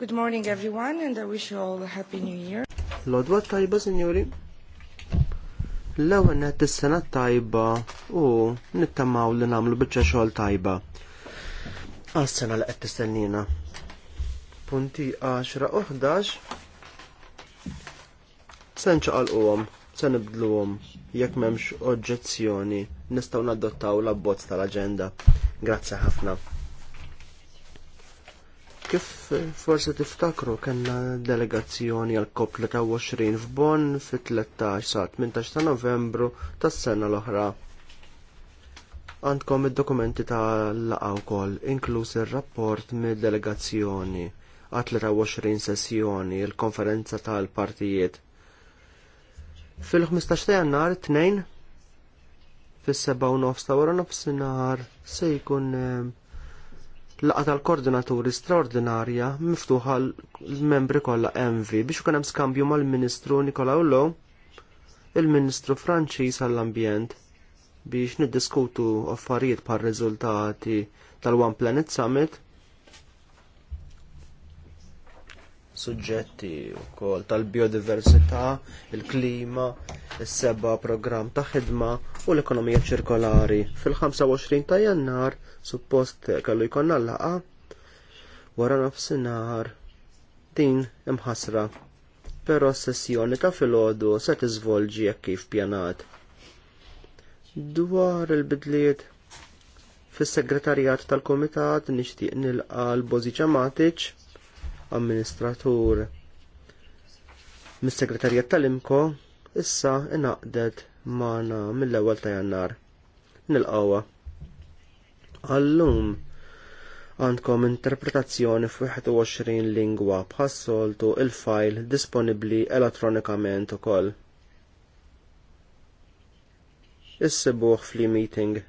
Good morning everyone and I wish you all a happy new year. Lodwa tajba signori. L-ewwel qed is-sena tajba u nittamaw li nagħmlu biċċa xogħol tajba. Għas-sena li qed tistennina. Punti 10 u 11 Sen nċaqalquhom, se nibdluhom jekk m'hemmx oġġezzjoni nistgħu nadottaw l-abbozz tal-aġenda. Grazzi ħafna. Kif forsi tiftakru kellna delegazzjoni għal ta' 20 f'Bonn fit-13 sa 18 ta' Novembru tas-sena l-oħra. Għandkom id-dokumenti ta' laqa wkoll, inkluż ir-rapport mid-delegazzjoni għal 23 sessjoni il-konferenza tal-partijiet. Fil-15 ta' jannar tnejn fis-7 u nofs ta' wara nofsinhar se jkun eh, Laqgħa tal-koordinaturi straordinarja miftuħa l-membri kollha MV biex ikun hemm skambju mal-Ministru Nikola Ullo, il-Ministru Franċiż għall-Ambjent biex niddiskutu affarijiet par riżultati tal-One Planet Summit suġġetti wkoll tal-biodiversità, il-klima, is-seba programm ta' ħidma u l-ekonomija ċirkolari. Fil-25 ta' jannar suppost kellu jkollna laqa wara nofsinhar din imħasra. Però s-sessjoni ta' filgħodu se tiżvolġi jekk kif pjanat. Dwar il-bidliet fis segretarjat tal kumitat nixtieq nilqa l bożi Ċamatiċ amministratur mis-segretarjat tal-imko issa inaqdet magħna mill-ewwel ta' jannar. Nilqawha. Allum għandkom interpretazzjoni f'21 lingwa bħassoltu il file disponibbli elettronikament ukoll. Issibuh fl-meeting.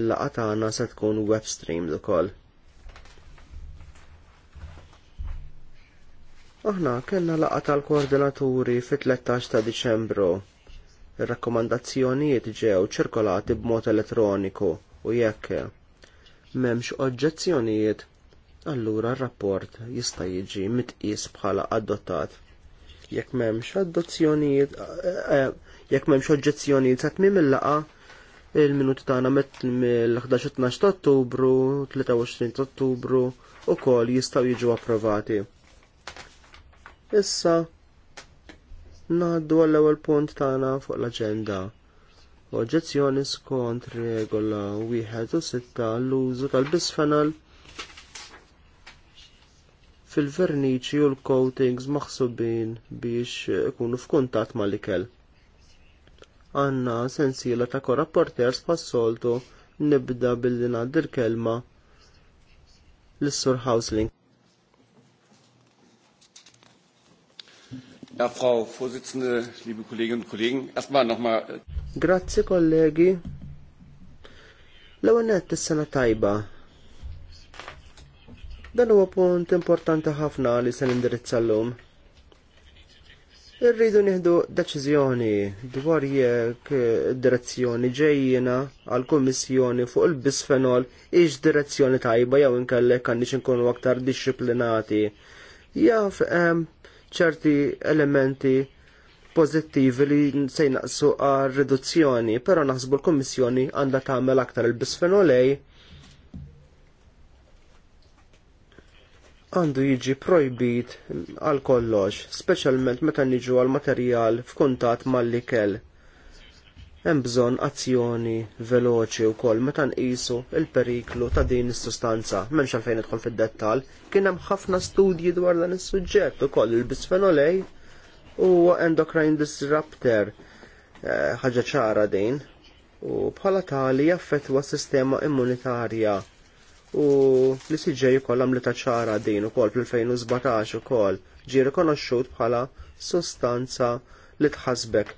il laqgħa tagħna se tkun web streamed ukoll. Aħna kellna laqgħa tal-koordinaturi fit-13 ta' Diċembru. Ir-rakkomandazzjonijiet ġew ċirkolati b'mod elettroniku u jekk m'hemmx oġġezzjonijiet, allura r-rapport jista' jiġi mitqies bħala adottat. Jekk m'hemmx adozzjonijiet, eh, eh, jekk m'hemmx oġġezzjonijiet sa tmiem il-laqa, il-minuti tagħna mill-11-12 ta' Ottubru, 23 ta' Ottubru ukoll jistgħu jiġu approvati. Issa naħdu għall-ewwel punt tagħna fuq l-aġenda. Oġġezzjoni skont regola wieħed u sitta l-użu tal-bisfenol fil-verniċi u l-coatings maħsubin biex ikunu f'kuntatt mal-ikel. Għanna sensiela ta' korrapporters pas-soltu nibda billi ngħaddi l-kelma l-Sur Housling. Ja, Frau Vorsitzende, liebe Kolleginnen und Kollegen, erstmal nochmal. Äh, Grazie, kollegi. L-għonet is sena tajba. Dan huwa punt importanti ħafna li se nindirizza llum. Irridu nieħdu deċiżjoni dwar jekk direzzjoni ġejjina għal kummissjoni fuq il-bisfenol hix direzzjoni tajba jew inkellek għandix inkunu aktar disciplinati. Jaf ċerti elementi pozittivi li se jnaqsu għal riduzzjoni, però naħsbu l-Kommissjoni għandha tagħmel aktar il bisfenolej għandu jiġi projbit għal kollox, speċjalment meta niġu għal materjal f'kuntat mal-likel hemm bżonn azzjoni veloċi wkoll meta nqisu l periklu ta' din is-sustanza m'hemmx għalfejn idħol fid-dettall. Kien hemm ħafna studji dwar dan is-suġġett ukoll il-bisfenol A u endocrine disruptor eh, ħaġa ċara din u bħala tali jaffettwa s-sistema immunitarja u li siġej ukoll ta' ċara din ukoll fl-2017 ukoll ġie rikonoxxut bħala sustanza li tħasbek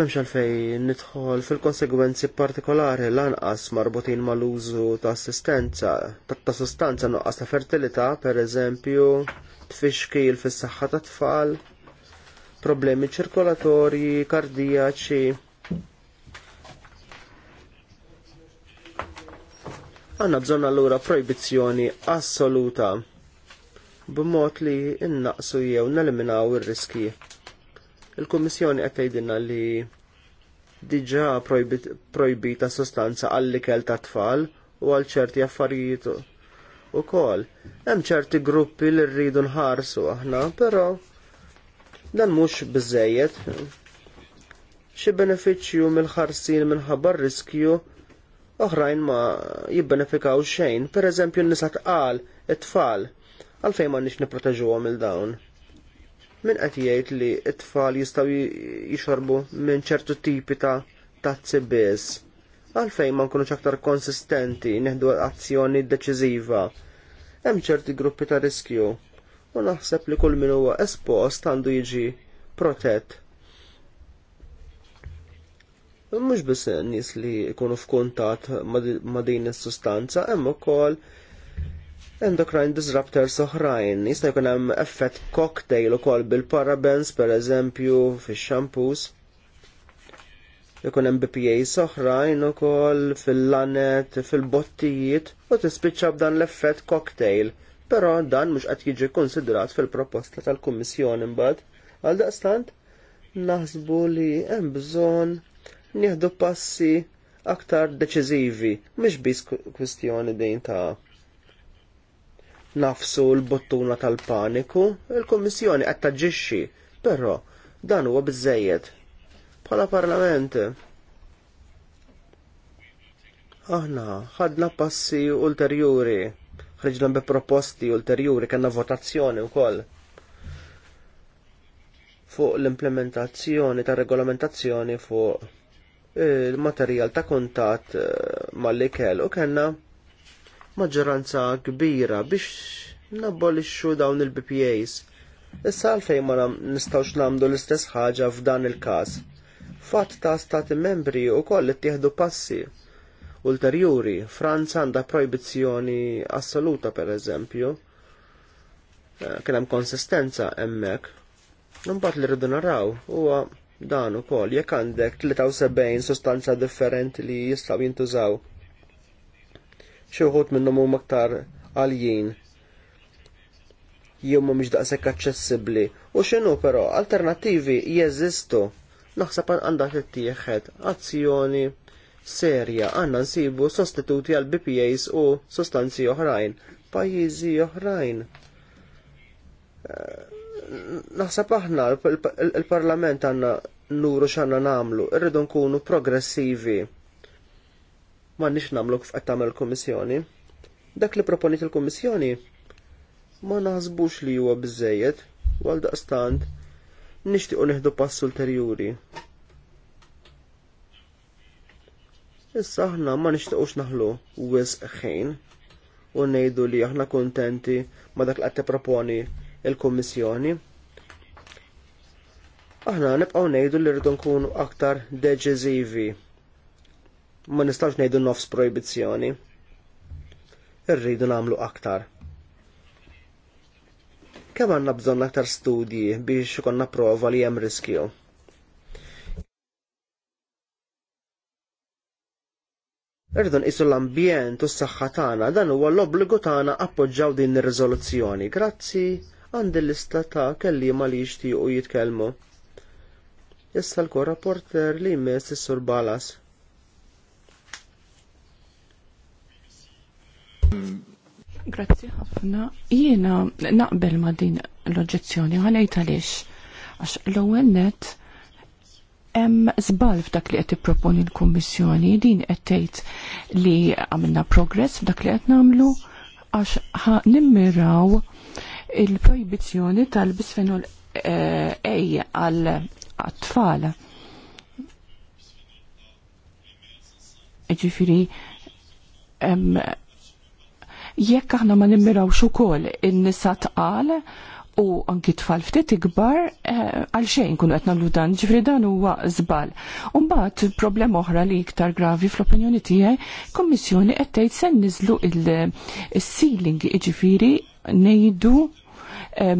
Memx għalfejn nidħol fil-konsegwenzi partikolari lanqas marbutin mal-użu ta' assistenza, ta' sostanza nuqqas ta' fertilità, per eżempju, tfixkil fis saħħa ta' tfal, problemi ċirkolatorji, kardijaċi. Għanna bżon allura proibizzjoni assoluta b'mod li innaqsu jew neliminaw ir-riski Il-Kummissjoni qed tgħidilna li diġà projbita sostanza għall-ikel ta' tfal u għal ċerti affarijiet ukoll. Hemm ċerti gruppi li rridu nħarsu aħna, però dan mhux biżejjed. Xi benefiċċju mill-ħarsin minħabba riskju oħrajn ma jibbenefikaw xejn, pereżempju n-nisa tqal, it-tfal, għalfejn ma nix niproteġuhom il-dawn. Min qed jgħid li t-tfal jistgħu jixorbu minn ċertu tipi ta' tazzi biss. Għalfejn ma nkunux aktar konsistenti neħdu azzjoni deċiżiva. Hemm ċerti gruppi ta' riskju u naħseb li kull min huwa espost għandu jiġi protett. Mhux biss nies li jkunu f'kuntat ma' din is-sustanza, hemm ukoll endocrine disruptors oħrajn. Jista' jkun hemm effett cocktail ukoll bil-parabens pereżempju fix-shampoos. Jkun hemm BPAs oħrajn ukoll fil-lanet, fil-bottijiet u tispiċċa b'dan l-effett cocktail. Però dan mhux qed jiġi konsidrat fil-proposta tal-Kummissjoni mbagħad. Għaldaqstant, naħsbu li hemm bżonn nieħdu passi aktar deċiżivi, mhix biss kwistjoni dejn ta' nafsu l-bottuna tal-paniku, il-Kommissjoni qed taġġixxi, però dan huwa biżejjed. Bħala Parlament. Aħna ħadna passi ulterjuri, ħriġna bi proposti ulterjuri, kellna votazzjoni wkoll fuq l-implementazzjoni ta' regolamentazzjoni fuq il-materjal ta' kuntat eh, mal-likel u kellna maġġoranza kbira biex nabolixxu dawn il-BPAs. Issa għalfejn ma nistgħux nagħmlu l-istess ħaġa f'dan il-każ. Fatt ta' stati membri wkoll ittieħdu passi ulterjuri, Franza għandha proibizzjoni assoluta pereżempju. Eh, kien hemm konsistenza hemmhekk. Imbagħad li rridu naraw huwa dan ukoll jekk għandek 73 sostanza differenti li jistgħu jintużaw xi wħud minnhom huma aktar għaljin jew mhumiex daqshekk aċċessibbli u x'inhu però alternattivi jeżistu naħseb għandha tittieħed azzjoni serja għandna nsibu sostituti għal BPAs u sostanzi oħrajn, pajjiżi oħrajn. Naħseb aħna il-Parlament għandna nuru x'għandna nagħmlu, irridu nkunu progressivi m'għandniex nagħmlu kif qed tagħmel il-Kummissjoni. Dak li proponiet il-Kummissjoni ma naħsbux li huwa biżejjed u għal daqstant nixtiequ neħdu pass ulterjuri. Issa aħna ma nixtiequx naħlu wisq ħin u ngħidu li aħna kuntenti ma dak li qed proponi il-Kummissjoni. Aħna nibqgħu ngħidu li rridu nkunu aktar deċiżivi ma nistax ngħidu nofs proibizzjoni. Irridu nagħmlu aktar. Kemm għandna bżonn aktar studji biex ikonna prova li hemm riskju. Irridu nqisu l-ambjent u s-saħħa tagħna dan huwa l-obbligu tagħna appoġġjaw din ir-riżoluzzjoni. Grazzi għandi lista ta' kelliema li jixtiequ jitkellmu. Issa l rapporter li jmiss is-sur Balas. Grazzi ħafna. Jiena naqbel ma din l-oġġezzjoni, ħanejt għaliex. Għax l-ewwel net hemm żball f'dak li qed tipproponi l-Kummissjoni din qed tgħid li għamilna progress f'dak li qed nagħmlu għax nimmiraw il-projbizzjoni tal-bisfenol eh, A għal tfal. Ġifiri, jekk aħna ma nimmirawx ukoll in-nisa tqal u anki tfal ftit ikbar eh, għal xejn kunu qed nagħmlu dan, ġifri dan huwa żbal. Umbagħad problema oħra li iktar gravi fl-opinjoni tiegħi, kommissjoni qed tgħid se niżlu il-ceiling iġifieri ngħidu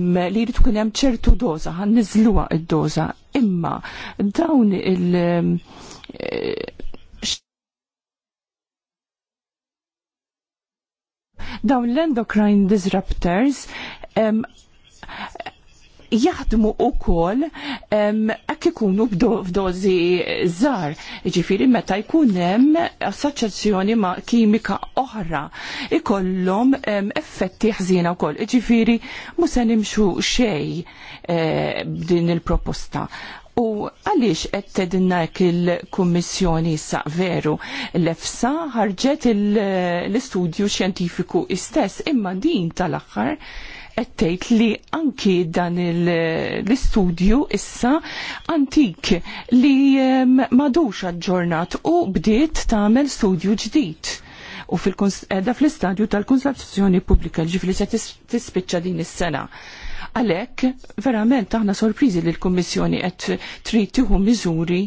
li jrid tkun hemm ċertu doza, ħan niżluha id-doza. Imma dawn il- Dawn l-endocrine disruptors um, jaħdmu u kol għak ikunu f'dozi zar. Ġifiri, meta jkunem assoċazzjoni ma' kimika oħra, ikollom effetti ħzina u kol. Ġifiri, musa nimxu xej eh, din il-proposta. U għaliex qed tedinna il-Kummissjoni sa veru l-EFSA ħarġet l-istudju xjentifiku istess imma din tal-aħħar qed tgħid li anki dan l-istudju issa antik li ehm, madux aġġornat u bdiet tagħmel studju ġdid u fil-istadju tal-konsultazzjoni pubblika ġifli se tispiċċa din is-sena. Għalhekk verament aħna sorpriżi li l-Kummissjoni qed trid tieħu miżuri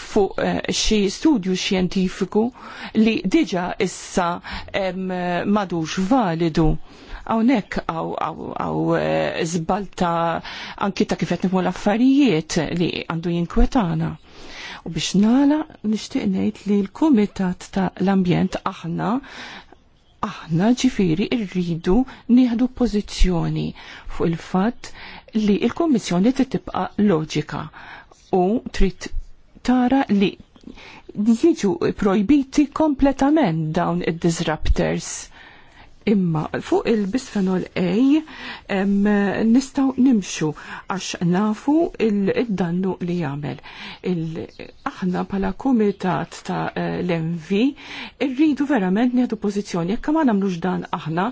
fuq eh, xi studju xjentifiku li diġa issa madux validu għawnek għaw għaw għaw zbalta eh, anki ta' kifet nifmu l-affarijiet li għandu jinkwetana. U biex nala nishtiq ngħid li l-Kumitat ta' l-Ambjent aħna aħna ġifiri irridu nieħdu pożizzjoni fuq il-fatt li il-Kommissjoni trid tibqa' loġika u trid tara li jiġu projbiti kompletament dawn id-disruptors Imma fuq il-bisfenol A nistaw nimxu għax nafu il-dannu li jagħmel. Aħna pala komitat ta' eh, l-MV irridu verament nieħdu pożizzjoni jekk ma nagħmlux dan aħna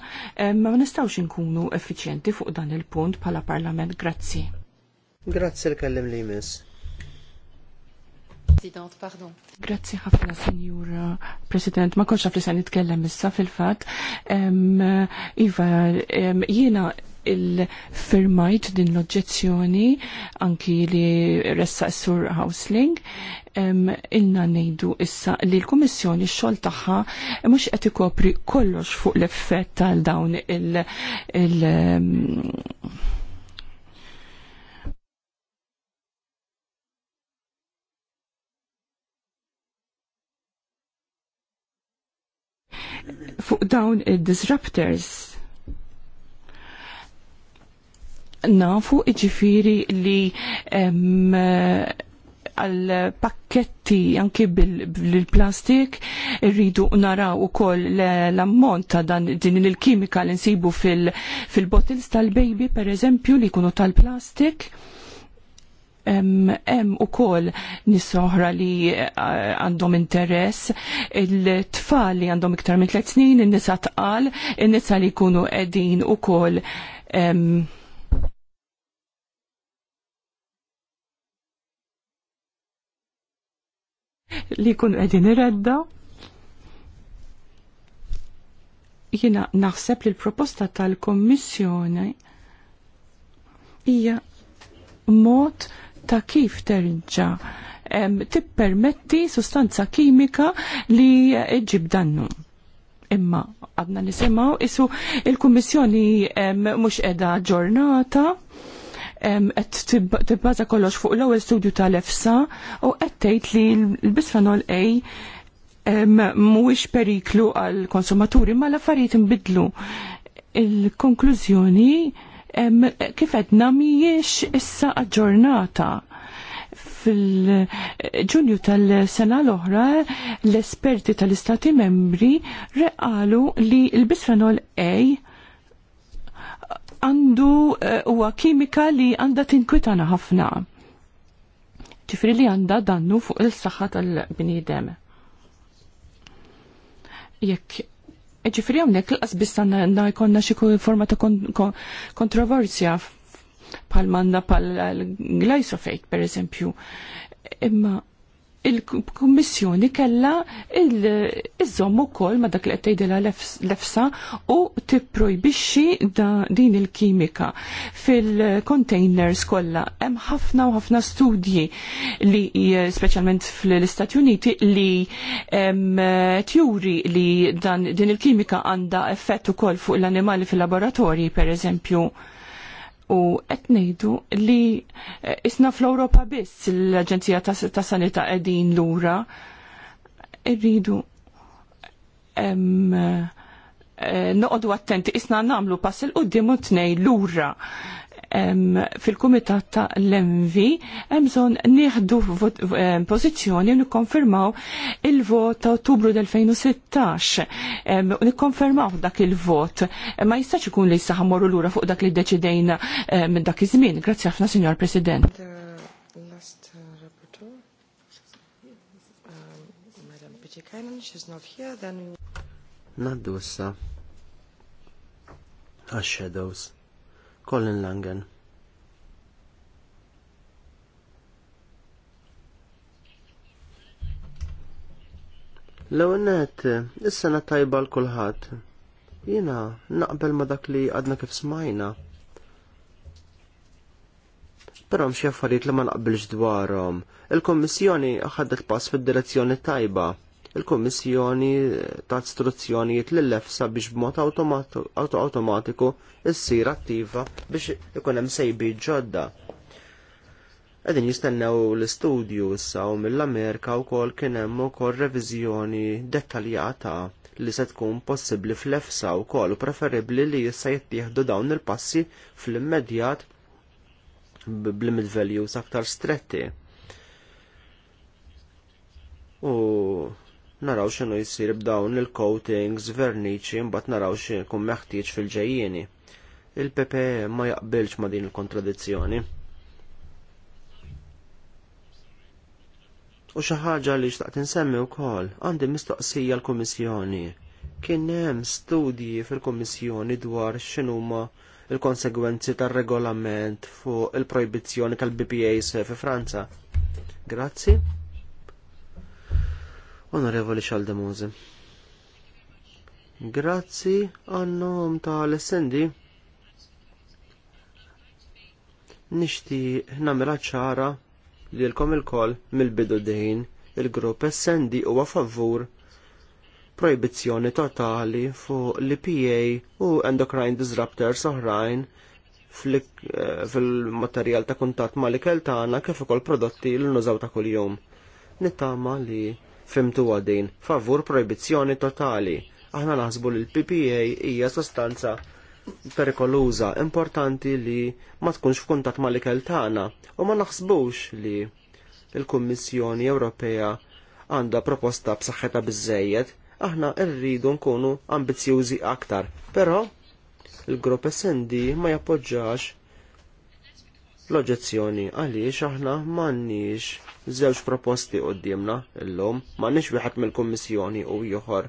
ma nistgħux inkunu effiċjenti fuq dan il-punt pala Parlament. Grazzi. Grazzi l-kellim li jmiss. President, pardon. Grazzi ħafna, Signora President. Ma konċa fl nitkellem issa fil-fat. Iva, jiena il-firmajt din l-oġġezzjoni anki li ressa sur Housling ilna nejdu issa li l-Komissjoni xol taħħa mux qed ikopri kollox fuq l-effett tal dawn il fuq dawn id-disruptors nafu iġifiri li għal pakketti anki bil-plastik rridu naraw u koll l-ammont ta' dan din il-kimika li nsibu fil-bottles tal-baby per eżempju li kunu tal-plastik hemm ukoll nies oħra li eh, għandhom interess, il-tfal li għandhom iktar minn tliet snin, in-nisa tqal, in-nisa li jkunu qegħdin ukoll li jkunu qegħdin iredda. Jiena naħseb li l-proposta tal-Kommissjoni hija mod ta' kif terġa tippermetti sustanza kimika li ġib dannu. Imma għadna nisimaw isu il-Kummissjoni mhux qiegħda ġornata qed tibbaża kollox fuq l-ewwel studju tal-EFSA u qed tgħid li l-bisfenol A mhuwiex periklu għall konsumaturi ma l-affarijiet inbidlu. Il-konklużjoni kif għedna mhijiex issa aġġornata fil-ġunju tal-sena l-oħra l-esperti tal-istati membri reqalu li l-bisfenol A għandu eh, huwa uh, kimika li għandha tinkwitana ħafna. Ġifri li għandha dannu fuq il-saħħa tal-bniedem. Jekk Ġifri għamnek l-qas bistanna na jkonna xiku forma ta' kontroversja pal manna pal glajsofejt per eżempju. Imma il-Kommissjoni kella iż-żomm ukoll ma dak li qed tgħidilha l-efsa u tipprojbixxi din il-kimika fil-containers kollha. Hemm ħafna u ħafna studji li speċjalment fl-Istati Uniti li tjuri li dan din il-kimika għandha effett ukoll fuq l-annimali fil-laboratorji pereżempju. eżempju u qed ngħidu li eh, isna fl europa biss l-Aġenzija ta' Sanità qegħdin lura irridu eh, noqogħdu attenti isna nagħmlu pass il qudiem u tnej lura fil-Kumitat ta' l-Envi hemm bżonn nieħdu pożizzjoni u nikkonfermaw il-vot ta' Ottubru 2016 u nikkonfermaw dak il-vot. Ma jistax ikun li morru l lura fuq dak li deċidejna minn dak iż-żmien. Grazzi ħafna, Signor President. Uh, um, Naddu issa shadows Colin Langen. L-għonet, issa sena tajba l-kulħat. Jina, naqbel ma dak li għadna kif smajna. Pero mxie affarijiet li ma naqbilx dwarhom. Il-Kommissjoni ħaddet pass fil direzzjoni tajba il-Kummissjoni ta' istruzzjonijiet lill-EFSA biex b'mod awtomatiku issir attiva biex ikun hemm sejbi ġodda. Qegħdin jistennew l-istudju issa u mill-Amerika wkoll kien hemm ukoll reviżjoni dettaljata li se tkun possibbli fl-EFSA kol u preferibbli li issa jittieħdu dawn il-passi fl-immedjat b'limit values aktar stretti. U naraw x'inhu jsir b'dawn il-coatings verniċi mbagħad naraw x'ikun meħtieġ fil-ġejjieni. Il-PPE ma jaqbilx ma din il-kontradizzjoni. U xi ħaġa li xtaqt insemmi wkoll għandi mistoqsija l-Kummissjoni. Kien hemm studji fil-Kummissjoni dwar x'inhuma il-konsegwenzi tar-regolament fuq il-projbizzjoni tal-BPAs fi Franza. Grazzi. Onorevoli Xaldemuzi. Grazzi għannom ta' l-essendi. Nishti namra ċara li l-kom il-kol mill-bidu dejn il-grupp essendi u għafavur proibizjoni totali fuq l-PA u endocrine disruptors oħrajn eh, fil-materjal ta' kuntat ma' li keltana kif ukoll prodotti li nużaw ta' kuljum. Nittama li Fimtu għadin, favur proibizzjoni totali. Aħna naħsbu li l-PPA hija sostanza perikoluża importanti li ma tkunx f'kuntat ma l-ikel tagħna u ma naħsbux li l-Kummissjoni Ewropea għandha proposta b'saħħetha biżejjed, aħna rridu nkunu ambizzjużi aktar. Però il-grupp SND ma jappoġġax L-oġezzjoni għaliex aħna m'għandniex żewġ proposti qudiemna illum, m'għandniex wieħed mill-Kummissjoni u ieħor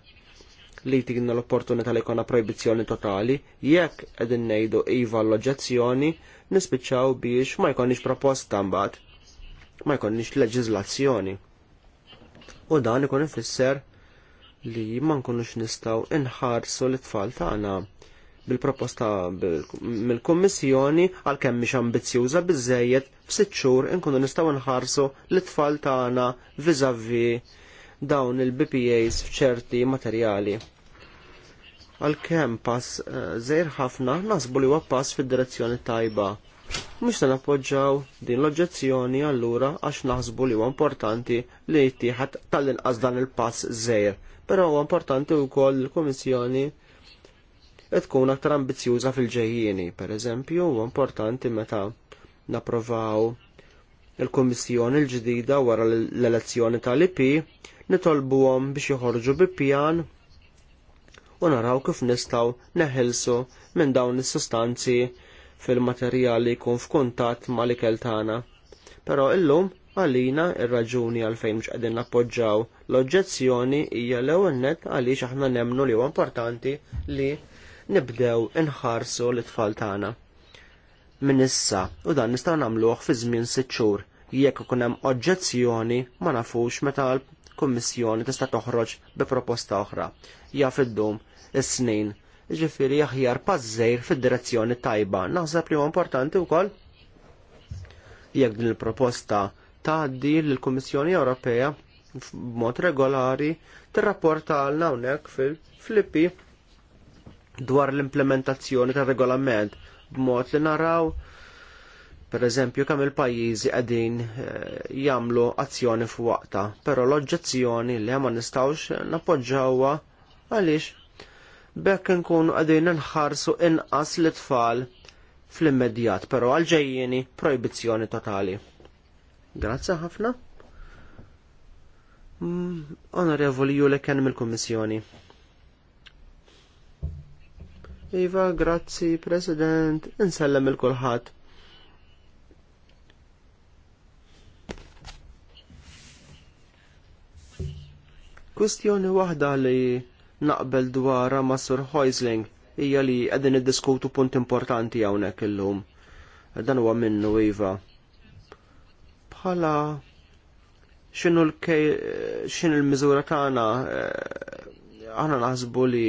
li tigna l-opportunità li jkollna proibizzjoni totali, jekk qegħdin ngħidu iva l-oġezzjoni, nispiċċaw biex ma jkollniex proposta mbagħad, ma jkollniex leġiżlazzjoni. U dan ikun ifisser li ma nkunux nistgħu inħarsu l-tfal tagħna bil-proposta mill-Kummissjoni għalkemm mhix ambizzjuża biżejjed f'sitt xhur inkunu nistgħu nħarsu l-tfal tagħna viżavi dawn il-BPAs f'ċerti materjali. Għalkemm pass eh, żejr ħafna nasbu li huwa pass fid-direzzjoni tajba. Mhux se nappoġġjaw din l-oġġezzjoni allura għax naħsbu li huwa importanti li jittieħed tal-inqas dan il-pass żejr. Però huwa importanti wkoll il-Kummissjoni tkun aktar ambizjuża fil-ġejjieni. Pereżempju, huwa importanti meta napprovaw il-Kummissjoni l-ġdida wara l-elezzjoni tal-IP nitolbuhom biex joħorġu bi pjan u naraw kif nistgħu neħilsu minn dawn is-sustanzi fil-materjali jkun f'kuntatt mal-ikel tagħna. Però illum għalina ir-raġuni għalfejn mhux qegħdin nappoġġaw l-oġġezzjoni hija l-ewwel nett għaliex aħna nemmnu li huwa importanti li nibdew inħarsu l-tfal tagħna. Min issa u dan nistgħu nagħmluh fi żmien sitt xhur jekk ikun hemm oġġezzjoni ma nafux meta l-Kummissjoni tista' toħroġ bi proposta oħra. Ja fid dum is-snin. Jiġifieri aħjar pażżejr fid-direzzjoni tajba. Naħseb li huwa importanti wkoll jekk din il-proposta tgħaddi lill-Kummissjoni Ewropea b'mod regolari tirrapportalna hawnhekk fil-flippi dwar l-implementazzjoni tar regolament b'mod li naraw pereżempju kemm il-pajjiżi qegħdin eh, jagħmlu azzjoni f'waqta, però l-oġġezzjoni li ma nistgħux nappoġġawha għaliex bekk nkunu qegħdin nħarsu inqas l tfal fl-immedjat, però għalġejjieni projbizzjoni totali. Grazzi ħafna. Mm, Onorevoli Julek mill-Kummissjoni. Iva, grazzi, President, insellem il-kulħat. Kwistjoni waħda li naqbel dwar ma' Sur Heusling hija li qegħdin iddiskutu punt importanti hawnhekk illum. Dan huwa minnu iva. Bħala x'inhu l-kej xinu l-miżura tagħna eh, aħna naħsbu li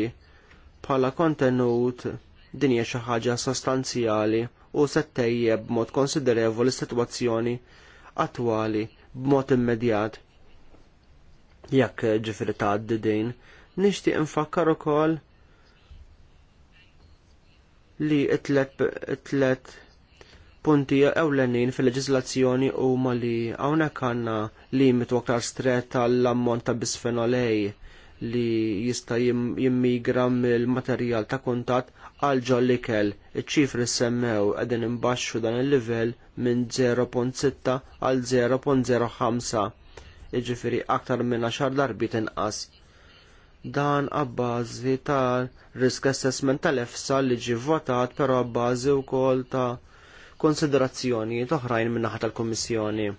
bħala kontenut din hija xi ħaġa sostanzjali u se tejjeb b'mod konsiderevoli s-sitwazzjoni attwali b'mod immedjat. Jekk ġifieri tgħaddi din, nixtieq infakkar ukoll li t-tlet punti ewlenin fil-leġislazzjoni huma li hawnhekk għandna limitu aktar stret tal-ammont ta' bisfenolej li jista' jimmigra mill-materjal ta' kuntatt għal ġolli kell. Iċ-ċifri semmew qegħdin imbaxxu dan il-livell minn 0.6 għal 0.05, jiġifieri aktar minn għaxar darbit inqas. Dan abbażi ta' risk assessment tal-EFSA li ġie votat però abbażi wkoll ta' konsiderazzjoni toħrajn minn naħa tal-Kummissjoni.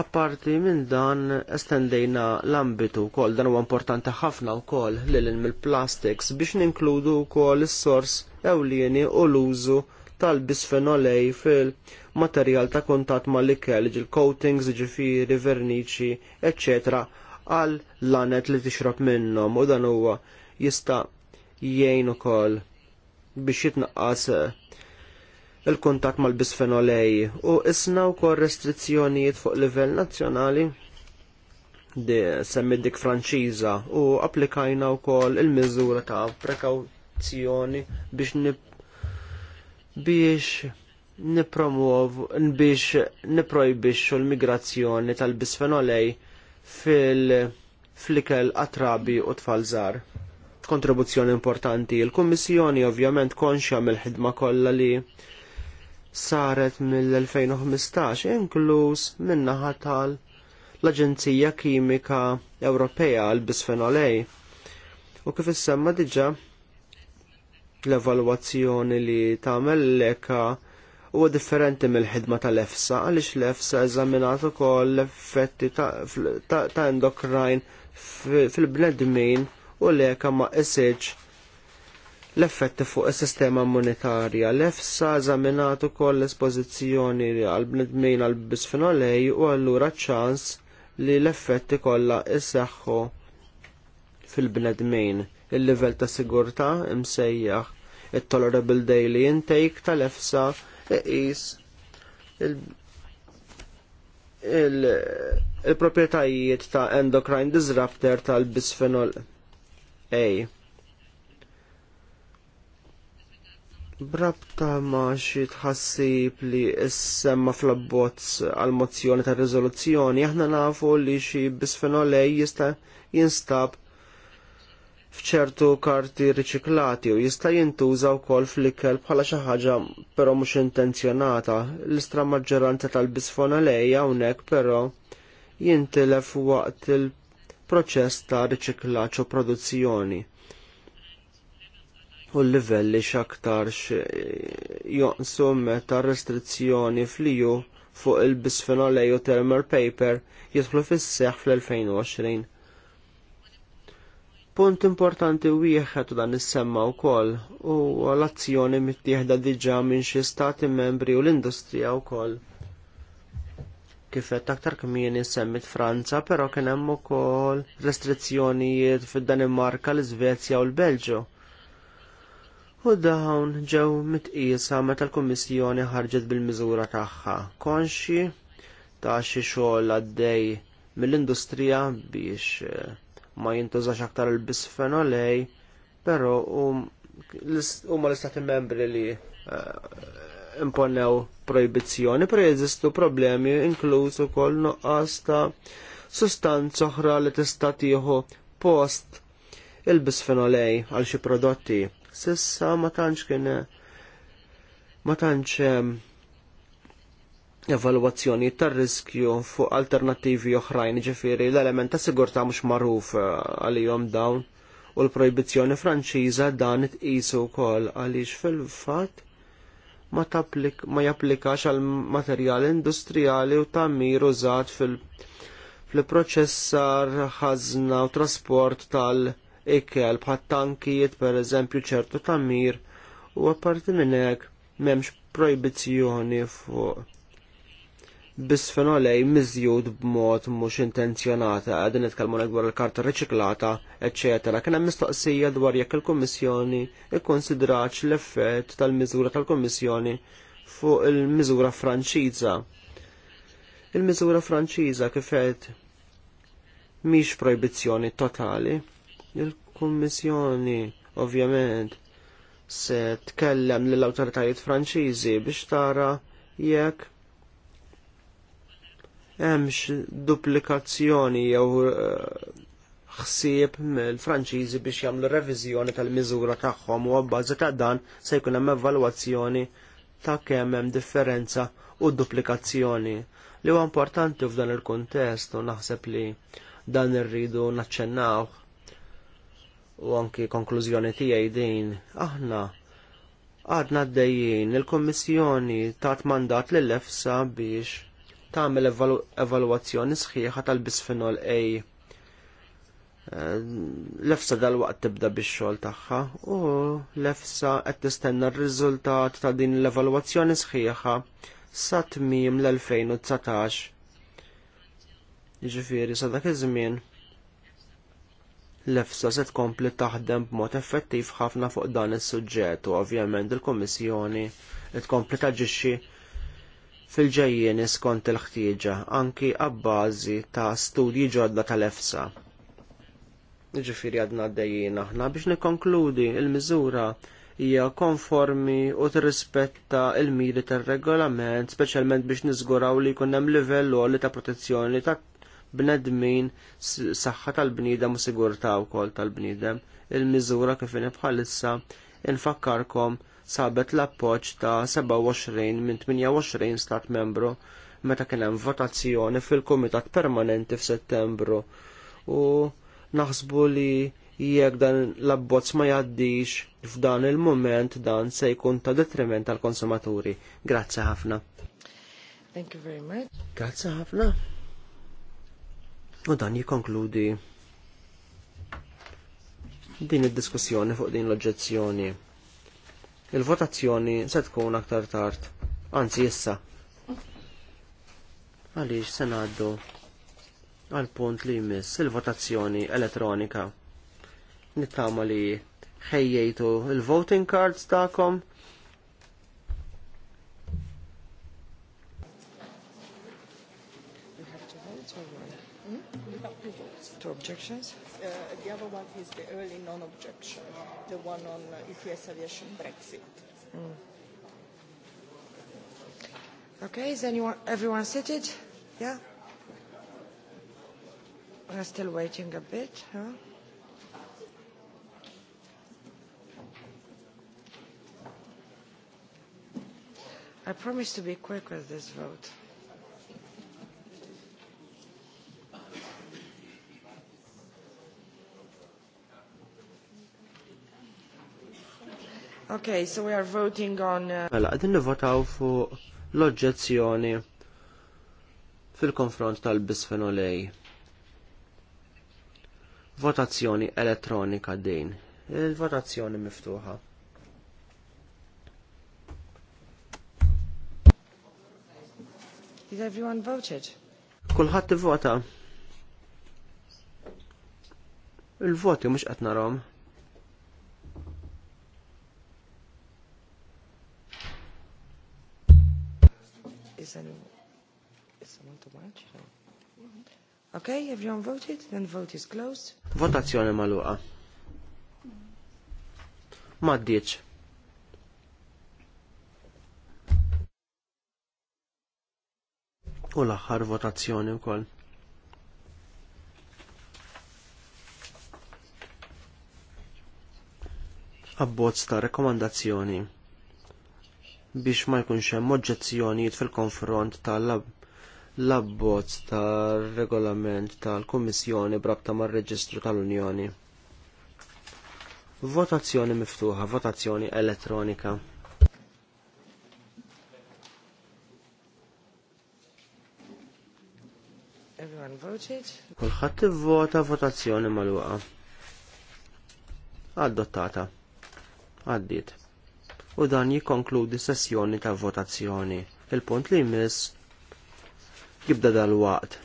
Apparti minn dan estendejna l-ambitu wkoll dan huwa importanti ħafna wkoll lil mill-plastics biex ninkludu wkoll is-sors ewlieni u l-użu tal-bisfenol fil-materjal ta' kuntatt mal-ikel ġil coatings, ġifiri, verniċi, etc. għal lanet li tixrob minnhom u dan huwa jista' jgħin ukoll biex jitnaqqas il-kuntat mal-bisfenol A u isna wkoll restrizzjonijiet fuq livell nazzjonali di semmi dik franċiża u applikajna wkoll il-miżura ta' prekawzjoni biex nip biex nipromuov biex niprojbixxu l-migrazzjoni tal-bisfenol A fil flikel atrabi u tfal żgħar kontribuzzjoni importanti. Il-Kummissjoni ovvjament konxja mill-ħidma kollha li saret mill-2015 inkluż min-naħa tal l-Aġenzija Kimika Ewropea għal bisfenol A. U kif issemma diġà l-evalwazzjoni li tagħmel l-eka huwa differenti mill-ħidma tal-EFSA għaliex l-EFSA eżaminat ukoll l-effetti ta' endokrin fil-bnedmin u l-eka ma' isiġ l-effetti fuq is-sistema monetarja. L-EFSA eżaminat ukoll l espozizjoni għal bnedmin għal bisfenolej u allura ċans li l-effetti kollha isseħħu fil-bnedmin. Il-livell ta' sigurtà imsejjaħ it-tolerable daily intake tal-EFSA iqis il-proprietajiet ta' endocrine disruptor tal-bisfenol A Brabta ma xi tħassib li semma fl-abbozz għal-mozzjoni ta' riżoluzzjoni, aħna nafu li xi bisfenolej jista' jinstab f'ċertu karti riċiklati u jista' jintuża wkoll fl-ikel bħala xi ħaġa però mhux intenzjonata. L-istra maġġoranza tal bisfenolej A hawnhekk però jintilef waqt il-proċess ta' riċiklaġġ u produzzjoni u l-livelli x'aktarx jonqsu meta restrizzjoni fliju fuq il-bisfenol A u thermal paper jidħlu fis-seħħ fl-2020. Punt importanti wieħed u dan semma wkoll u l-azzjoni mittieħda diġà minn xi stati membri u l-industrija wkoll. Kif qed aktar kmieni semmit Franza, però kien hemm ukoll restrizzjonijiet fid-Danimarka, l-Iżvezja u l-Belġju u dawn ġew mitqisa meta l-Kummissjoni ħarġet bil-miżura tagħha konxi ta' xi xogħol għaddej mill-industrija biex eh, ma jintużax aktar il-bisfenol A, però um, huma l-istati membri li eh, imponew projbizzjoni, però jeżistu problemi inkluż ukoll nuqqas ta' sustanza oħra li tista' tieħu post il-bisfenol A għal xi prodotti. Sissa ma tantx kien ma tantx evalwazzjoni tar-riskju fuq alternattivi oħrajn, ġifieri l-element ta' sigurtà mhux magħruf eh, għalihom dawn u l-projbizzjoni Franċiża dan tqisu wkoll għaliex fil-fatt ma taplik ma japplikax għal materjal industrijali u tammir użat fil fil-proċessar ħażna u trasport tal ikel bħat tankijiet pereżempju ċertu tagħmir u apparti minn hekk m'hemmx projbizzjoni fuq bisfenol A miżjud b'mod mhux intenzjonata qegħdin nitkellmu dwar il-karta riċiklata, eċċetera. Kien hemm mistoqsija dwar jekk il-Kummissjoni ikkonsidrax l-effett tal-miżura tal-Kummissjoni fuq il-miżura Franċiża. Il-miżura Franċiża kif qed mhix projbizzjoni totali, Il-Kummissjoni ovvjament se tkellem lill awtoritajiet Franċiżi biex tara jekk hemmx duplikazzjoni jew eh, ħsieb mill-Franċiżi biex jagħmlu reviżjoni tal-miżura tagħhom u bbażi ta' dan se jkun hemm evalwazzjoni ta' kemm hemm differenza u duplikazzjoni li huwa importanti f'dan il-kuntest u naħseb li dan irridu naċċennawh u anki konklużjoni tiegħi din aħna għadna d-dejjin il-Kommissjoni tat mandat l-EFSA biex tagħmel evalwazzjoni sħiħa tal-bisfenol A. Eh, L-EFSA dal-waqt tibda biex xogħol tagħha u l-EFSA qed tistenna r-riżultat ta' din l-evalwazzjoni sħiħa sa tmiem l-2019. Jiġifieri sa dak iż-żmien l-EFSA se tkompli taħdem b'mod effettiv ħafna fuq dan is-suġġett u ovvjament il-Kummissjoni tkompli taġixxi fil-ġejjien skont il-ħtieġa anki għabbażi ta' studji ġodda tal-EFSA. Ġifieri għadna għaddejjien aħna biex nikkonkludi il-miżura hija konformi u tirrispetta l miri tar-regolament, speċjalment biex niżguraw li jkun hemm livell għolli ta' protezzjoni ta' bnedmin saħħa tal-bniedem u sigurtà wkoll tal-bniedem. Il-miżura kif inhi bħalissa infakkarkom sabet l-appoġġ ta' 27 minn 28 stat membru meta kien hemm votazzjoni fil-Kumitat Permanenti f'Settembru u naħsbu li jekk dan l-abbozz ma jgħaddix f'dan il mument dan se jkun ta' detriment tal konsumaturi Grazzi ħafna. Thank you very much. Grazzi ħafna. U dan jikonkludi din id-diskussjoni fuq din l-oġġezzjoni. Il-votazzjoni se tkun aktar tard, anzi issa. Għaliex se ngħaddu għal punt li jmiss il-votazzjoni elettronika. Nittama li ħejjejtu il-voting cards ta'kom. two objections? Uh, the other one is the early non-objection, the one on uh, ETS aviation Brexit. Mm. Okay, is anyone, everyone seated? Yeah? We're still waiting a bit, huh? I promise to be quick with this vote. Okay, so we are voting on... Uh, mela għadin nivotaw fu l-oġġezzjoni fil-konfront tal-bisfenol A. Votazzjoni elettronika din. Il-votazzjoni miftuħa. Did everyone voted? Kulħadd ivvota. Il-voti mhux qed narhom. much? Okay, everyone voted, then vote is closed. Votazzjoni maluqa. Maddiċ. U l-aħħar votazzjoni wkoll. Abbozz ta' rekomandazzjoni biex ma jkunx hemm oġġezzjonijiet fil-konfront tal-abbozz tar-regolament tal-Kummissjoni brabta mar-Reġistru tal-Unjoni. Votazzjoni miftuħa, votazzjoni elettronika. Kulħadd ivvota votazzjoni magħluqa. Adottata. Ad u dan jikonkludi sessjoni ta' votazzjoni. Il-punt li jmiss jibda dal-waqt.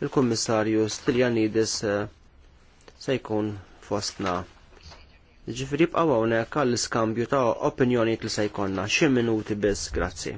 il kummissarju Stiljanidis eh, se jkun fostna. Ġifri bqaw hawnhekk għall-iskambju ta' opinjonijiet li se jkollna xi minuti biss, grazzi.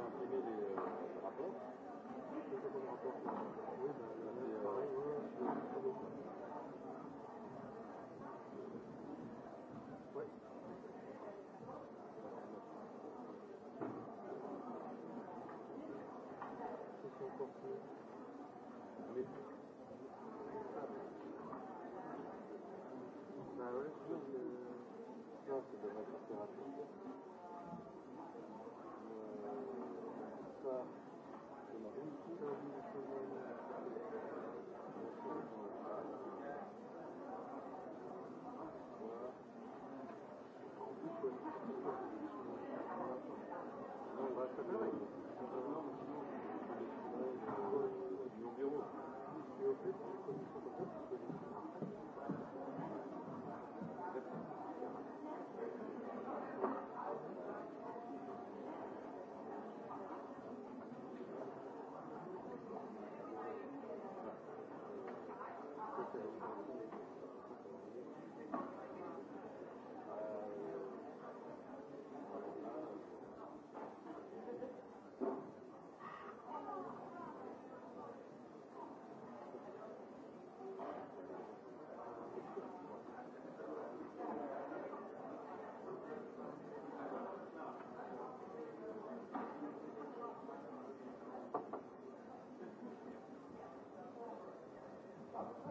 imprimé les, rapports.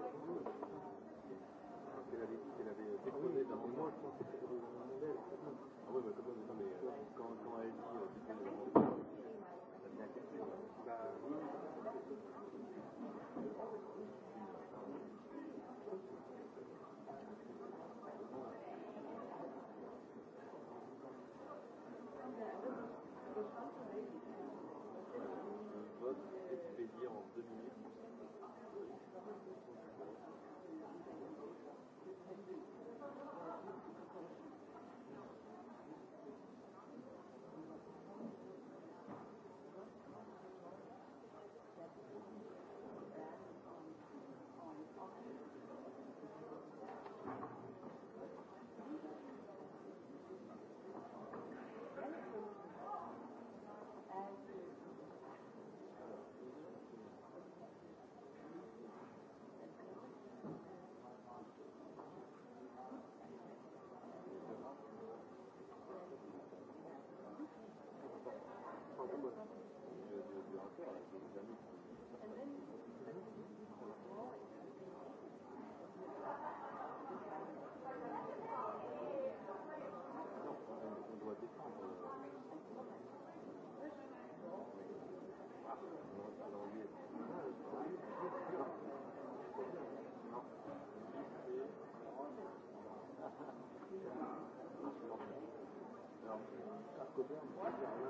Ah oui, mais comment, comment elle Grazie.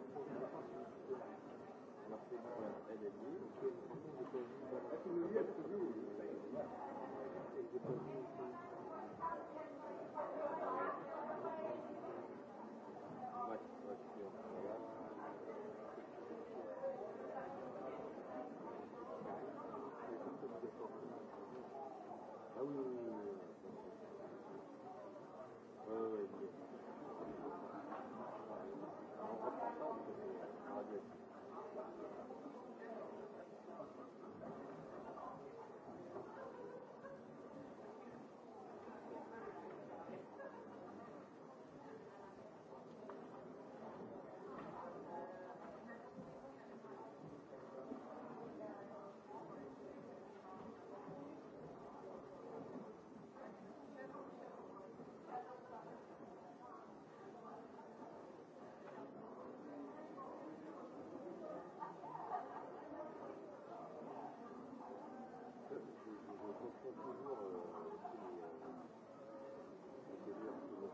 Thank you.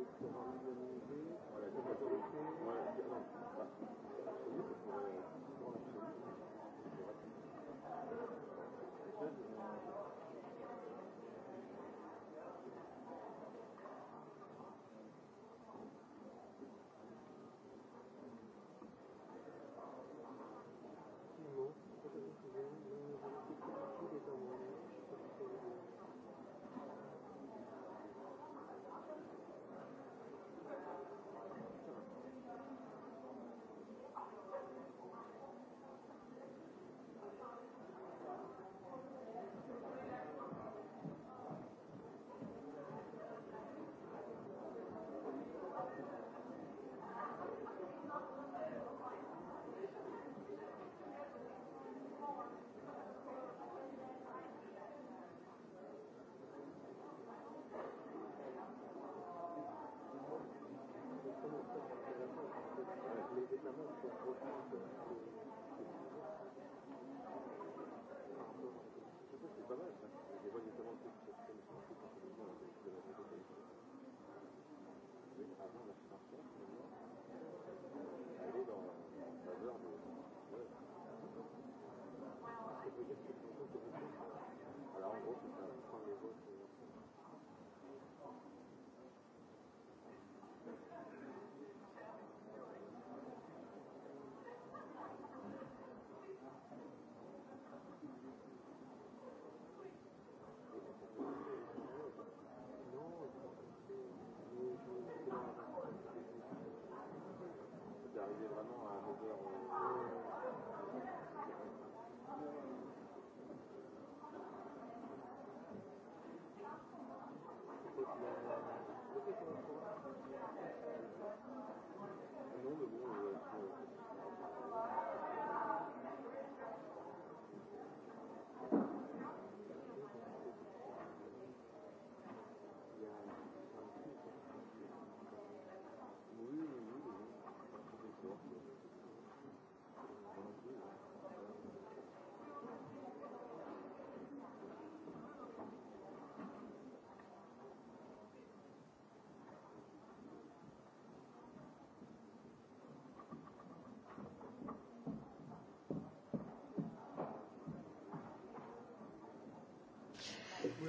Voilà, Grazie.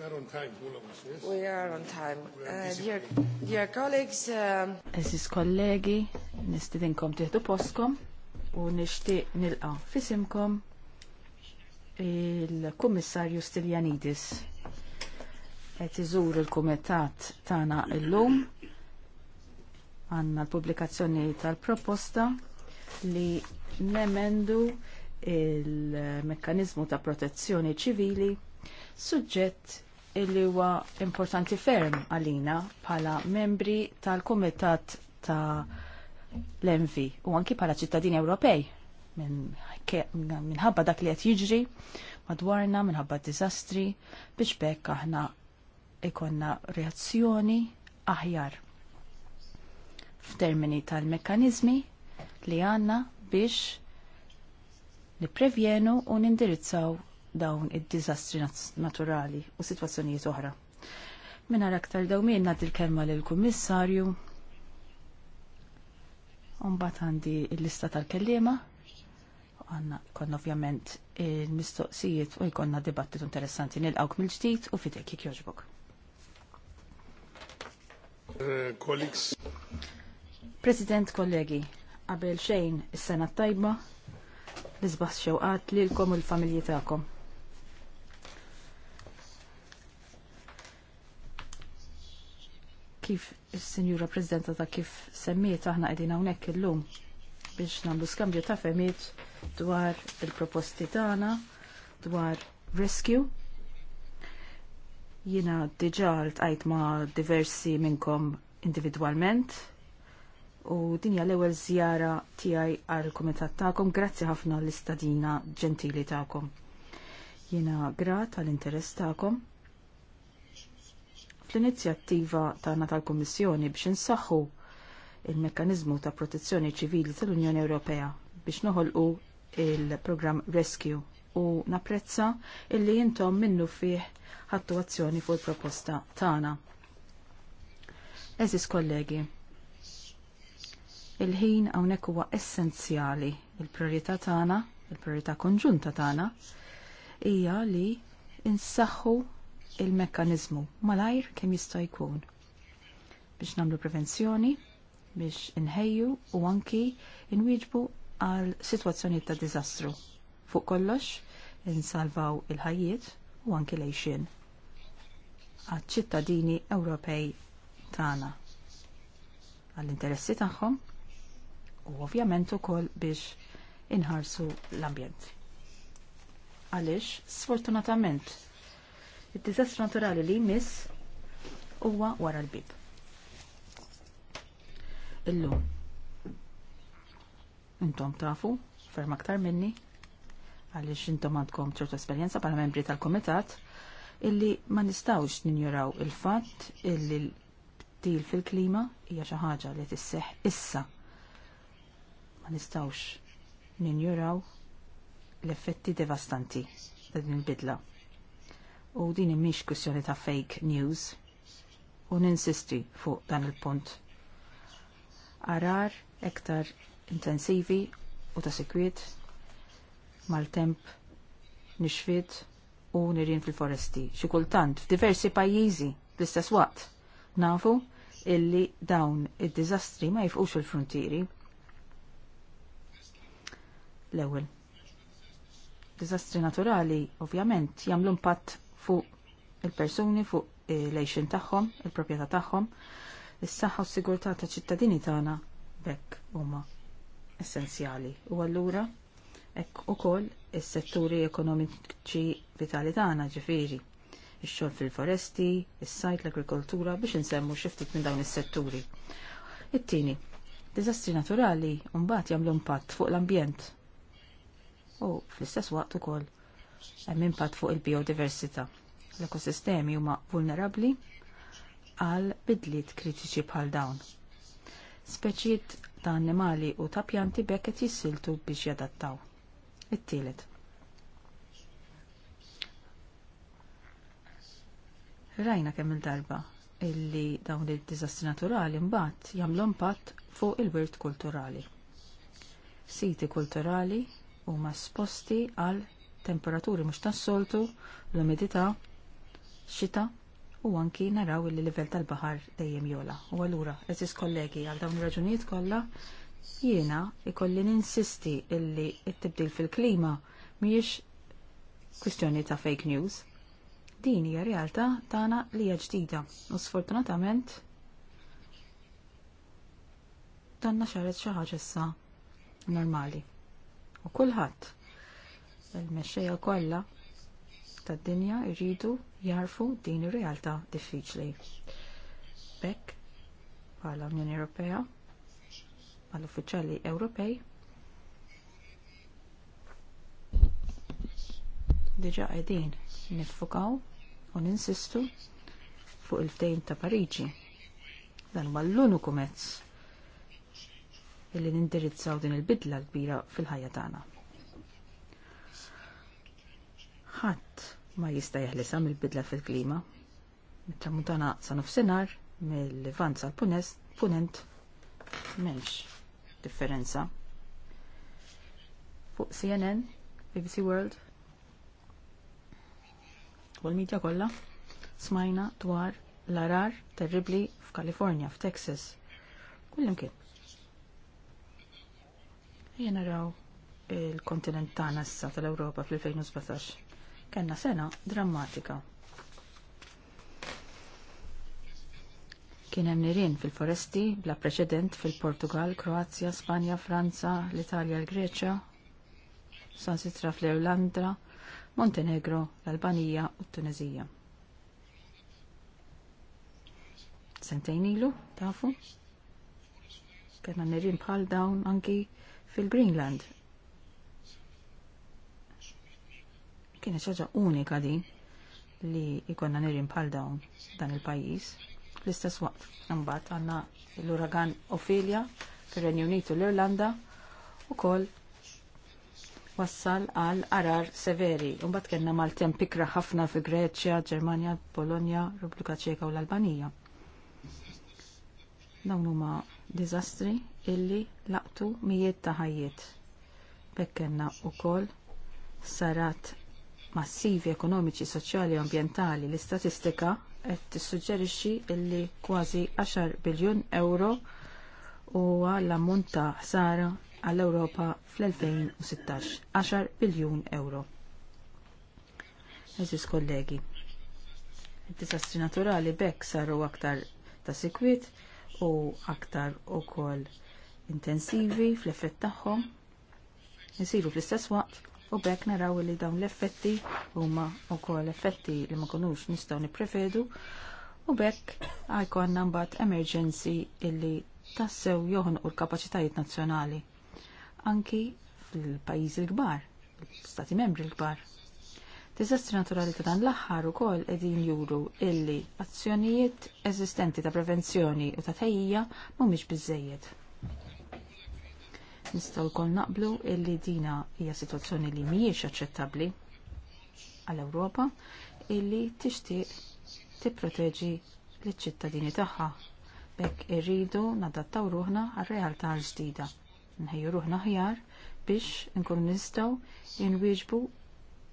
We are on time, Uh, dear, dear colleagues... Um, Esis kollegi, nistidinkom tiħdu Poskom u nishtiq nilqa fisimkom il-Kummissarju Stiljanidis et iżur il-kumitat tagħna lum għandna l-pubblikazzjoni tal-proposta li nemendu il-mekkanizmu ta' protezzjoni ċivili suġġett illi huwa importanti ferm għalina bħala membri tal-Kumitat ta' l-Envi u anki bħala ċittadini Ewropej minħabba dak li qed jiġri madwarna minħabba d-diżastri biex bekk aħna ikonna reazzjoni aħjar f'termini tal-mekkanizmi li għanna biex niprevjenu u nindirizzaw dawn id-dizastri naturali u situazzjonijiet oħra. Minna aktar dawmin nad il-kelma l-Kummissarju. Umbat għandi il-lista tal-kellima. Għanna konna ovvjament il-mistoqsijiet u jkonna dibattitu interessanti nil-għawk mill-ġdijt u fidek kik joġbok. Eh, President kollegi, qabel xejn is-sena tajba, l-izbaħ xewqat li l-kom u l-familji ta'kom. kif il-Sinjura Prezidenta ta' kif semmiet aħna qegħdin hawnhekk illum biex nagħmlu skambju ta' femmiet dwar il-proposti tagħna dwar rescue. Jiena diġà tajt ma' diversi minnkom individwalment u dinja l-ewwel żjara tiegħi għal kumitat tagħkom. Grazzi ħafna l-istadina ġentili tagħkom. Jiena grat għall interess tagħkom l inizjattiva tagħna tal-Kummissjoni biex insaħħu il-mekkanizmu ta' protezzjoni ċivili tal-Unjoni Ewropea biex noħolqu il-programm Rescue u napprezza illi jintom minnu fih ħattu azzjoni fuq il-proposta tagħna. Eżis kollegi, il-ħin hawnhekk huwa essenzjali. Il-priorità tagħna, il-priorità konġunta tagħna hija li insaħħu il-mekkanizmu malajr kem jista' jkun biex nagħmlu prevenzjoni, biex inħejju u anki inwieġbu għal situazzjoni ta' diżastru. Fuq kollox insalvaw il-ħajjiet u anki lejxin għaċ-ċittadini Ewropej tagħna għall-interessi tagħhom u ovvjament ukoll biex inħarsu l-ambjent. Għaliex, sfortunatament, Il-dizastru naturali li jmiss huwa wara l-bib. Illum. Intom tafu, ferm aktar minni, għaliex intom għandkom ċertu esperjenza bħala membri tal-komitat, illi ma nistawx ninjuraw il-fatt illi l-btil fil-klima hija xi ħaġa li tisseħ issa. Ma nistawx ninjuraw l-effetti devastanti ta' din il-bidla u din imiex kwestjoni ta' fake news u ninsisti fuq dan il-punt. Arar ektar intensivi u ta' sekwiet mal-temp nixfiet u nirin fil-foresti. Xi kultant f'diversi pajjiżi l-istess waqt nafu illi dawn id-diżastri ma jifqux il-frontieri. L-ewwel. Dizastri naturali ovvjament jagħmlu impatt fuq il-persuni, fuq il-lejxin tagħhom, il-proprjetà tagħhom, is-saħħa u s-sigurtà ta' ċittadini tagħna bekk huma essenzjali. U allura hekk ukoll is-setturi ekonomiċi vitali tagħna ġifiri, ix-xogħol fil-foresti, is-sajt, l-agrikoltura biex nsemmu xiftit ftit minn dawn is-setturi. It-tieni, diżastri naturali mbagħad jagħmlu impatt fuq l-ambjent u fl-istess waqt ukoll hemm impatt fuq il-biodiversità. L-ekosistemi huma vulnerabbli għal bidliet kritiċi bħal dawn. Speċijiet ta' annimali u ta' pjanti bekk qed jissiltu biex jadattaw. It-tielet. Rajna kemm il-darba illi dawn id-diżastri naturali mbagħad jagħmlu impatt fuq il-wirt kulturali. Siti kulturali huma sposti għal temperaturi mhux tas-soltu, l-umidità, xita u anki naraw il livell tal-baħar dejjem jola. U allura, eżis kollegi, għal dawn raġunijiet kollha, jiena ikolli ninsisti illi t-tibdil fil-klima mhijiex kwistjoni ta' fake news. Din hija realtà tagħna li hija ġdida u sfortunatament tanna xaret xi ħaġa issa normali. U kulħadd il-mexxejja kollha tad-dinja jridu jarfu din ir-realtà diffiċli. Bekk bħala Unjoni Ewropea għall uffiċjali Ewropej diġa qegħdin niffukaw u ninsistu fuq il-ftehim ta' Pariġi. Dan huwa l-uniku mezz illi nindirizzaw din il-bidla l-kbira fil-ħajja tagħna. ħadd ma jista' jeħlisa mill-bidla fil-klima. Mit-tramuntana sa nofsinhar, mill-levant punest punent m'hemmx differenza. Fuq CNN, BBC World, u l-medja kollha smajna dwar l-arar terribli f'Kalifornja, f'Texas. Kullim kien. Jena raw il-kontinent tagħna issa tal-Ewropa fl-2017 Kellna sena drammatika. Kien hemm nirien fil-foresti bla preċedent fil-Portugal, Kroazja, Spanja, Franza, l-Italja, l-Greċja, San Sitra fl-Irlanda, Montenegro, l-Albanija u t-Tunezija. Sentejn ilu, tafu? Kellna nirien bħal dawn anki fil-Greenland, Kienet ċaġa unika din li ikonna nirin bħal dawn dan il-pajis. L-istess waqt, mbagħad għandna l-uragan Ophelia fir-Renju Unitu l-Irlanda kol wassal għal arar severi. Mbagħad kellna mal tempikra ħafna fi Greċja, Ġermanja, Polonja, Repubblika Ċeka u l-Albanija. Dawn huma diżastri illi laqtu mijiet ta' ħajjiet. Bekkenna u kol sarat massivi ekonomiċi, soċjali u ambjentali, l-istatistika qed tissuġġerixxi li kważi 10 biljun euro huwa l-ammont ta' ħsara għall-Ewropa fl-2016. 10 biljun euro. Eżis kollegi, id-disastri naturali bekk saru aktar ta' sikwit u aktar ukoll intensivi fl-effett tagħhom. Isiru fl-istess waqt u bekk naraw li dawn l-effetti huma wkoll effetti li ma konux nistgħu niprevedu u bekk għajkonna mbagħad emerġenzi illi tassew u l-kapaċitajiet nazzjonali anki fil-pajjiżi l-kbar, stati membri l-kbar. Diżastri naturali ta' dan l-aħħar ukoll qegħdin juru illi azzjonijiet eżistenti ta' prevenzjoni u ta' tejjija mhumiex biżejjed nistgħu wkoll naqblu illi dina hija sitwazzjoni li mhijiex aċċettabbli għall-Ewropa illi tixtieq tipproteġi l-ċittadini tagħha. Bekk irridu nadattaw ruħna għar-realtà ġdida. Nħejju ruħna ħjar biex inkunu nistgħu inwieġbu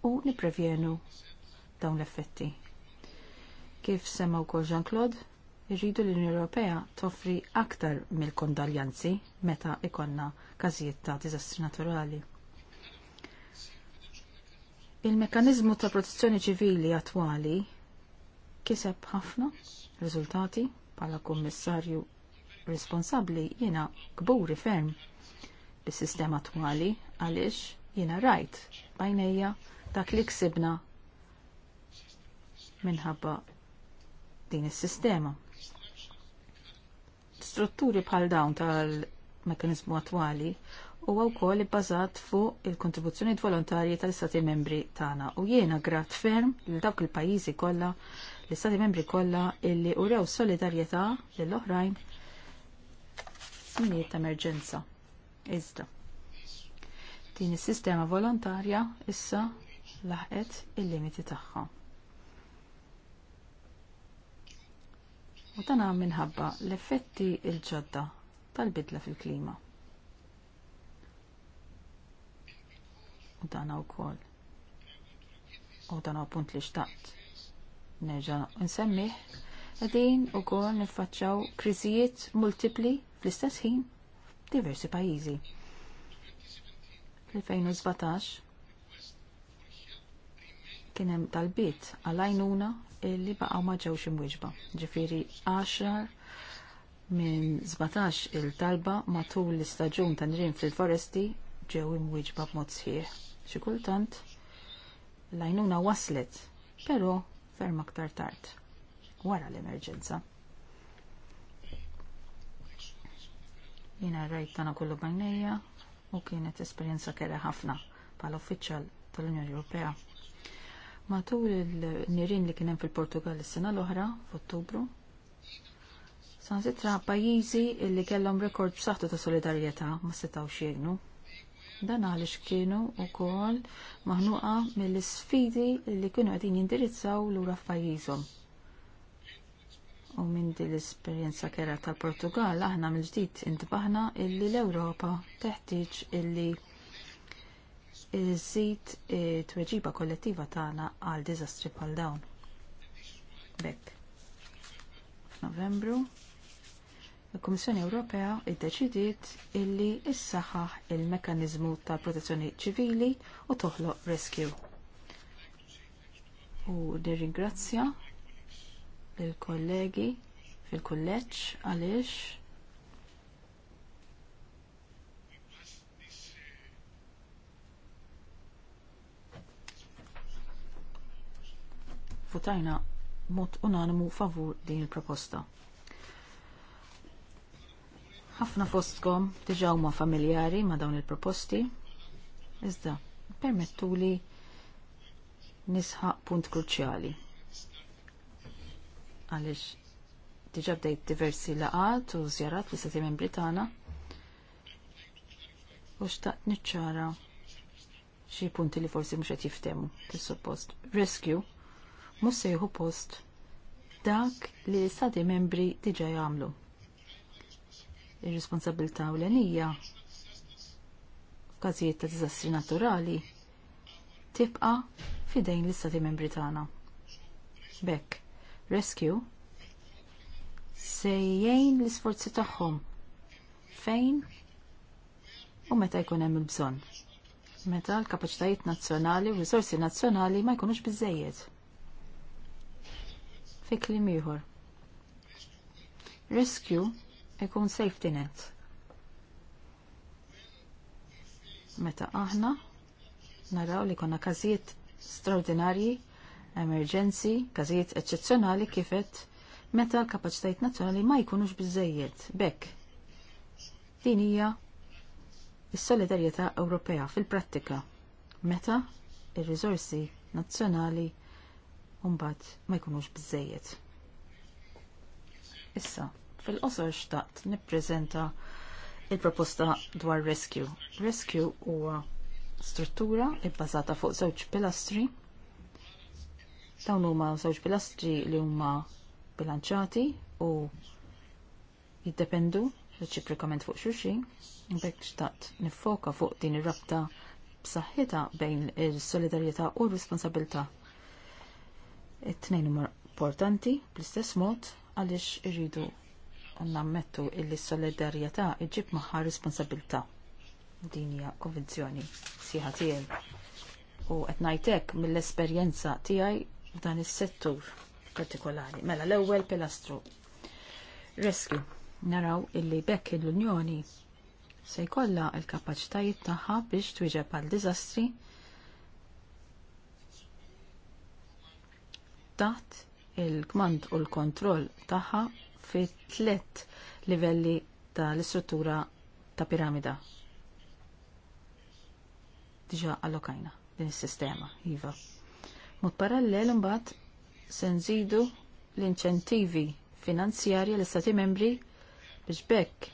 u nipprevenu dawn l-effetti. Kif semma wkoll Jean-Claude, irridu l-Unjoni Ewropea toffri aktar mill-kondaljanzi meta ikonna każijiet ta' diżastri naturali. Il-mekanizmu ta' protezzjoni ċivili attwali kiseb ħafna riżultati bħala kummissarju responsabbli jiena kburi ferm bis-sistema attwali għaliex jiena rajt bajnejja dak li ksibna minħabba din is-sistema strutturi bħal dawn tal-mekanizmu attwali huwa wkoll bazat fuq il-kontribuzzjoni volontarji tal-Istati Membri tagħna u jiena grat ferm lil dawk il-pajjiżi kollha l-Istati Membri kollha illi urew solidarjetà lill oħrajn minijiet ta' emerġenza. Iżda. Din is-sistema volontarja issa laħqet il-limiti tagħha. U dan għam minħabba l-effetti il-ġodda tal-bidla fil-klima. U dan u kol. U dan u punt li xtaqt. Nerġa nsemmiħ. Għadin u kol nifacċaw kriżijiet multipli fl-istess ħin f'diversi pajizi. Fl-2017 kien hemm talbiet għal għajnuna illi baqgħu ma ġewx imwieġba. Ġifieri 10 minn 17 il-talba matul l-istaġun ta' nirien fil-foresti ġew imwieġba b'mod sħiħ. Xi kultant l-għajnuna waslet, però ferm aktar tard wara l-emerġenza. Jiena rajt tagħna kollu bajnejja u kienet esperjenza kera ħafna bħal uffiċjal tal-Unjoni Ewropea Matul il-nirin li kienem fil-Portugal is-sena l-oħra, f'Ottubru, sansitra pajjiżi li kellhom rekord b'saħħtu ta' solidarjetà ma setgħu xiegnu. Dan għaliex kienu wkoll maħnuqa mill-sfidi li kienu qegħdin jindirizzaw lura f'pajjiżhom. U minn din l esperienza kera tal-Portugal aħna mill-ġdid intbaħna illi l-Ewropa teħtieġ illi iżid e, tweġiba kollettiva tagħna għal diżastri bħal dawn. Bekk. F'Novembru il-Kummissjoni Ewropea iddeċidiet illi issaħħaħ il-mekkaniżmu ta' protezzjoni ċivili u toħloq rescue. U nirringrazzja lill kollegi fil-kulleġġ għaliex votajna mod unanimu favur din il-proposta. Ħafna fostkom diġa huma familjari ma' dawn il-proposti. Iżda, permettu li nisħaq punt kruċjali. Għalix diġa bdejt diversi laqat u zjarat li sati minn Britana u xtaqt niċċara xie punti li forsi mux qed jiftemu, suppost. Rescue mhux se jħu post dak li l-istati membri diġà jagħmlu. Ir-responsabilità enija f'każijiet ta' diżastri naturali tibqa' fidejn l-istati membri tagħna. Bekk, Rescue se jgħin l-isforzi tagħhom fejn u meta jkun hemm il-bżonn. Meta l-kapaċitajiet nazzjonali u risorsi nazzjonali ma jkunux biżejjed fi klim ieħor. Rescue ikun safety net. Meta aħna naraw li konna każijiet straordinarji, emerġenzi, każijiet eċċezzjonali kifet meta l kapacitajt nazzjonali ma jkunux bizzejiet, Bekk. Din hija is-solidarjetà Ewropea fil-prattika. Meta ir-riżorsi nazzjonali Umbat ma jkunux bżejiet. Issa, fil-qosor xtaqt niprezenta il-proposta dwar Rescue. Rescue huwa struttura ibbażata fuq żewġ pilastri. Dawn huma żewġ pilastri li huma bilanċati u jiddependu reċiprikament fuq xulxin. Bekk xtaqt nifoka fuq din ir-rabta b'saħħitha bejn il-solidarjetà u r-responsabilità It-tnejn huma importanti bl-istess mod għaliex irridu nammettu illi s-solidarjetà iġib magħha responsabilità. Din hija konvenzjoni sieħa tiegħi. U qed ngħidlek mill-esperjenza tiegħi f'dan is-settur partikolari. Mela l-ewwel pilastru. Rescue. Naraw illi bekk l-Unjoni se jkollha l-kapaċitajiet tagħha biex twieġeb għal diżastri taħt il-kmand u l-kontroll tagħha fi tliet livelli tal-istruttura ta' piramida. Diġa allokajna din is-sistema, iva. Mod parallel imbagħad se nżidu l-inċentivi finanzjarji l istati membri biex bekk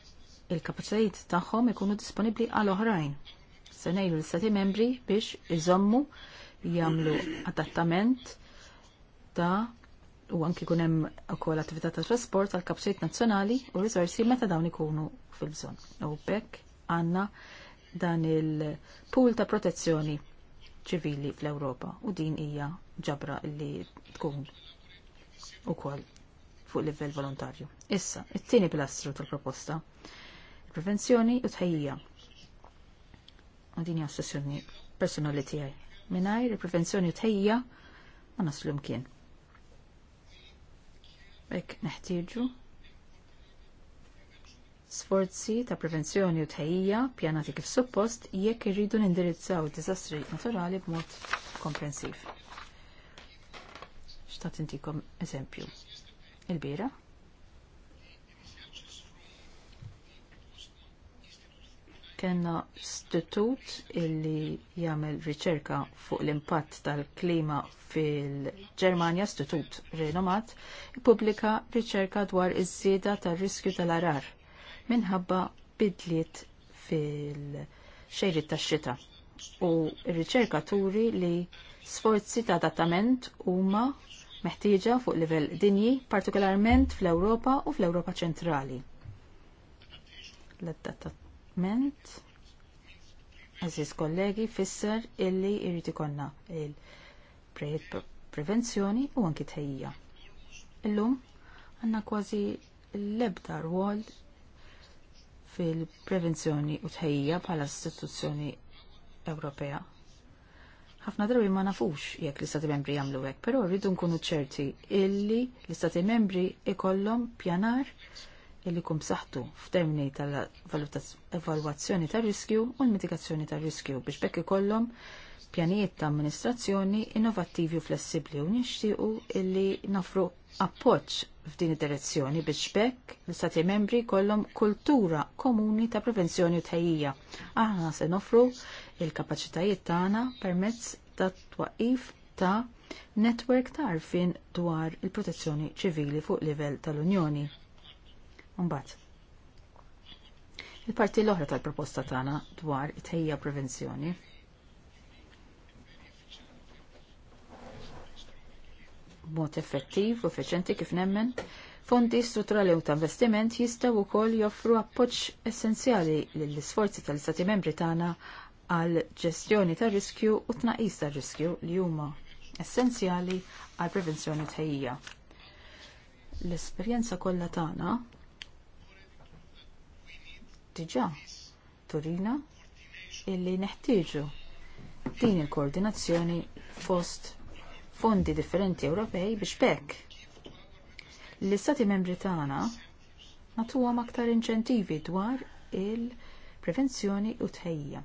il-kapaċitajiet tagħhom ikunu disponibbli għal oħrajn. Se ngħidu l istati membri biex iżommu jagħmlu adattament Ta u anki kun hemm ukoll attività ta' trasport għal kapċejt nazzjonali u risorsi meta dawn ikunu fil-bżonn. U bekk għandna dan il-pool ta' protezzjoni ċivili fl-Ewropa u din hija ġabra li tkun kol fuq livell volontarju. Issa, it-tieni pilastru tal-proposta prevenzjoni u tħejjija. U din hija sessjoni personali tiegħi. Mingħajr il-prevenzjoni u tħejjija ma naslu mkien. Ek neħtieġu sforzi ta' prevenzjoni u tħejja pjanati kif suppost jekk irridu nindirizzaw id-diżastri naturali b'mod komprensiv. X'tat intikom eżempju. Il-bira, kena istitut illi jagħmel riċerka fuq l-impatt tal-klima fil-Ġermanja, istitut renomat, pubblika riċerka dwar iż-żieda tar-riskju tal-arar minħabba bidliet fil-xejrit tax-xita. U r-riċerka turi li sforzi ta' adattament huma meħtieġa fuq livell dinji, partikolarment fl-Ewropa u fl-Ewropa ċentrali. L-adattament ment Aziz kollegi fisser illi jrid ikollna il-prejiet prevenzjoni u anki tħejja. Illum għandna kważi l-ebda rwol fil-prevenzjoni u tħejja bħala istituzzjoni Ewropea. Ħafna drabi ma nafux jekk l-Istati Membri jagħmlu hekk, però rridu nkunu ċerti illi l-Istati Membri ikollhom pjanar illi kum saħtu f'termini tal-evalwazzjoni tal-riskju u l-mitigazzjoni tal-riskju biex bekk ikollhom pjanijiet ta' amministrazzjoni innovattivi u flessibli u nixtiequ illi nafru appoġġ f'din id-direzzjoni biex bekk l-Istati membri kollhom kultura komuni ta' prevenzjoni u tħejjija. Aħna se nofru il-kapaċitajiet tagħna permezz ta' twaqif ta' netwerk ta' arfin dwar il-protezzjoni ċivili fuq livell tal-Unjoni Mbagħad. Il-parti l-oħra tal-proposta tagħna dwar it-tejja prevenzjoni. Mod effettiv u effiċenti kif nemmen, fondi strutturali u ta' investiment jistgħu wkoll joffru appoġġ essenzjali lill-isforzi tal-Istati Membri tagħna għal ġestjoni tar riskju u tnaqis ta riskju li huma essenzjali għal prevenzjoni tejja. L-esperjenza kollha tagħna diġà turina illi neħtieġu din il-koordinazzjoni fost fondi differenti Ewropej biex bekk l-istati membri tagħna nagħtuhom aktar inċentivi dwar il-prevenzjoni u tħejja.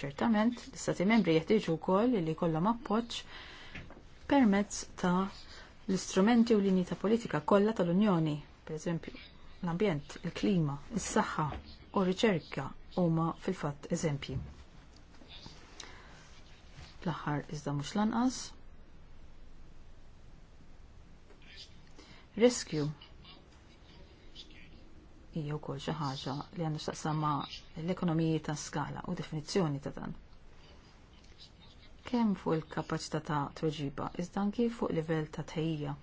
Ċertament, l-istati membri jeħtieġu wkoll li jkollhom appoġġ permezz ta' l-istrumenti u linji ta' politika kollha tal-Unjoni, pereżempju l-ambjent, il-klima, is-saħħa u r-riċerka huma fil-fatt eżempji. L-aħħar iżda mhux lanqas. Rescue hija wkoll xi ħaġa li għandu x'taqsam l-ekonomiji ta' skala u definizzjoni ta' dan. Kemm fuq il-kapaċità ta' tweġiba, iżda anki fuq livell ta' tħejja.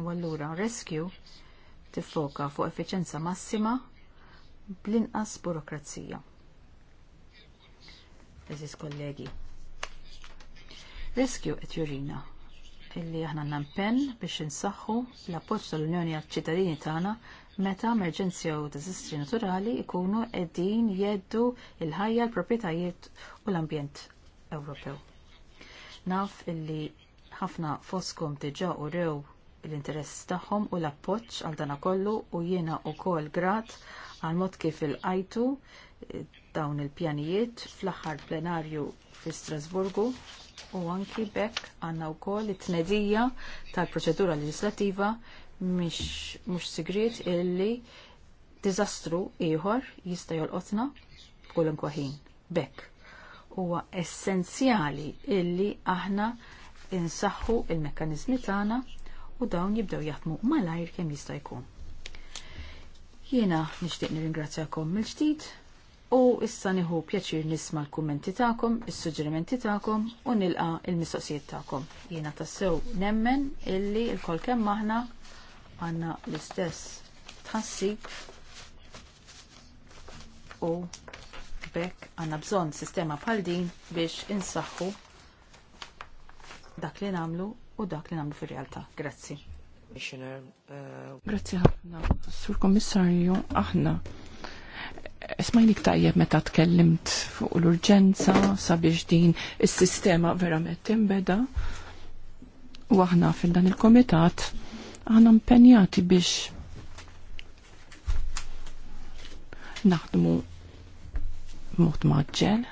U allura rescue tiffoka fuq effiċenza massima bl-inqas burokrazija. Eżis kollegi. Rescue et Jurina illi aħna nampen biex insaħħu l-appoġġ tal-Unjoni għal-ċittadini tagħna meta emerġenzja u diżastri naturali jkunu qegħdin jeddu il-ħajja l-proprjetajiet u l-ambjent Ewropew. Naf illi ħafna foskom diġà u rew l-interess tagħhom u l-appoġġ għal dana kollu u jiena wkoll grat għal mod kif il-qajtu eh, dawn il-pjanijiet fl-aħħar plenarju fi Strasburgu u anki bekk għandna wkoll it-tnedija tal-proċedura leġislattiva mhux sigriet illi diżastru ieħor jista' jolqotna f'kulunkwa ħin. Bekk huwa essenzjali illi aħna insaħħu il-mekkaniżmi tagħna u dawn jibdew jaħdmu malajr kemm jista' jkun. Jiena nixtieq nirringrazzjakom mill-ġdid u issa nieħu pjaċir nisma l-kummenti tagħkom, is-suġġerimenti tagħkom u nilqa l-mistoqsijiet tagħkom. Jiena tassew nemmen illi l-kol kemm aħna għandna l-istess tħassib u bekk għandna bżonn sistema bħal din biex insaħħu dak li namlu u dak li nagħmlu fir-realtà. Grazzi. Uh, Grazzi ħafna, Sur Kommissarju, aħna. Ismajlik tajjeb meta tkellimt fuq l-urġenza sabiex din is-sistema verament timbeda. U aħna fil-dan il-komitat aħna impenjati biex naħdmu mod maġġel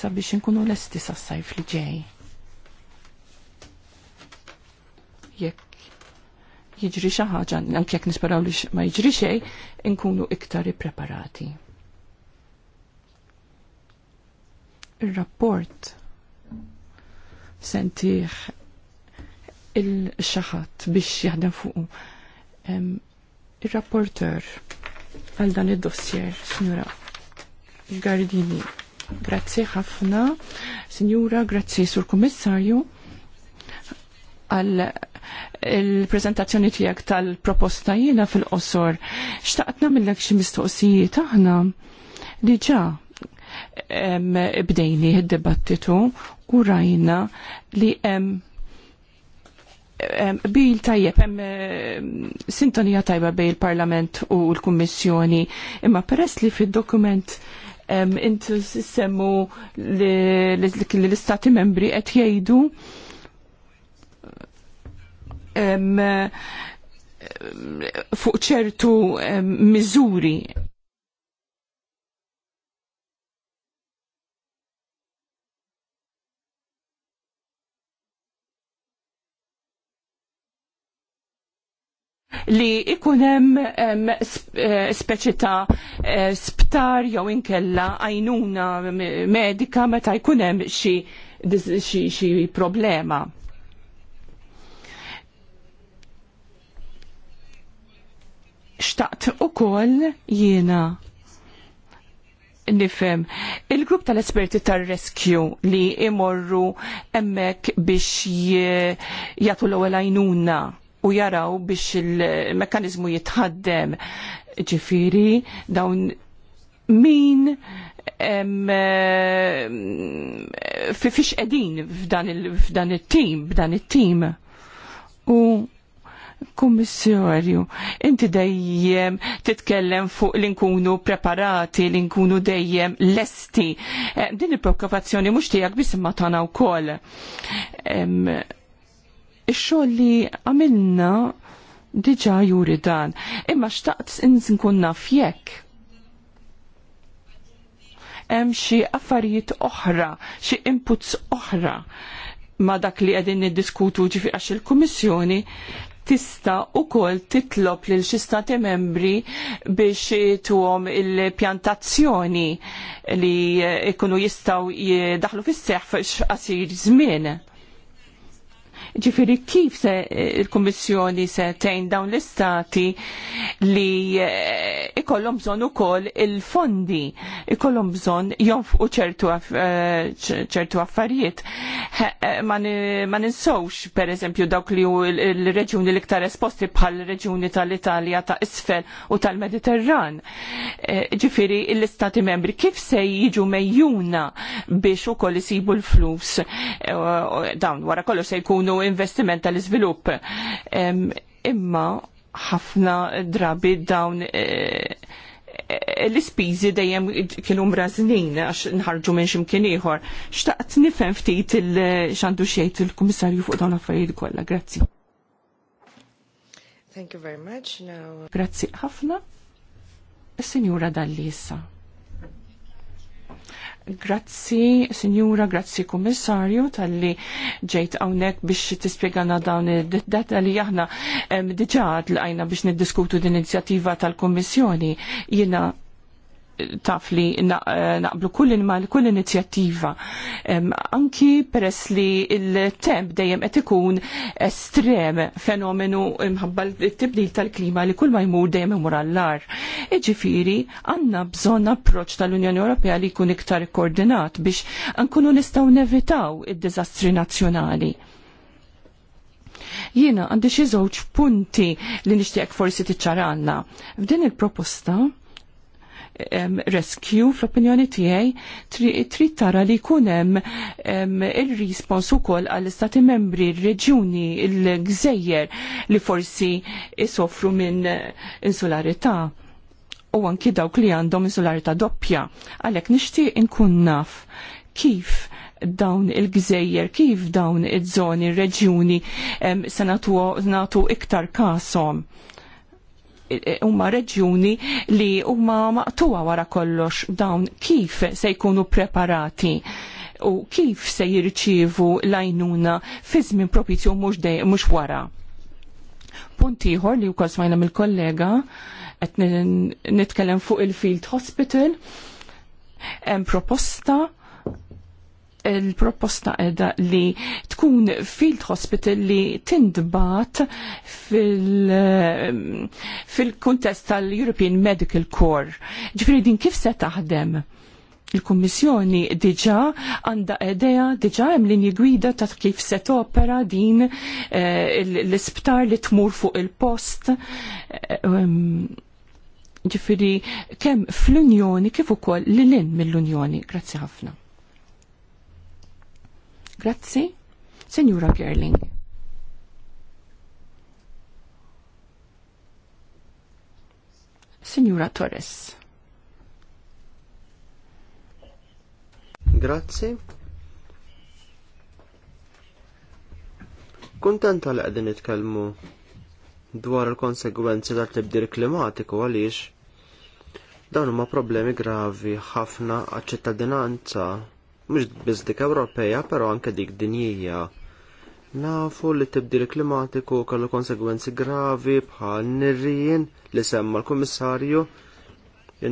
sabiex nkunu lesti sas-sajf li ġej jiġri xi ħaġa, anke jekk nisperaw li ma jiġri xejn, inkunu iktar ippreparati. Ir-rapport sentih il-xaħat biex jaħdem fuqu. Il-rapporter għal dan id-dossier, signora Gardini. Grazie ħafna, signora, grazzi sur kommissarju għal il-prezentazzjoni tiegħek tal-proposta jiena fil-qosor. Xtaqt nagħmilek xi mistoqsijiet aħna ġa bdejni id-dibattitu u rajna li hemm bil tajjeb hemm sintonija tajba bejn il-Parlament u l-Kummissjoni, imma peress li fid-dokument intu semmu li l-istati membri qed jgħidu fuq ċertu miżuri. li ikunem eh, speċi ta' eh, sptar jew inkella għajnuna medika meta jkunem xi problema. xtaqt u kol jiena nifem. Il-grupp tal-esperti tal-rescue li imorru emmek biex jgħatu l-ewwel għajnuna u jaraw biex il mekanizmu jitħaddem ġifiri dawn min fi fix edin f'dan il-tim, f'dan il-tim. U Kummissarju, inti dejjem titkellem fuq li nkunu preparati, li nkunu dejjem lesti. Eh, din il-preokkupazzjoni mhux tijak biss imma u wkoll. Ix-xogħol li għamilna diġà juri dan, imma xtaqt nkun naf jekk hemm xi affarijiet oħra, xi inputs oħra ma dak li qegħdin niddiskutu ġifi għax il-Kummissjoni tista u kol titlob lil xi stati membri biex tuhom il-pjantazzjoni li ikunu jistaw jidaħlu fis seħħ qasir żmien. Ġifiri kif se eh, il-Kummissjoni se tejn dawn l-istati li eh, ikollhom bżonn ukoll il-fondi, ikollhom bżonn jonfqu ċertu eh, ċertu affarijiet. Ma ninsowx pereżempju dawk li hu l-reġjuni l-iktar esposti bħal reġjuni tal-Italja ta' isfel u tal-Mediterran. Ġifiri l-istati membri kif se jiġu mejjuna biex ukoll isibu l-flus dawn wara kollox se jkunu investiment tal-iżvilupp. Imma ħafna drabi dawn eh, eh, l-ispiżi dejjem kienu mrażnin għax nħarġu minn ximkien ieħor. Xtaqt nifhem ftit il-xandu eh, xejt il-Kummissarju fuq dawn l-affarijiet kollha. Grazzi. Thank you very much. Now... Grazzi ħafna. Is-Sinjura Dallisa. Grazzi, Sinjura, grazzi Kummissarju tal-li ġejt hawnhekk biex tispjegana dawn id-data li aħna diġà għajna biex niddiskutu din inizjattiva tal-Kummissjoni. Jiena taf li eh, naqblu kull ma kull inizjattiva. Anki peress li il-temp dejjem qed ikun estrem fenomenu imħabba l-tibdil tal-klima li kull ma jmur dejjem imur għall-ar. Iġifieri għandna bżonn approċċ tal-Unjoni Ewropea li jkun iktar koordinat biex nkunu nistgħu nevitaw id-diżastri nazzjonali jiena għandi xi żewġ punti li nixtieq forsi tiċċaranna. F'din il-proposta rescue fl-opinjoni tiegħi trid tara li jkun hemm ir respons ukoll għall-istati membri, r reġjuni l gżejjer li forsi isofru minn insularità u anki dawk li għandhom insularità doppja. Għalhekk nixtieq inkun naf kif dawn il-gżejjer, kif dawn iż-żoni, il reġjuni se nagħtu iktar kasom huma reġjuni li huma maqtuwa wara kollox dawn kif se jkunu preparati u kif se jirċievu l-għajnuna fi żmien propizju mhux wara. Punt ieħor li wkoll smajna mill-kollega qed nitkellem fuq il-Field Hospital hemm proposta il-proposta edha li tkun field hospital li tindbat fil-kuntest fil tal-European Medical Corps. Ġifri din kif se taħdem? il-Kummissjoni diġa għanda idea diġa hemm linji gwida ta' kif se topera din eh, l-isptar li tmur fuq il-post. Eh, ġifiri, eh, um, kemm fl-Unjoni kif ukoll lil-in mill-Unjoni. Grazzi ħafna. Grazzi, Signora Gerling. Signora Torres. Grazzi. Kuntenta għal qegħdin nitkellmu dwar il-konsegwenzi tal tibdir klimatiku għaliex dawn huma problemi gravi ħafna għal ċittadinanza mhux biss dik Ewropea, però anke dik dinjija. Nafu li tibdil klimatiku kellu konsegwenzi gravi bħal nirrien li semma l-Kummissarju,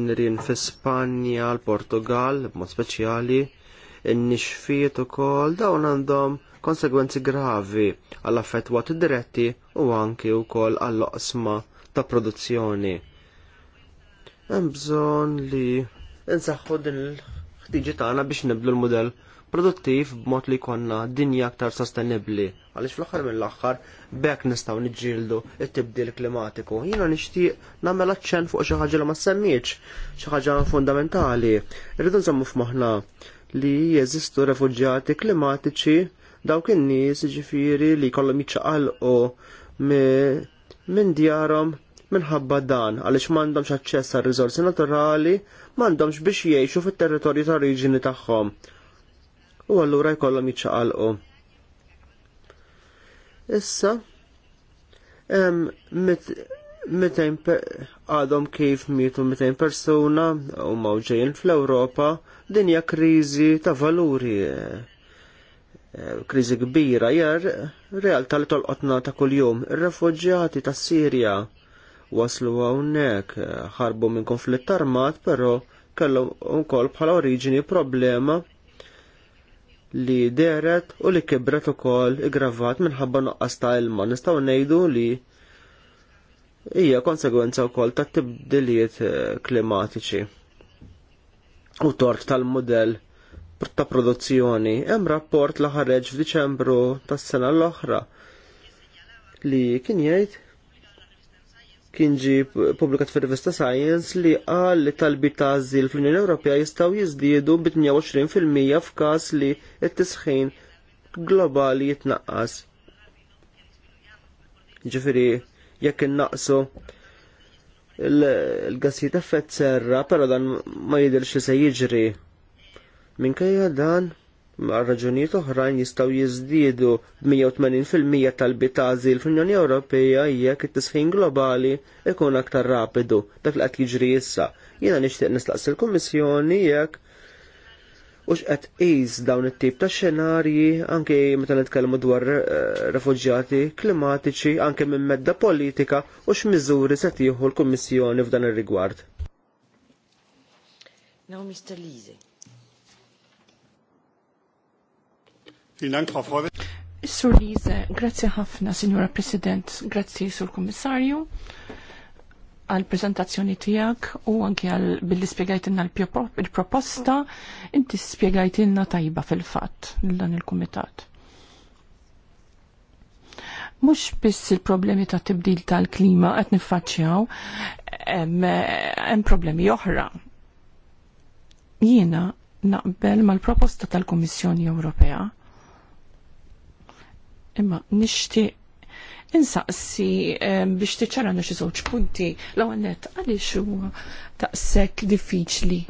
nirrien fi Spanja, l-Portugal, b'mod speċjali, in-nixfiet ukoll dawn għandhom konsegwenzi gravi għall affettwati diretti u anki wkoll għall-oqsma ta' produzzjoni. Hemm bżonn li nsaħħu din Tiġi tagħna biex nibdlu l-mudell produttiv b'mod li jkollna dinja aktar sostenibbli. Għaliex fl-aħħar mill-aħħar bekk nistgħu niġġieldu t-tibdil klimatiku. Jiena nixtieq nagħmel aċċen fuq xi ħaġa li ma semmitx, xi ħaġa fundamentali. Irridu nżommu f'moħħna li jeżistu refuġjati klimatiċi dawk in-nies ġifieri li jkollhom jiċċaqalqu minn djarhom minħabba dan għaliex m'għandhomx aċċess għar riżorsi naturali m'għandhomx biex jgħixu fit-territorju ta' oriġini tagħhom. U allura jkollhom jiċċaqalqu. Issa, mitajn għadhom kif mietu 200 persuna u mawġejn fl-Ewropa dinja kriżi ta' valuri eh, eh, kriżi kbira jar realtà li tolqotna ta' kuljum ir-refuġjati tas Sirja waslu hawnhekk ħarbu minn konflitt armat, però kellhom ukoll bħala oriġini problema li deret u li kibret ukoll igravat minħabba nuqqas ta' ilma. Nistgħu ngħidu li hija konsegwenza wkoll ta' tibdiliet eh, klimatiċi u tort tal-modell ta' produzzjoni. Hemm rapport li ħareġ f'Diċembru tas-sena l-oħra li kien jgħid kien ġi publikat fir rivista Science li qal li talbi ta' zil fl-Unjoni Ewropea jistgħu jiżdiedu bi 28% f'każ li t-tisħin globali jitnaqqas. Ġifiri, jekk innaqsu il-gassijiet fett serra, però dan ma jidhirx li se jiġri. Minkejja dan ma' raġunijiet oħrajn jistgħu jiżdiedu b'180% tal-bit għażil fl-Unjoni Ewropea jekk it-tisħin globali ikun aktar rapidu dak li qed jiġri issa. Jiena nixtieq nistaqsi l-Kummissjoni jekk u x'qed qis dawn it-tip ta' xenarji anke meta nitkellmu dwar eh, refuġjati klimatiċi anke minn medda politika u x'miżuri se tieħu l-Kummissjoni f'dan ir-rigward. Now Mr. Lise. Sur Lise, grazie ħafna, Signora President, grazie Sur Kommissarju għal prezentazzjoni tijak u anki għal billi spiegajtinna l-proposta, inti spiegajtinna tajba fil-fat l-dan il-komitat. Mux biss il-problemi ta' tibdil tal-klima għet nifacċjaw, hemm problemi oħra. Jiena naqbel mal-proposta tal-Komissjoni Ewropea imma nishti insaqsi ehm, biex tiċċaranu xi żewġ punti l għannet għalli għaliex huwa taqsek diffiċli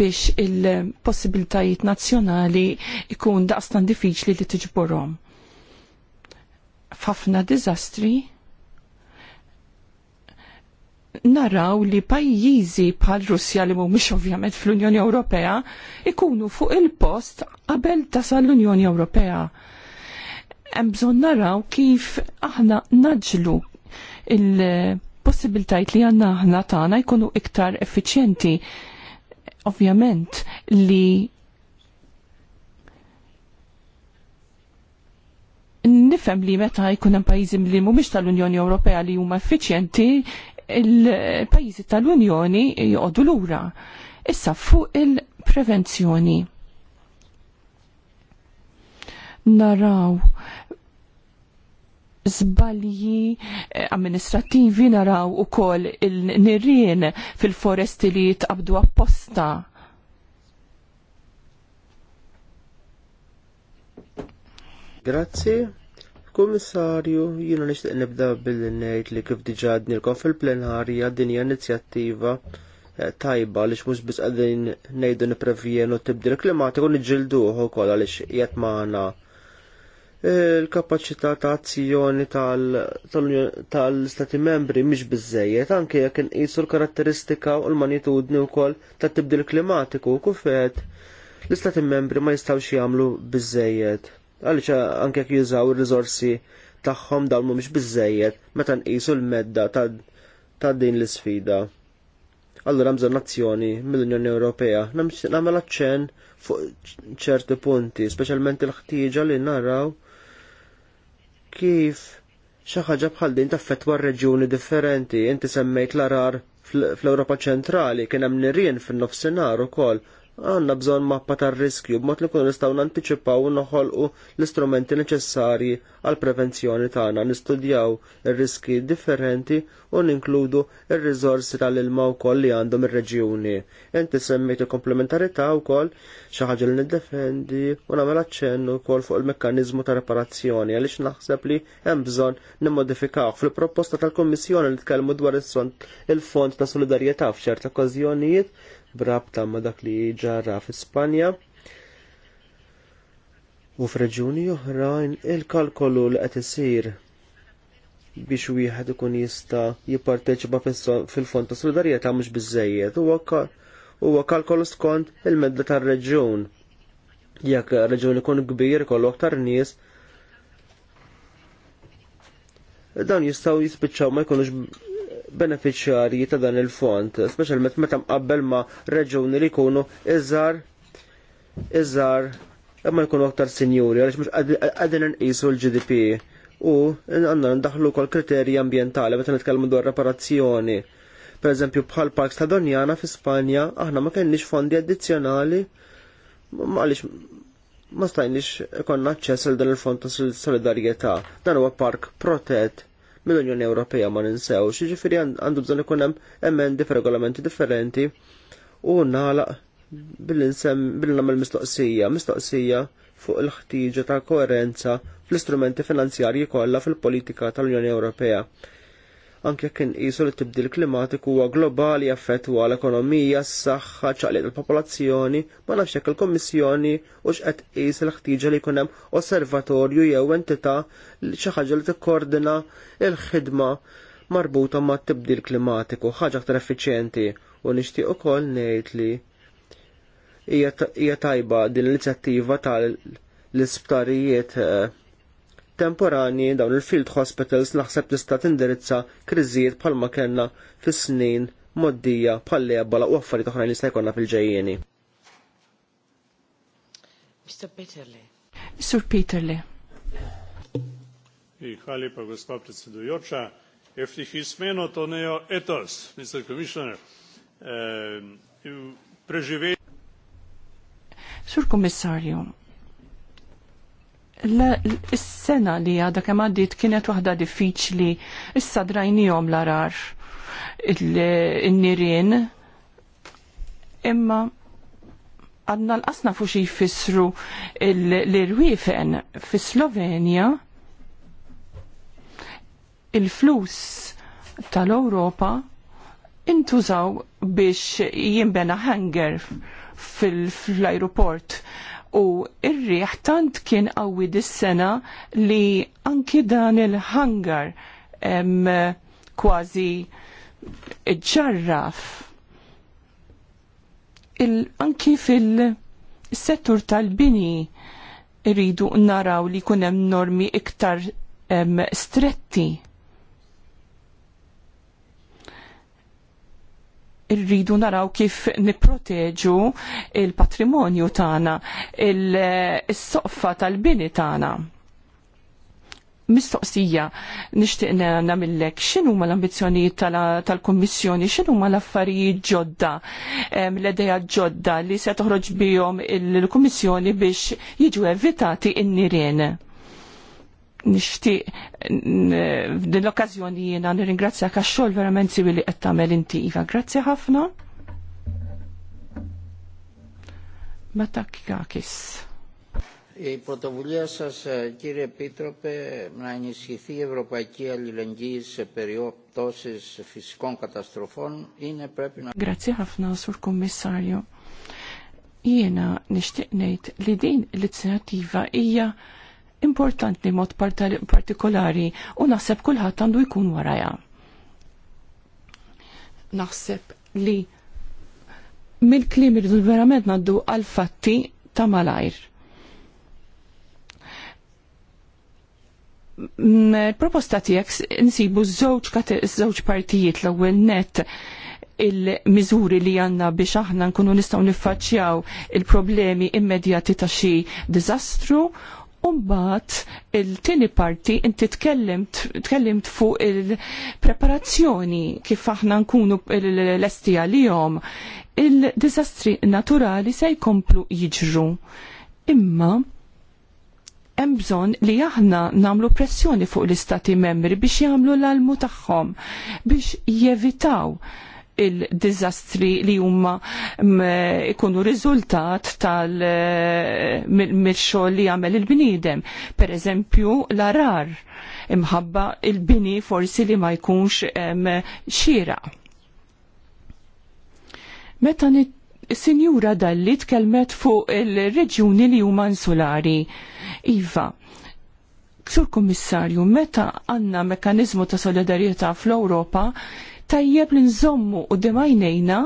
biex il-possibiltajiet nazzjonali ikun daqstan diffiċli li tiġborhom. Fafna diżastri naraw li pajjiżi bħal Russja li mhumiex ovvjament fl-Unjoni Ewropea ikunu fuq il-post qabel tasal l-Unjoni Ewropea hemm bżonn naraw kif aħna naġlu il-possibiltajt li għanna aħna tagħna jkunu iktar effiċjenti. Ovvjament li nifhem li meta jkun hemm pajjiżi li mhumiex tal-Unjoni Ewropea li huma effiċjenti, il-pajjiżi tal-Unjoni jgħodu lura. Issa fuq il-prevenzjoni naraw zbalji eh, amministrativi naraw u kol il-nirien fil-foresti li jitqabdu apposta. Grazzi. Kummissarju, jiena nixtieq nibda billi ngħid li kif diġà għadnilkom fil-plenarja din hija inizjattiva eh, tajba li mhux biss għadin ngħidu niprevjenu t-tibdil klimatiku niġġilduh ukoll għaliex qiegħed il-kapacità ta' azzjoni tal-Stati membri mhix biżżejjed, anke jekk inqisu l-karatteristika u l-manitudni wkoll tat-tibdil klimatiku u kufet l-Istati membri ma jistgħux jagħmlu biżżejjed. Għaliex anke jekk jużaw ir-riżorsi tagħhom dawn mhumiex biżżejjed meta nqisu l-medda ta' din l-isfida. Allura bżonn azzjoni mill-Unjoni Ewropea nagħmel aċċenn fuq ċerti punti, speċjalment il-ħtieġa li naraw kif xi ħaġa bħal din taffettwa reġjuni differenti. Inti semmejt l-arar fl-Ewropa ċentrali kien hemm nirien fin-nofsinhar ukoll għanna bżonn mappa tar-riskju b'mod li kun nistaw nantiċipaw u noħolqu l-istrumenti neċessarji għall prevenzjoni tagħna, nistudjaw ir-riski differenti u ninkludu ir-riżorsi tal-ilma wkoll li għandhom ir-reġjuni. Inti semmejt il-komplementarità wkoll xi ħaġa li niddefendi u nagħmel aċċennu wkoll fuq il-mekkaniżmu ta' reparazzjoni għaliex naħseb li hemm bżonn nimmodifikaw fil-proposta tal kummissjoni li tkellmu dwar il-fond ta' solidarjetà f'ċert okkażjonijiet brabta ma dak li ġara f'Ispanja u f'reġjuni oħrajn il-kalkolu li qed isir biex wieħed ikun jista' jipparteċipa fil-fond ta' solidarjetà mhux biżżejjed huwa kalkolu skont il-medda tar-reġjun. Jekk reġjun ikun kbir kollu aktar nies, dan jistgħu jispiċċaw ma jkunux beneficjarji ta' dan il-fond, speċjalment meta mqabbel ma' reġuni li jkunu iżar iżar imma jkunu aktar sinjuri għaliex mhux qegħdin inqisu l-GDP u għandna ndaħlu kol kriterji ambjentali meta nitkellmu dwar reparazzjoni. Per eżempju bħal Parks ta' Donjana fi Spanja aħna ma kenniex fondi addizzjonali għaliex ma stajniex konna aċċess għal dan il-fond ta' solidarjetà. Dan huwa park protett mill-Unjoni Ewropea ma ninsewx, jiġifieri għandu bżonn ikun hemm emendi f'regolamenti differenti u nagħlaq billi nagħmel mistoqsija, mistoqsija fuq il-ħtiġa ta' koerenza fl-istrumenti finanzjarji kollha fil-politika tal-Unjoni Ewropea anke kien qisu li tibdil klimatiku huwa globali jaffettwa l-ekonomija, s-saħħa, ċaqliq il-popolazzjoni, ma nafx hekk il-Kummissjoni u x'qed qis l-ħtieġa li jkun hemm osservatorju jew entità li xi ħaġa li tikkoordina l-ħidma marbuta ma' tibdil klimatiku, ħaġa aktar effiċjenti u nixtieq ukoll ngħid li hija tajba din l-inizjattiva tal-isptarijiet eh, temporani dawn il-field hospitals naħseb tista' tindirizza kriżijiet bħalma kellna fis-snin moddija bħalli ebola u affarijiet oħrajn li se jkollna fil-ġejjieni. Mr. Peterle. Sur Peterle. gospa etos, Mr. Commissioner. Ehm, Sur Is-sena li għadha kemm għaddit kienet waħda diffiċli, issa drajnijom l-arar il-nirien, imma għadna l-qasna fuq xi jfissru l-irwiefen fi Slovenja il-flus tal-Ewropa intużaw biex jimbena hangar fil-aeroport. Fil u ir-riħ tant kien qawwi dis-sena li anki dan il-hangar kważi ġarraf il anki fil-settur tal-bini iridu naraw li kunem normi iktar stretti irridu naraw kif niproteġu il-patrimonju tagħna, il-soqfa tal-bini tagħna. Mistoqsija, nixtieq nagħmilek x'inhu ma l-ambizzjonijiet tal-Kummissjoni, x'inhu ma l-affarijiet ġodda, l-idea ġodda li se toħroġ bihom il-Kummissjoni biex jiġu evitati n-nirien nixtieq din l-okkażjoni jiena nirringrazzjak għax-xogħol verament siwi li qed tagħmel inti iva. Grazzi ħafna. Meta kikakis. Η πρωτοβουλία σας, κύριε Επίτροπε, να ενισχυθεί η ευρωπαϊκή αλληλεγγύη σε περιπτώσεις φυσικών καταστροφών είναι πρέπει να... Grazie ħafna, Sur Kommissarju. Jiena nixtieq λιδίν, λιτσινατίβα, din l importanti mod partikolari u naħseb kulħadd għandu jkun waraja. Naħseb li mill-klim irridu verament naddu għal-fatti ta' malajr. proposta tiegħek nsibu żewġ partijiet l-ewwel net il-miżuri li għanna biex aħna nkunu nistgħu niffaċċjaw il-problemi immedjati ta' xi diżastru Umbat il-tini parti inti tkellimt, fuq il-preparazzjoni kif aħna nkunu l-estija li jom. Il-disastri naturali se jkomplu jiġru. Imma hemm bżonn li aħna nagħmlu pressjoni fuq l-istati membri biex jagħmlu l-almu tagħhom biex jevitaw il-dizastri li huma mm, ikunu riżultat tal eh, mill-xogħol li jagħmel il-bniedem. Per eżempju l-arar imħabba il-bini forsi li ma jkunx xira. Meta Sinjura dalli tkellmet fuq il-reġjuni li huma insulari. Iva, Sur Kummissarju, meta għanna mekanizmu ta' solidarieta fl-Europa, tajjeb li nżommu u demajnejna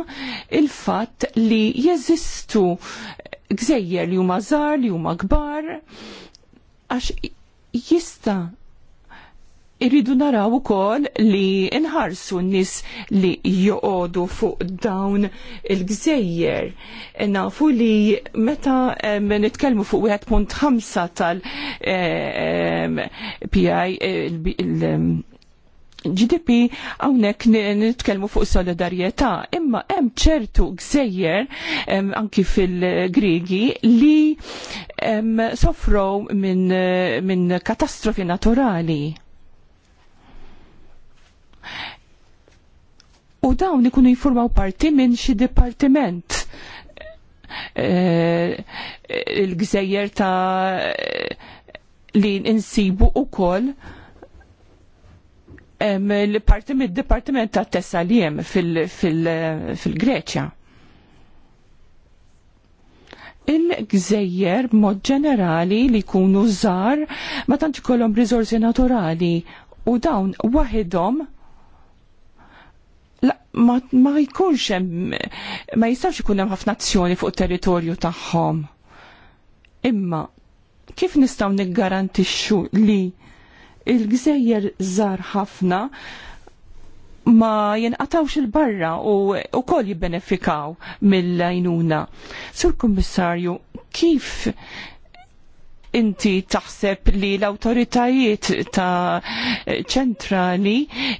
il-fat li jeżistu gżejjer li huma żar li huma kbar, għax jista irridu naraw ukoll li inħarsu n-nis li joqodu fuq dawn il-gżejjer. Nafu li meta nitkellmu fuq 1.5 tal-PI eh, GDP għawnek nitkelmu fuq solidarieta, imma hemm ċertu gżejjer anki fil-Grigi li sofrow minn min katastrofi naturali. U dawn ikunu jiformaw parti minn xi dipartiment e, il-gżejjer ta' li insibu u koll l-parti mid-Dipartiment ta' Tessaliem fil-Greċja. Il-gżejjer mod ġenerali li jkunu żar ma tantx ikollhom rizorsi naturali u dawn waħidhom ma, ma jkunx hemm ma jistax ikun hemm ħafna azzjoni fuq territorju tagħhom. Imma kif nistgħu niggarantixxu li il-gżejjer żar ħafna ma jenqatawx il-barra u, u jibbenefikaw mill-lajnuna. Sur Kommissarju, kif inti taħseb li l awtoritajiet ta' ċentrali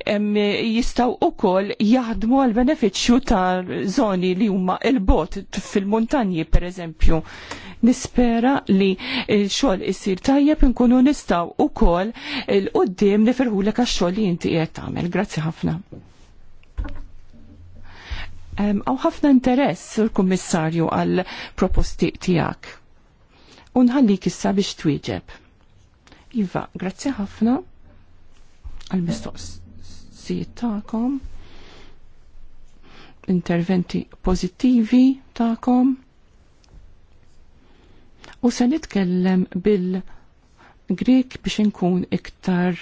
jistaw koll jaħdmu għal benefiċċju ta' zoni li huma il-bot fil-montanji pereżempju. Nispera li xogħol isir tajjeb nkunu nistaw ukoll l qudiem li għax-xogħol li inti jgħet tagħmel. Grazzi ħafna. Għaw ħafna interess, sur kummissarju, għal proposti tijak unħalli issa biex twieġeb. Iva, grazzi ħafna għal-mistoqsijiet ta'kom, interventi pozittivi ta'kom, u se nitkellem bil grik biex nkun iktar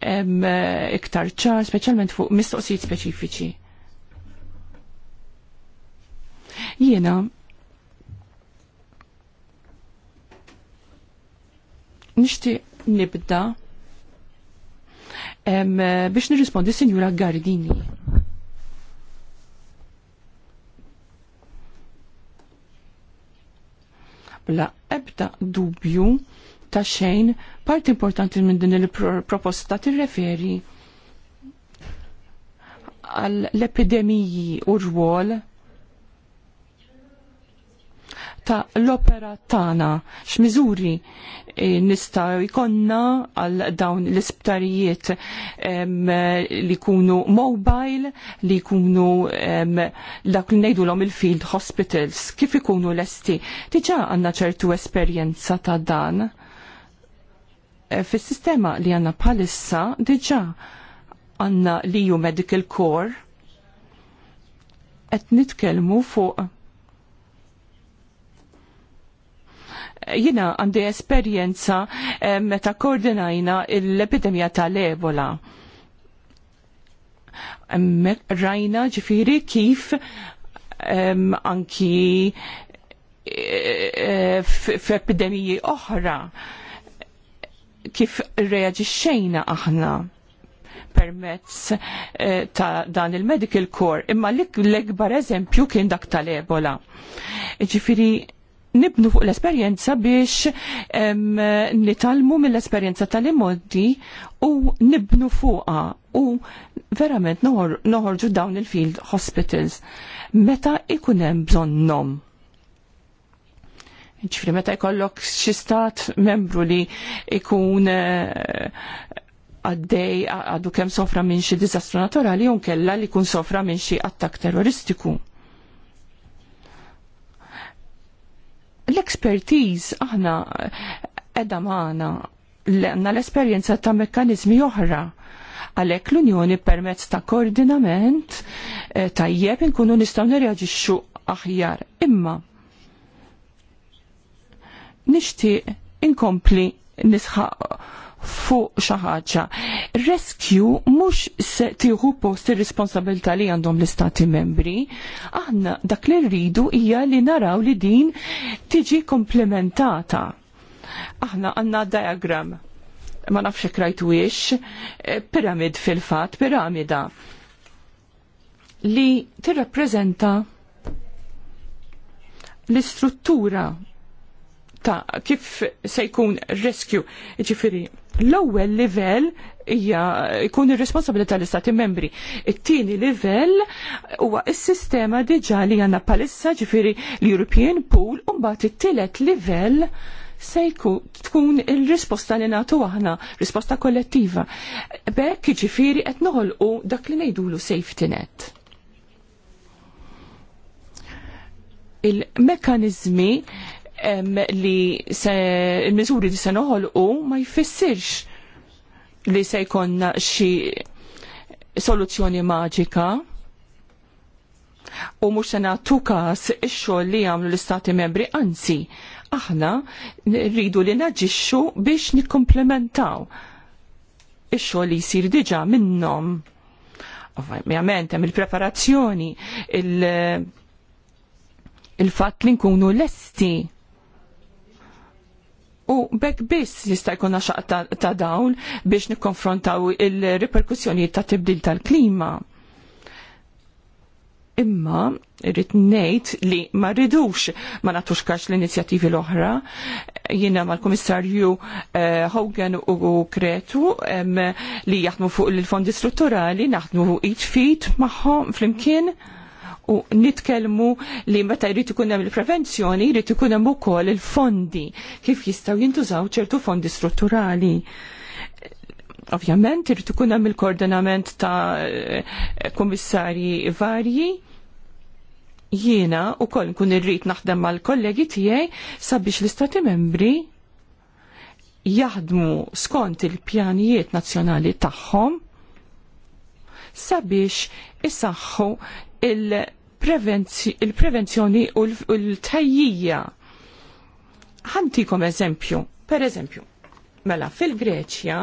em, iktar ċar, specialment fuq mistoqsijiet speċifiċi. Jiena Nixtieq nibda biex nirrispondi Sinjura Gardini. Bla ebda dubju ta' xejn parti importanti minn din il-proposta tirreferi għall-epidemiji u rwol ta' l-opera tagħna x'miżuri eh, nista' jkollna għal dawn l-isptarijiet li jkunu mobile, li jkunu dak li ngħidulhom il-field hospitals, kif ikunu lesti. Diġà għandna ċertu esperjenza ta' dan. Eh, fis-sistema li għandna bħalissa diġà għandna li ju medical core qed nitkellmu fuq Jina għandi esperjenza eh, meta koordinajna l epidemija tal-Ebola. Rajna ġifiri kif anki anki eh, eh, f'epidemiji oħra kif xejna aħna permezz ta' dan il-medical core, imma l-ekbar eżempju kien dak tal-ebola. Ġifiri, nibnu fuq l-esperjenza biex nitalmu mill-esperjenza tal-immoddi u nibnu fuqa u verament noħorġu dawn il-field hospitals meta ikunem bżonnom. Ġifri, meta jkollok xi stat membru li ikun eh, għaddej għadu kem sofra minn xi dizastru naturali unkella li kun sofra minn xi attak terroristiku L-expertise aħna edha maħna l-esperienza ta' mekkanizmi oħra għalek l-Unjoni permezz ta' koordinament eh, jieb nkunu nistaw nirreagġixxu aħjar. Imma nixtieq inkompli nisħaq fuq xi ħaġa. Rescue mhux se tieħu post ir-responsabilità li għandhom l-istati membri. Aħna dak li rridu hija li naraw li din tiġi komplementata. Aħna għandna diagram ma nafx rajtu wiex, eh, piramid fil-fat, piramida li tirrappreżenta l-istruttura ta' kif se jkun rescue. Ġifiri, l-ewwel livell hija jkun ir-responsabilità tal-Istati membri. It-tieni livell huwa s-sistema diġà li għandna palissa ġifiri l-European Pool u mbagħad it-tielet livell se tkun il-risposta li nagħtu aħna, risposta kollettiva. Bekk ġifiri qed noħolqu dak li ngħidulu safety net. il mekkaniżmi li il-miżuri li se noħolqu ma jfissirx li se jkollna xi soluzzjoni maġika u mhux se nagħtu każ ix-xogħol li jagħmlu l-istati membri anzi aħna rridu li naġixxu biex nikkumplementaw ix-xogħol li jsir diġà minnhom. Ovvjament hemm il-preparazzjoni il-fatt li nkunu lesti U bekk biss jista' jkun għaxaq ta', ta dawn biex nikkonfrontaw il reperkussjoni ta' tibdil tal-klima. Imma irrid ngħid li ma rridux ma nagħtux kax l-inizjattivi l-oħra. Jiena mal-Kummissarju eh, Hogan u Kretu li jaħdmu fuq il-fondi strutturali naħdmu id fit magħhom flimkien. imkien u nitkellmu li meta jrid ikun hemm il-prevenzjoni jrid ikun hemm ukoll il-fondi kif jistgħu jintużaw ċertu fondi strutturali. Ovvjament irid ikun hemm il-koordinament ta' kummissarji varji jiena u koll nkun irrit naħdem mal-kollegi tiegħi sabiex l-istati membri jaħdmu skont il-pjanijiet nazzjonali tagħhom sabiex isaħħu il- il-prevenzjoni u l-tajjija. Għantikom eżempju, per eżempju, mela fil-Greċja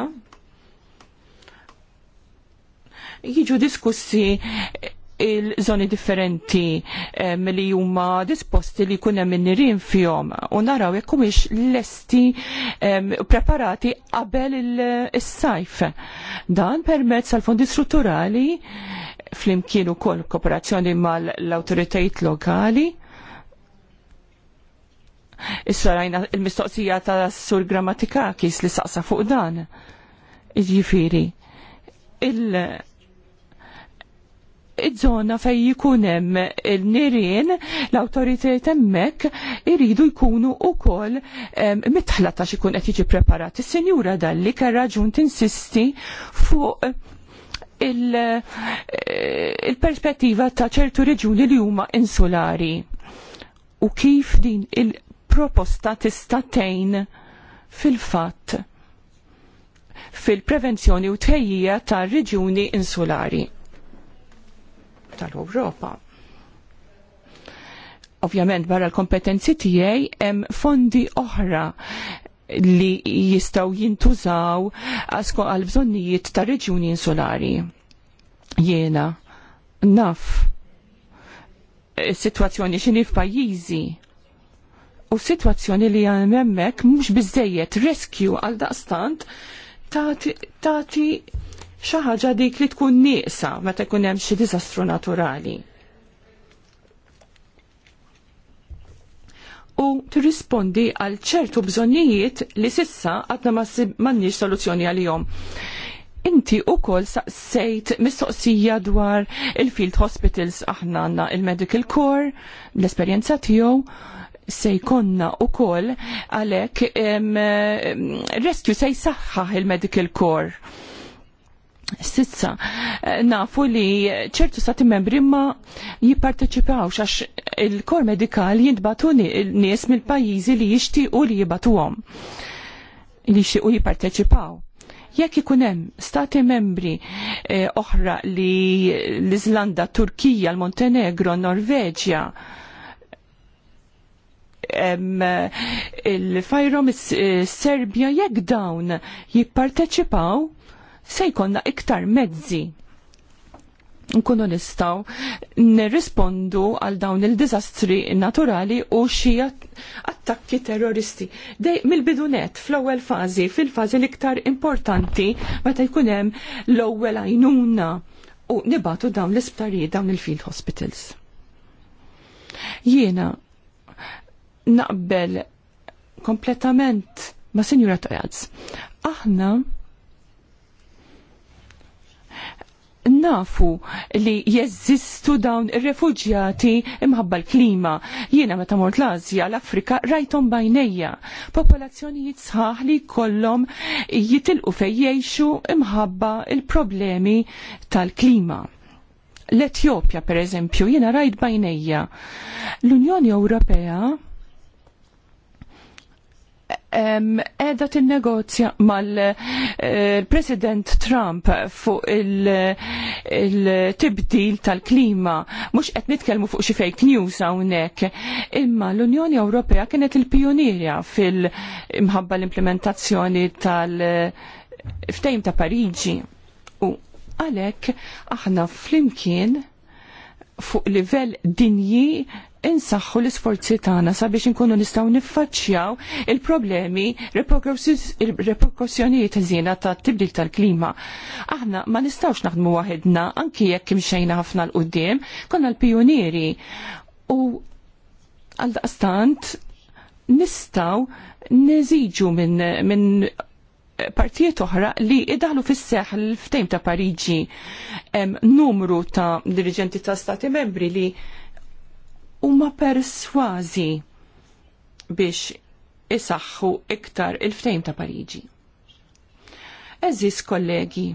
jiġu diskussi il-żoni differenti um, li huma disposti li jkun hemm fjom fihom u naraw jekk l lesti um, preparati qabel is-sajf. Dan permezz għall fondi strutturali flimkien ukoll kooperazzjoni mal-awtoritajiet lokali. Issa rajna il-mistoqsija ta' sur Grammatika kis li saqsa fuq dan. Iġifiri, il- żona fej jikunem hemm il-nirien l-awtoritajiet hemmhekk iridu jkunu wkoll mitħla ta' xikun qed jiġi preparat. is dalli kien raġun tinsisti fuq Eh, il-perspettiva ta' ċertu reġuni li huma insulari u kif din il-proposta tista' tgħin fil-fatt fil-prevenzjoni u tħejjija tar reġuni insulari tal-Ewropa. Ovvjament barra l-kompetenzi tiegħi hemm fondi oħra li jistaw jintużaw għal bżonnijiet ta' reġjuni insulari. Jena, naf, e, situazzjoni xini f'pajjiżi u situazzjoni li memmek mux bizzejiet rescue għal daqstant ta' ti xaħġa dik li tkun nieqsa meta jkun hemm xi diżastru naturali u tirrispondi għal ċertu bżonnijiet li sissa għadna m'għandniex soluzzjoni għalihom. Inti u kol saqsejt mistoqsija dwar il-field hospitals aħna għanna il-medical core, l-esperienza tiegħu, se jkonna u kol għalek rescue se saħħa il-medical core Sissa, eh, nafu li ċertu stati membri ma jipparteċipawx għax il-kor medikali jintbatu nies mill-pajizi li jixtiequ li jibatuhom li jixtiequ jipparteċipaw. Jekk ikun hemm stati membri eh, oħra li l izlanda Turkija, l-Montenegro, Norveġja, eh, il-fajrom s serbja jekk dawn jipparteċipaw se jkollna iktar mezzi nkunu nistaw nirrispondu għal dawn il-dizastri naturali u xi attakki terroristi. Dej mill-bidunet fl-ewwel fażi, fil-fażi l-iktar importanti meta jkun hemm l-ewwel għajnuna u nibatu dawn l-isptarijiet dawn il-field hospitals. Jiena naqbel kompletament ma' Sinjura Tajaz. Aħna nafu li jeżistu dawn ir-refuġjati imħabba l-klima. Jiena meta mort l-Azja, l-Afrika, rajtom bajnejja. Popolazzjonijiet sħaħ li kollom jitilqu fej jgħixu imħabba il-problemi tal-klima. L-Etjopja, per eżempju, jiena rajt bajnejja. L-Unjoni Ewropea edha t-negozja mal-President eh, Trump fuq il-tibdil tal-klima, mux qed nitkellmu fuq xi fake news hawnhekk, imma l-Unjoni Ewropea kienet il-pionierja fil-imħabba l-implementazzjoni tal-ftejm eh, ta' Pariġi. U għalhekk aħna flimkien fuq livell dinji insaħħu l-isforzi tagħna sabiex inkunu nistgħu niffaċċjaw il-problemi reperkussjonijiet żiena ta' tibdil tal-klima. Aħna ma nistgħux naħdmu waħedna anki jekk imxejna ħafna l-qudiem, konna l-pjunieri u għal-daqstant nistgħu neżiġu minn min partijiet oħra li idaħlu fis-seħ l-ftejm ta' Pariġi numru ta' dirigenti ta' stati membri li huma persważi biex isaħħu iktar il-ftejm ta' Pariġi. Eżis kollegi,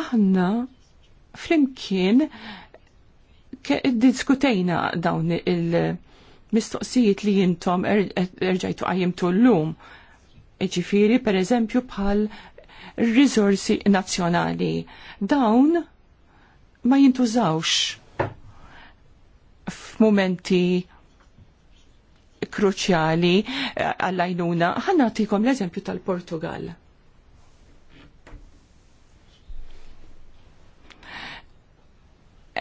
aħna flimkien diskutejna dawn il-mistoqsijiet li jintom er- er- erġajtu għajimtu l-lum. Iġifiri, per eżempju, bħal risorsi nazjonali. Dawn ma jintużawx momenti kruċjali eh, għallajnuna. Ħannatikom l-eżempju tal-Portugal.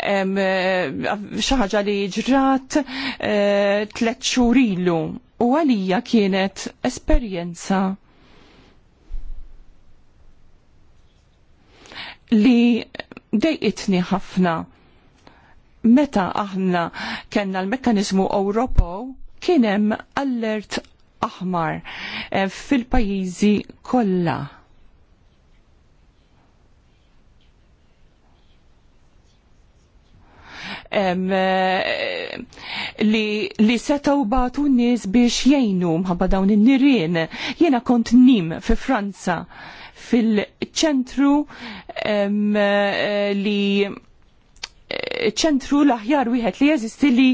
Eh, xaħġa li ġrat eh, tlet xurilu u għalija kienet esperienza li dejqitni ħafna meta aħna kellna l-mekkanizmu Ewropew kien hemm allert aħmar eh, fil-pajjiżi kollha. Em, eh, li, li setaw batu nis biex jgħinu mħabba dawn in-nirien. Jena kont nim fi Franza fil-ċentru eh, li ċentru l-aħjar wieħed li jeżisti li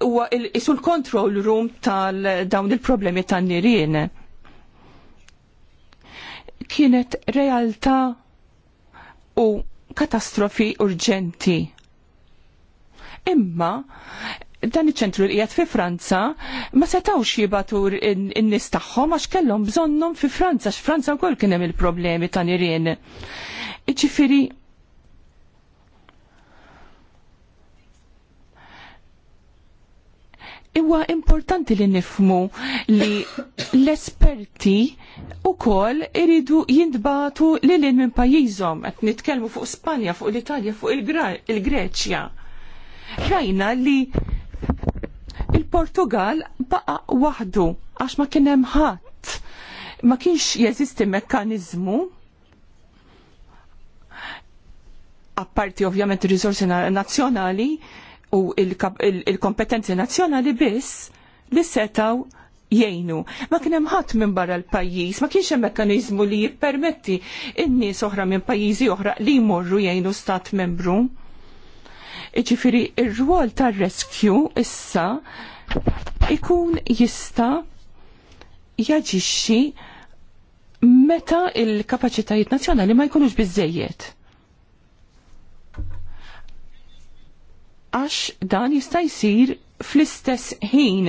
huwa isu l-control room tal-dawn il-problemi tan-nirien. Kienet realtà u katastrofi urġenti. Imma dan iċ-ċentru li qiegħed fi Franza ma setawx jibatu in nies tagħhom għax kellhom bżonnhom fi Franza, x'Franza wkoll kien hemm il-problemi ta' nirien. Ġifieri Iwa importanti li nifmu li l-esperti u kol iridu jindbatu li l minn pajizom. Għet nitkelmu fuq Spanja, fuq l-Italja, fuq il-Greċja. Rajna li il-Portugal baqa wahdu għax ma kienem ħadd. Ma kienx jeżisti mekkanizmu apparti ovvjament risorsi nazzjonali u il-kompetenzi nazzjonali biss li setaw jgħinu. Ma kien hemm ħadd minn barra l-pajjiż, ma kienx hemm mekkaniżmu li jippermetti in-nies oħra minn pajjiżi oħra li jmorru jgħinu stat membru. Iġifieri ir-rwol tar-rescue issa ikun jista' jaġixxi meta il-kapaċitajiet nazzjonali ma jkunux biżejjed għax dan jista' jsir fl-istess ħin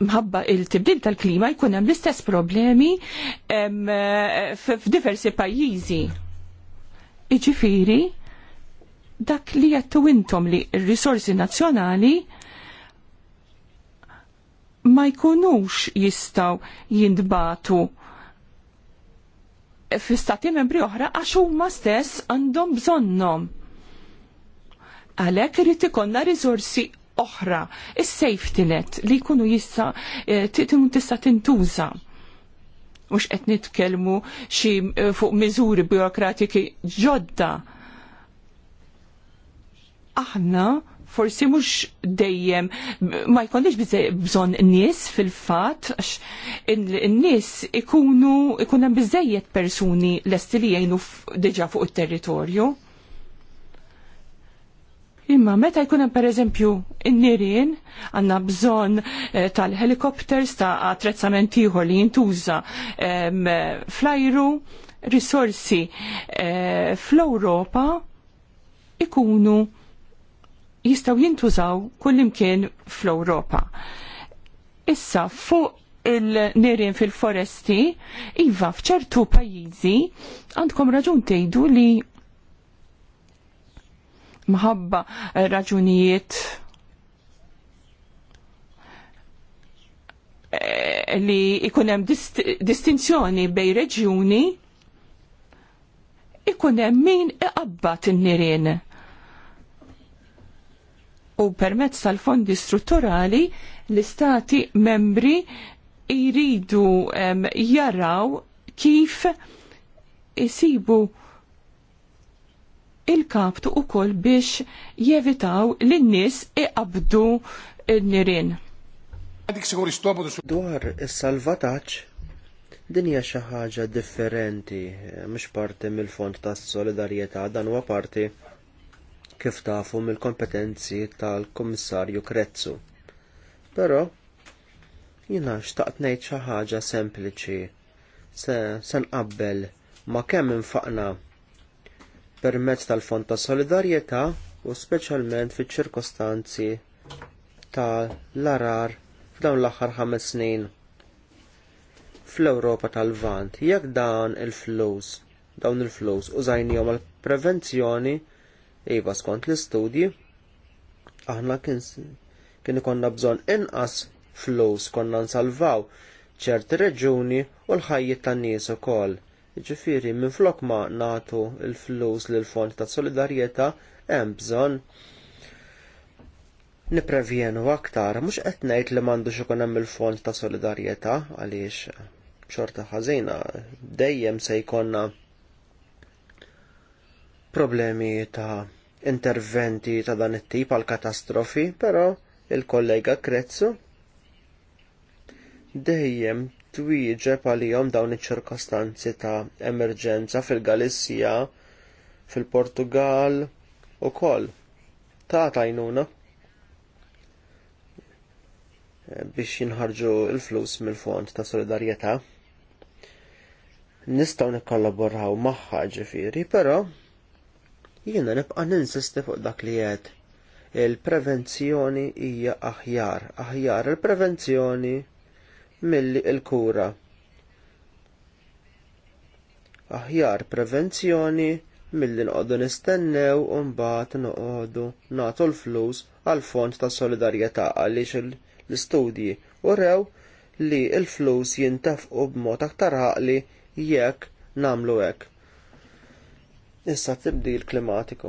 mħabba il-tibdil tal-klima jkun hemm l-istess problemi f'diversi pajjiżi. Iġifieri, dak li jattu intom li r-risorsi nazzjonali ma jkunux jistaw jindbatu fi stati membri oħra għax huma stess għandhom bżonnom. Għalhekk irid ikollna rizorsi oħra, is-safety net li jkunu jista' eh, tista' tintuża. Mhux qed nitkellmu xi eh, fuq miżuri burokratiki ġodda. Aħna forsi mhux dejjem ma jkollix bżonn nies fil-fatt għax in-nies ikunu ikun hemm biżejjed persuni lesti li jgħinu diġà fuq it-territorju Imma meta jkun hemm pereżempju n-nirien għandna bżonn eh, tal-helikopters ta' attrezzament ieħor li jintuża ehm, flajru, risorsi eh, fl-Ewropa ikunu jistgħu jintużaw kullimkien fl-Ewropa. Issa fuq il nirien fil-foresti, iva fċertu pajizi, għandkom raġun tejdu li mħabba eh, raġunijiet eh, li ikunem dist distinzjoni bej reġjuni ikunem min iqabbat in-nirien u permezz tal-fondi strutturali l-istati membri jridu jaraw kif jisibu il-kaptu u koll biex jevitaw l-nis iqabdu n-nirin. Dwar is-salvataċ din hija xi ħaġa differenti, mhux parti mill-fond tas-solidarjetà dan huwa parti kif tafu mill-kompetenzi tal-Kummissarju Krezzu. Però jiena xtaqt ngħid xi ħaġa sempliċi se nqabbel ma kemm infaqna permezz tal-Fond ta' Solidarjetà u speċjalment fiċ-ċirkostanzi ta' l-arar f'dawn l-aħħar ħames snin fl-Ewropa tal-Vant. Jekk dan il-flus, dawn il-flus użajnijhom għal prevenzjoni iva skont l-istudji, aħna kien ikonna bżonn inqas flus konna nsalvaw ċerti reġuni u l-ħajjiet tan-nies ukoll Ġifiri, minflok ma natu l flus l fond ta' solidarieta, hemm bżonn niprevjenu aktar, mhux qed ngħid li m'għandux ikun hemm il-fond ta' solidarjetà għaliex xorta ħażina dejjem se jkollna problemi ta' interventi ta' dan it-tip għal katastrofi, però il-kollega Krezzu dejjem twieġeb għalihom dawn iċ-ċirkostanzi ta' emerġenza fil-Galissija, fil-Portugal ukoll. Ta' tajnuna eh, biex jinħarġu l flus mill-fond ta' solidarjetà. Nistgħu nikkollaboraw magħha ġifieri, però jiena nibqa' ninsisti fuq dak li Il-prevenzjoni hija aħjar, aħjar il-prevenzjoni Milli il kura Aħjar prevenzjoni milli nqogħdu nistennew u mbagħad noqogħdu nagħtu l-flus għal fond ta' solidarjetà għaliex l-istudji u rew li l-flus jintefqu b'mod aktar ħaqli jekk nagħmlu hekk. Issa tibdil klimatiku.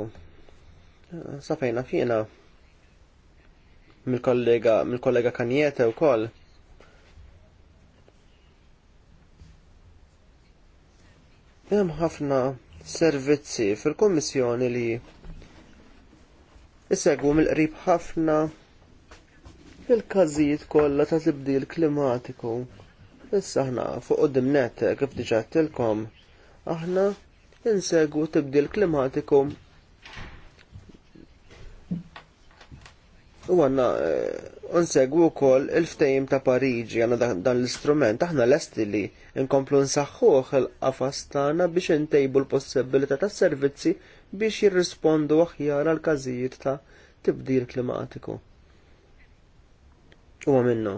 Safejna fina mill-kollega mill-kollega Kanjete wkoll Hemm ħafna servizzi fil-Kummissjoni li isegwu mill-qrib ħafna il-każijiet kollha ta' tibdil klimatiku. Issa aħna fuq qudiem kif diġà tilkom aħna insegwu tibdil klimatiku u għanna eh, unsegwu kol il-ftejim ta' Pariġi għanna dan l-istrument, aħna l-esti li nkomplu nsaxħuħ il qafastana biex intejbu l-possibilità ta' servizzi biex jirrispondu aħjar għal każijiet ta' tibdil klimatiku. U minnu.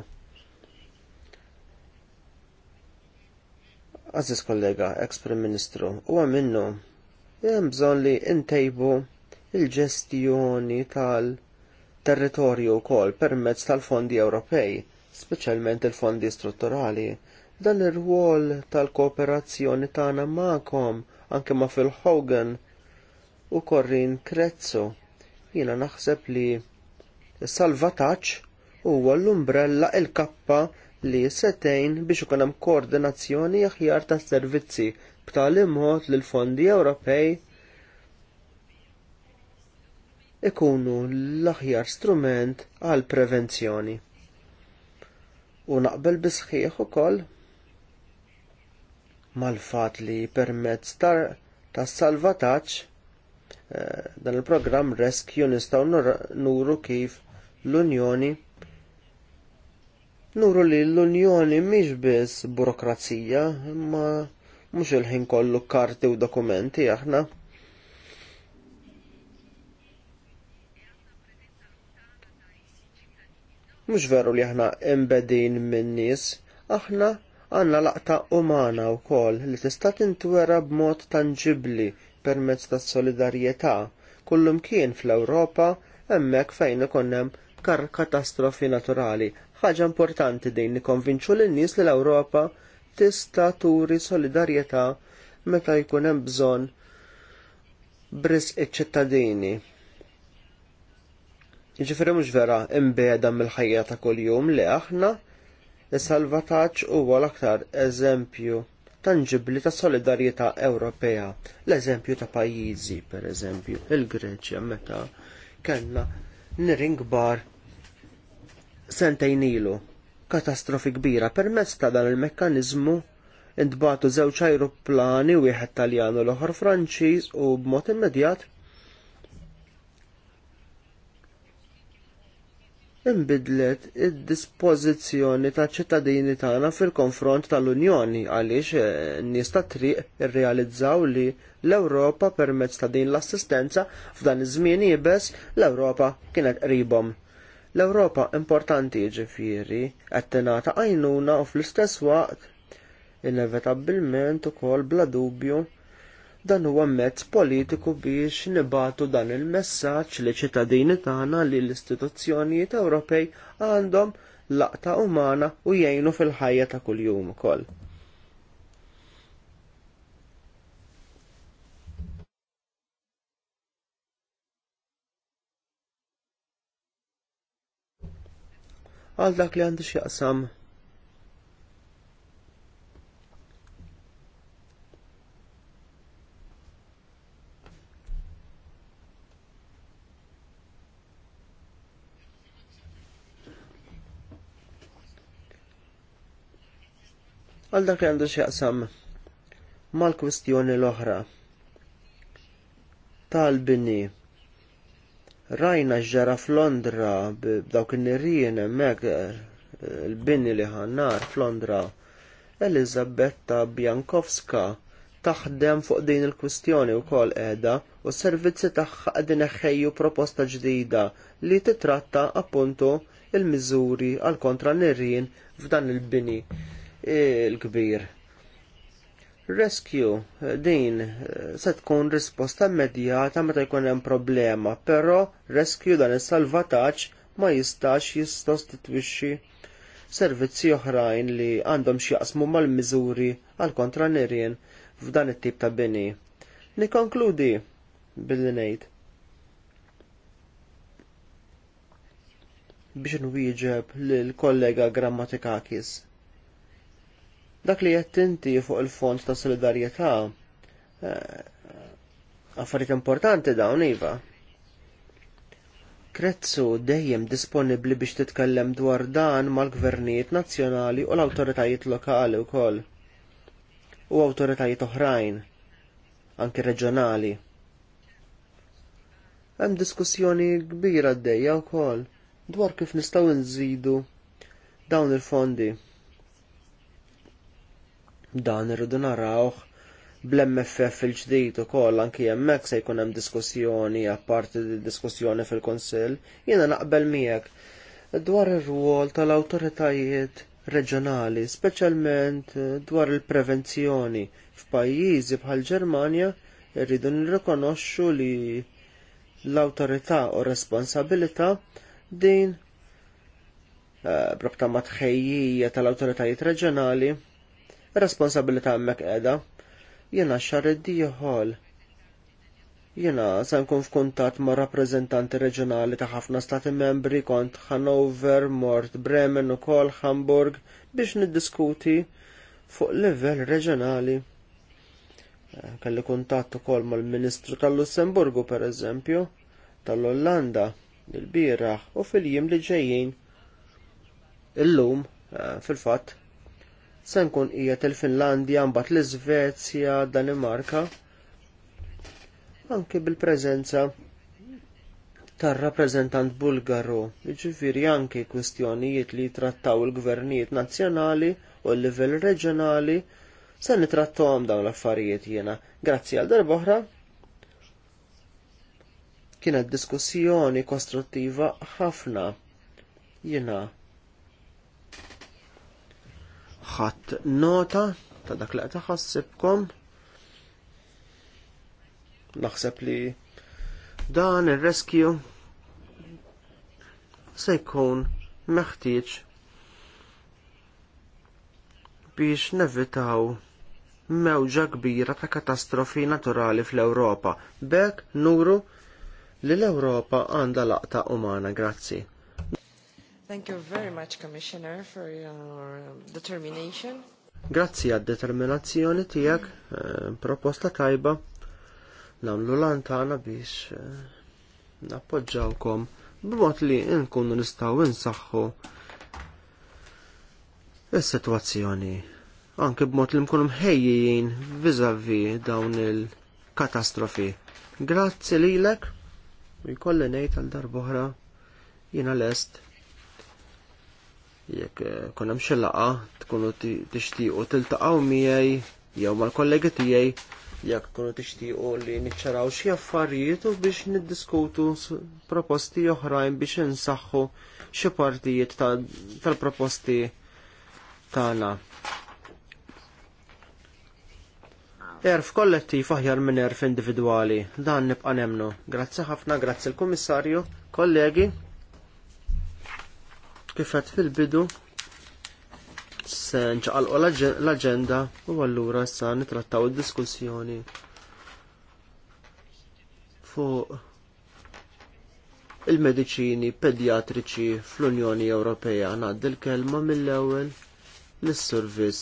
Aziz kollega, ex-Prim Ministru, u minnu, jem bżon li intejbu il-ġestjoni tal- territorju wkoll permezz tal-fondi Ewropej, speċjalment il-fondi strutturali. Dan ir-rwol tal-kooperazzjoni tagħna magħkom anke ma' fil Hogan u Korrin Krezzo. Jiena naħseb li s-salvataġġ huwa l-umbrella il-kappa li setejn biex ikun hemm koordinazzjoni aħjar tas servizzi b'tali mod li l-fondi Ewropej ikunu l-aħjar strument għal prevenzjoni. U naqbel bisħiħ ukoll mal-fat li permezz ta' salvataġġ eh, dan il-programm Rescue nistgħu nuru kif l-Unjoni nuru li l-Unjoni mhix biss burokrazija, ma mhux il-ħin kollu karti u dokumenti aħna. Mhux veru li aħna imbedin minn nies, aħna għandna laqta umana wkoll li tista' tintwera b'mod tangibli permezz tas solidarjetà kullum kien fl-Ewropa hemmhekk fejn ikun hemm kar katastrofi naturali. ħaġa importanti din nikonvinċu lin nies li l-Ewropa tista' turi solidarjetà meta jkun hemm bżonn brisq iċ-ċittadini. Ġifiri mhux vera imbeda mill-ħajja ta' kuljum li aħna is-salvataġġ huwa l-aktar eżempju tangibli ta' solidarjetà Ewropea. L-eżempju ta' pajjiżi, pereżempju, il-Greċja meta kellna niringbar sentejn ilu katastrofi kbira permezz ta' dan il-mekkaniżmu intbatu żewġ ajruplani wieħed Taljan u l-oħor Franċiż u b'mod immedjat imbidlet id-dispożizzjoni taċ ċittadini tagħna fil-konfront tal-Unjoni għaliex eh, nies ta' triq irrealizzaw li l-Ewropa permezz ta' din l-assistenza f'dan iż-żmien ibes l-Ewropa kienet qribhom. L-Ewropa importanti ġifieri qed tingħata għajnuna u fl-istess waqt inevitabilment ukoll bla dubju dan huwa mezz politiku biex nibatu dan il-messaġġ li ċittadini tagħna li l-istituzzjonijiet Ewropej għandhom laqta umana u jgħinu fil-ħajja ta' kuljum ukoll. Għal dak li għandi x'jaqsam għal dak għandu x'jaqsam mal-kwistjoni l-oħra tal-bini. Rajna ġara f'Londra b'dawk in nirrien hemmhekk il-bini li ħannar f'Londra. Elizabetta Bjankowska taħdem fuq din il-kwistjoni wkoll qiegħda u s-servizzi tagħha għadin eħħeju proposta ġdida li titratta appuntu il-miżuri għal kontra nirrien f'dan il-bini il kbir Rescue din eh, se tkun risposta immedjata meta jkun hemm problema, però rescue dan is-salvataġġ ma jistax jistostitwixxi servizzi oħrajn li għandhom x'jaqsmu mal-miżuri għal kontra nirien f'dan it-tip ta' bini. Nikonkludi billi ngħid. Biex nwieġeb lill kollega Grammatikakis. Dak li qed inti fuq il-fond ta' solidarjetà eh, affarijiet importanti dawn iva. Krezzu dejjem disponibbli biex titkellem dwar dan mal-gvernijiet nazzjonali u l-awtoritajiet lokali wkoll u awtoritajiet oħrajn, anke reġjonali. Hemm diskussjoni kbira għaddejja wkoll dwar kif nistgħu nżidu dawn il-fondi. Dan irridu narawh bl-MFF il-ġdid ukoll anki hemmhekk se jkun hemm diskussjoni apparti diskussjoni fil-Kunsill, jiena naqbel miegħek dwar ir-rwol tal-awtoritajiet reġjonali, speċjalment eh, dwar il-prevenzjoni f'pajjiżi bħal Ġermanja rridu nirrikonoxxu li l-awtorità u responsabilità din uh, ma tħejjija tal-awtoritajiet reġjonali responsabilità hemmhekk qiegħda. Jiena xar id-dieħol. Jiena se nkun f'kuntatt ma' rappreżentanti reġjonali ta' ħafna stati membri kont Hanover, Mort Bremen ukoll Hamburg biex niddiskuti fuq livell reġjonali. Eh, kelli kuntatt ukoll mal-Ministru tal-Lussemburgu pereżempju, tal-Ollanda, il-bieraħ u fil-jiem li ġejjin illum eh, fil-fatt se nkun qiegħed il-Finlandja mbagħad l-Iżvezja, Danimarka. Anke bil-preżenza tar-rappreżentant Bulgaru, jiġifieri anke kwistjonijiet li jitrattaw il-gvernijiet nazzjonali u l-livell reġjonali se nitrattawhom dawn l-affarijiet jiena. Grazzi għal darba oħra kienet diskussjoni kostruttiva ħafna. Jiena ħadd nota ta' dak li qed taħassibkom. Naħseb li dan ir-rescue se jkun meħtieġ biex nevitaw mewġa kbira ta' katastrofi naturali fl-Ewropa. Bek nuru li l-Ewropa għandha laqta umana, grazzi. Thank you very much, Commissioner, for your um, determination. Grazzi għad determinazzjoni tijak, eh, proposta tajba, namlu lantana biex eh, nappoġġawkom b'mod li nkunu nistgħu nsaħħu is-sitwazzjoni anke b'mod li nkunu mħejjin viżavi dawn il-katastrofi. Grazzi lilek, jkolli ngħid għal darbohra jiena lest jekk eh, konna xi laqa tkunu tixtiequ tiltaqgħu miegħi jew mal-kollegi tiegħi jekk kunu tixtiequ li niċċaraw xi affarijiet u biex niddiskutu proposti oħrajn biex insaħħu xi partijiet tal-proposti tagħna. Erf kollettiv aħjar minn erf individwali, dan nibqa' nemnu. Grazzi ħafna, grazzi l-Kummissarju, kollegi kifet fil-bidu se nċaqalqu l-agenda u allura sa nitrattaw id-diskussjoni fuq il-mediċini pedjatriċi fl-Unjoni Ewropea ngħaddi l-kelma mill-ewwel lis-servizz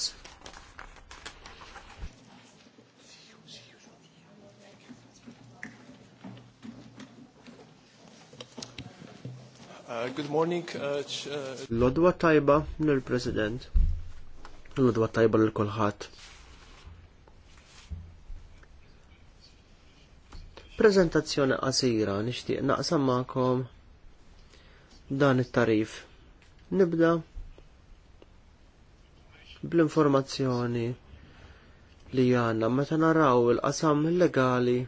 Uh, good morning. Uh, uh, Lodwa tajba l-President. Lodwa tajba l-kolħat. Prezentazzjoni qasira nixtieq naqsam magħkom dan it-tarif. Nibda bl-informazzjoni li għandna meta naraw il-qasam legali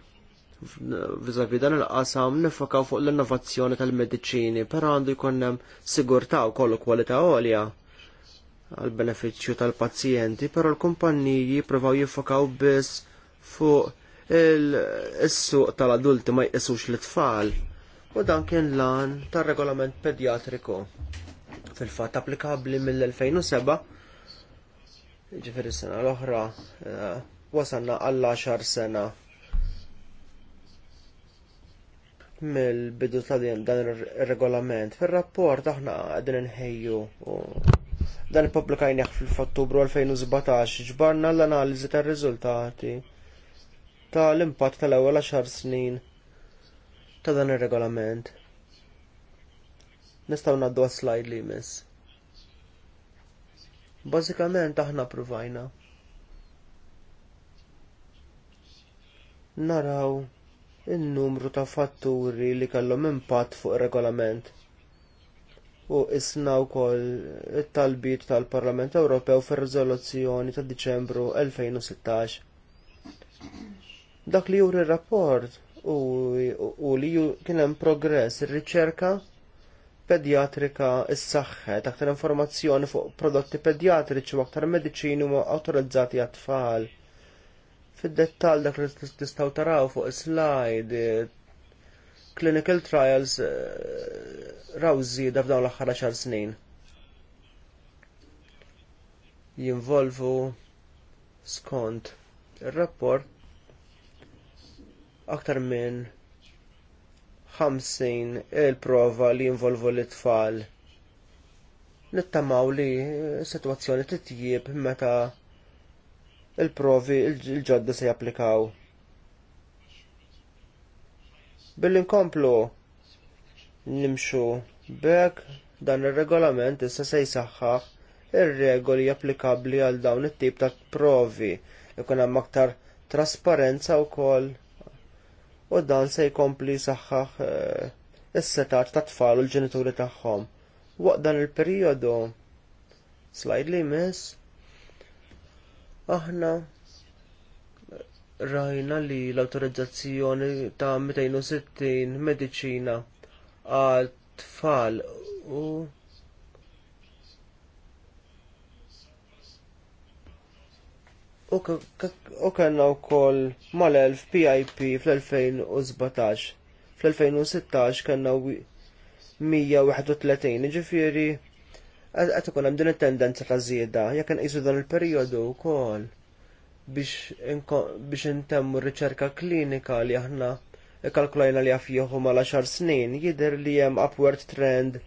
vizavidan dan il-qasam nifakaw fuq l-innovazzjoni tal-mediċini, pero għandu jkunnem sigurta u kollu kwalità għolja għal-beneficju tal-pazjenti, pero l-kumpanniji provaw jiffokaw biss fuq il-suq tal-adulti ma jqisux l-tfal. U dan kien lan tal-regolament pedjatriku. Fil-fat applikabli mill-2007, ġifiri eh, sena l-oħra, wasanna għall-10 sena mill-bidu ta' dan ir-regolament. Fir-rapport aħna qegħdin inħejju dan ippubblikajnieh fil-Ottubru 2017 ġbarna l-analiżi tar-riżultati tal-impatt tal-ewwel għaxar snin ta' dan ir-regolament. Nistgħu ngħaddu għas-slide li jmiss. Bażikament aħna provajna. Naraw il-numru ta' fatturi li kellhom impatt fuq ir regolament u isna wkoll it-talbiet tal-Parlament Ewropew fir-riżoluzzjoni ta' Diċembru 2016. Dak li juri r-rapport u, li kien hemm progress ir-riċerka pedjatrika s-saxħet, aktar informazzjoni fuq prodotti pedjatriċi u aktar mediċini huma awtorizzati għat-tfal. Fid-dettall dak li tistgħu taraw fuq slide clinical trials eh, raw żieda f'dawn l-aħħar xar snin. Jinvolvu skont ir-rapport aktar minn 50 il-prova li jinvolvu l-tfal. Nittamaw li eh, situazzjoni titjib meta il-provi il-ġodda se japplikaw. Billi nkomplu nimxu bekk dan ir-regolament issa se jisaħħaħ ir-regoli applikabbli għal dawn it-tip ta' provi ikun hemm aktar trasparenza wkoll u dan se jkompli saħħaħ eh, is-setat ta' tfal u l-ġenituri tagħhom. Waqt dan il-perjodu slide li miss Aħna rajna li l-autorizzazzjoni ta' 260 mediċina għal tfal u u kellna wkoll mal-1000 PIP fl-2017. Fl-2016 kellna 131 ġifieri qed ikun hemm din it-tendenza ta' żieda jekk inqisu dan il-perjodu wkoll biex intemmu r-riċerka klinika li aħna ikkalkulajna li għafjuħu jieħu mal xar snin jidher li hemm upward trend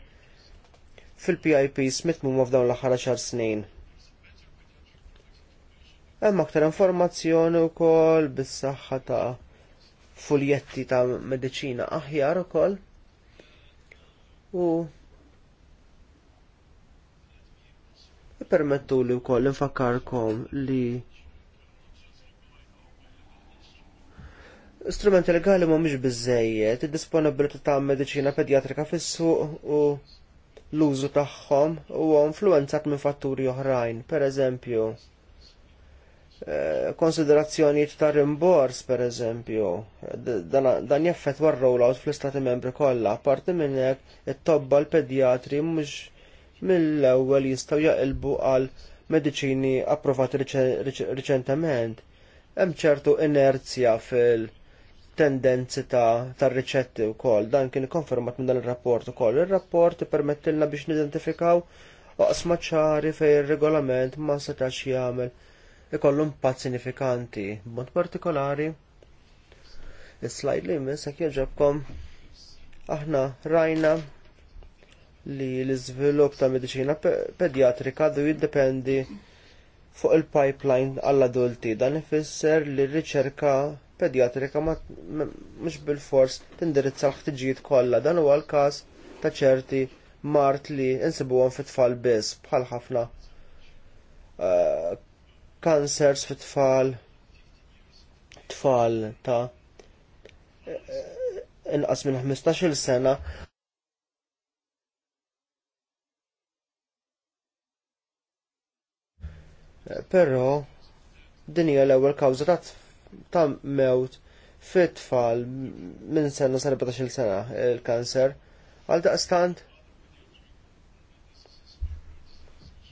fil-PIPs mitmum f'dawn l-aħħar xar snin. Hemm aktar informazzjoni wkoll bis-saħħa ta' fuljetti ta' mediċina aħjar ukoll. U Permettu li wkoll infakkarkom li strumenti legali mhumiex biżejjed, id-disponibilità ta' mediċina pedjatrika fis-suq u l-użu tagħhom huwa influenzat minn fatturi oħrajn, pereżempju eh, konsiderazzjonijiet ta' rimbors, pereżempju, dan jaffet war rollout fl-istati membri kollha, parti minn hekk it-tobba l-pedjatri mhux mill-ewwel jistgħu jaqilbu għal mediċini approvati riċentement. Hemm ċertu inerzja fil-tendenzi tar-riċetti wkoll. Dan kien konfermat minn dan ir-rapport ukoll. Ir-rapport permettilna biex nidentifikaw oqsma ċari fejn ir-regolament ma setax jagħmel ikollu impatt sinifikanti. B'mod partikolari, is-slajd li jmiss jogħġobkom aħna rajna li l-iżvilupp ta' mediċina pediatrika du jiddependi fuq il-pipeline għall-adulti. Dan ifisser li r-riċerka pediatrika mhux bil-fors tindirizza l-ħtiġijiet kollha. Dan huwa l-każ ta' ċerti mart li insibuhom fit-tfal biss bħal ħafna kansers eh, fit-tfal tfal ta' eh, eh, inqas minn 15-il sena però din hija l-ewwel kawża ta' mewt fit-tfal minn sena sa 14 sena il-kanser. Għal daqstant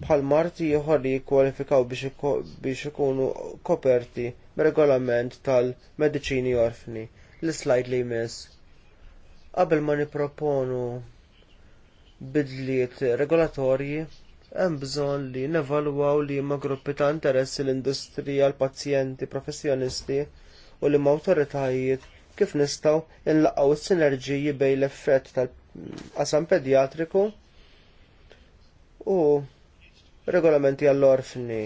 bħal marti ieħor li jikkwalifikaw biex ikunu koperti b'regolament tal-mediċini orfni. L-slajd li jmiss. Qabel ma niproponu bidliet regolatorji, hemm bżonn li nevalwaw li ma gruppi ta' interessi l-industrija, l-pazjenti, professjonisti u li awtoritajiet kif nistgħu nlaqgħu s-sinerġiji bejn l-effett tal-qasam pedjatriku u regolamenti għall-orfni,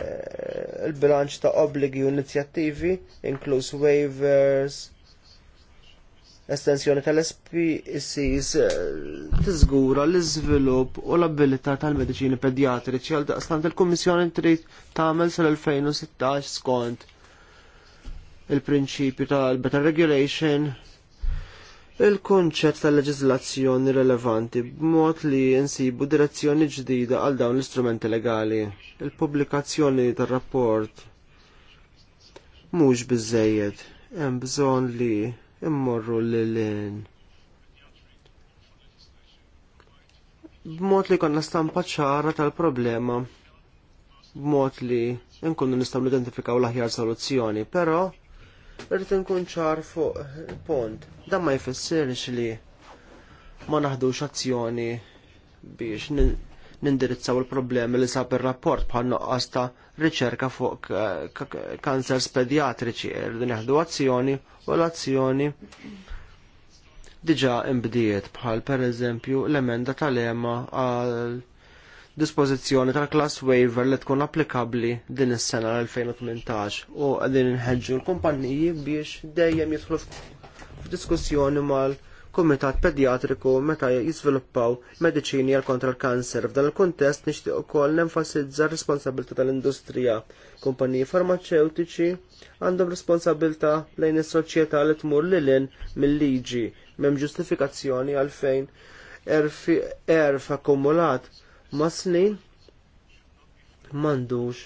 eh, il-bilanċ ta' obbligi u inizjattivi, inkluż waivers, estensjoni tal-SPCs eh, tiżgura l-iżvilupp u l-abilità tal-mediċini pedjatriċi għal daqstant il-Kummissjoni trid tagħmel sal-2016 skont il-prinċipju tal-better regulation il-konċett tal-leġizlazzjoni relevanti b'mod li insibu direzzjoni ġdida għal dawn l-istrumenti legali. Il-pubblikazzjoni tar-rapport mhux biżejjed hemm bżonn li immorru l-lin. B'mod li konna stampa ċara tal-problema, b'mod li nkunu nistgħu identifikaw l-aħjar soluzzjoni, però irrid nkun ċar fuq pont. Dan ma jfissirx li ma naħdux azzjoni biex nindirizzaw il-problemi li sab ir-rapport bħal noqqas ta' riċerka fuq eh, kansers pediatriċi, rridu er, neħdu azzjoni u l-azzjoni diġa imbdiet bħal pereżempju l-emenda tal-ema għal dispożizzjoni tal-class waiver li tkun applikabbli din is-sena l-2018 u għadin inħeġġu l-kumpanniji biex dejjem jidħlu f'diskussjoni mal- kumitat pedjatriku meta jiżviluppaw mediċini għal kontra l-kanser. F'dan il-kuntest nixtieq ukoll nenfasizza r-responsabilità tal-industrija. Kumpaniji farmaceutiċi għandhom responsabilità lejn is-soċjetà li tmur lilin mill-liġi m'hemm ġustifikazzjoni għalfejn erf akkumulat ma' snin m'għandux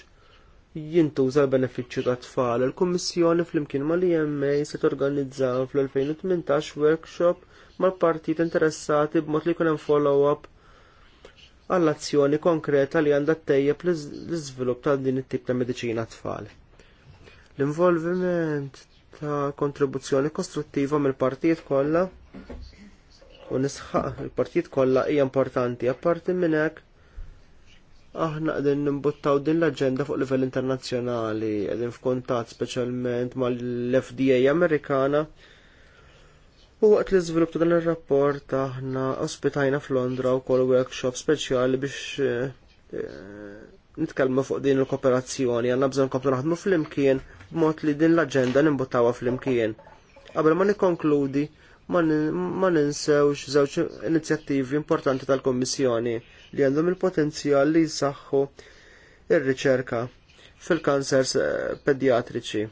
jintuża l-benefiċċju ta' tfal. Il-Kummissjoni flimkien mal-IMA se torganizza fl-2018 workshop mal-partit interessati b'mod li jkun hemm follow-up għall-azzjoni konkreta li għandha ttejjeb l-iżvilupp ta' din it-tip ta' mediċina tfal. L-involviment ta' kontribuzzjoni kostruttiva mill-partijiet kollha u nisħaq il-partijiet kollha hija importanti apparti minn hekk aħna qegħdin nimbuttaw din l-aġenda fuq livell internazzjonali, qegħdin f'kuntatt speċjalment mal-FDA Amerikana U waqt li zviluptu dan ir-rapport aħna ospitajna f'Londra wkoll workshop speċjali biex e, nitkellmu fuq din il-kooperazzjoni għandna bżon komplu naħdmu flimkien b'mod li din l-aġenda fl flimkien. Qabel ma nikkonkludi ma ninsewx żewġ inizjattivi importanti tal-Kommissjoni li għandhom il-potenzjal li jsaħħu ir-riċerka fil-kansers eh, pedjatriċi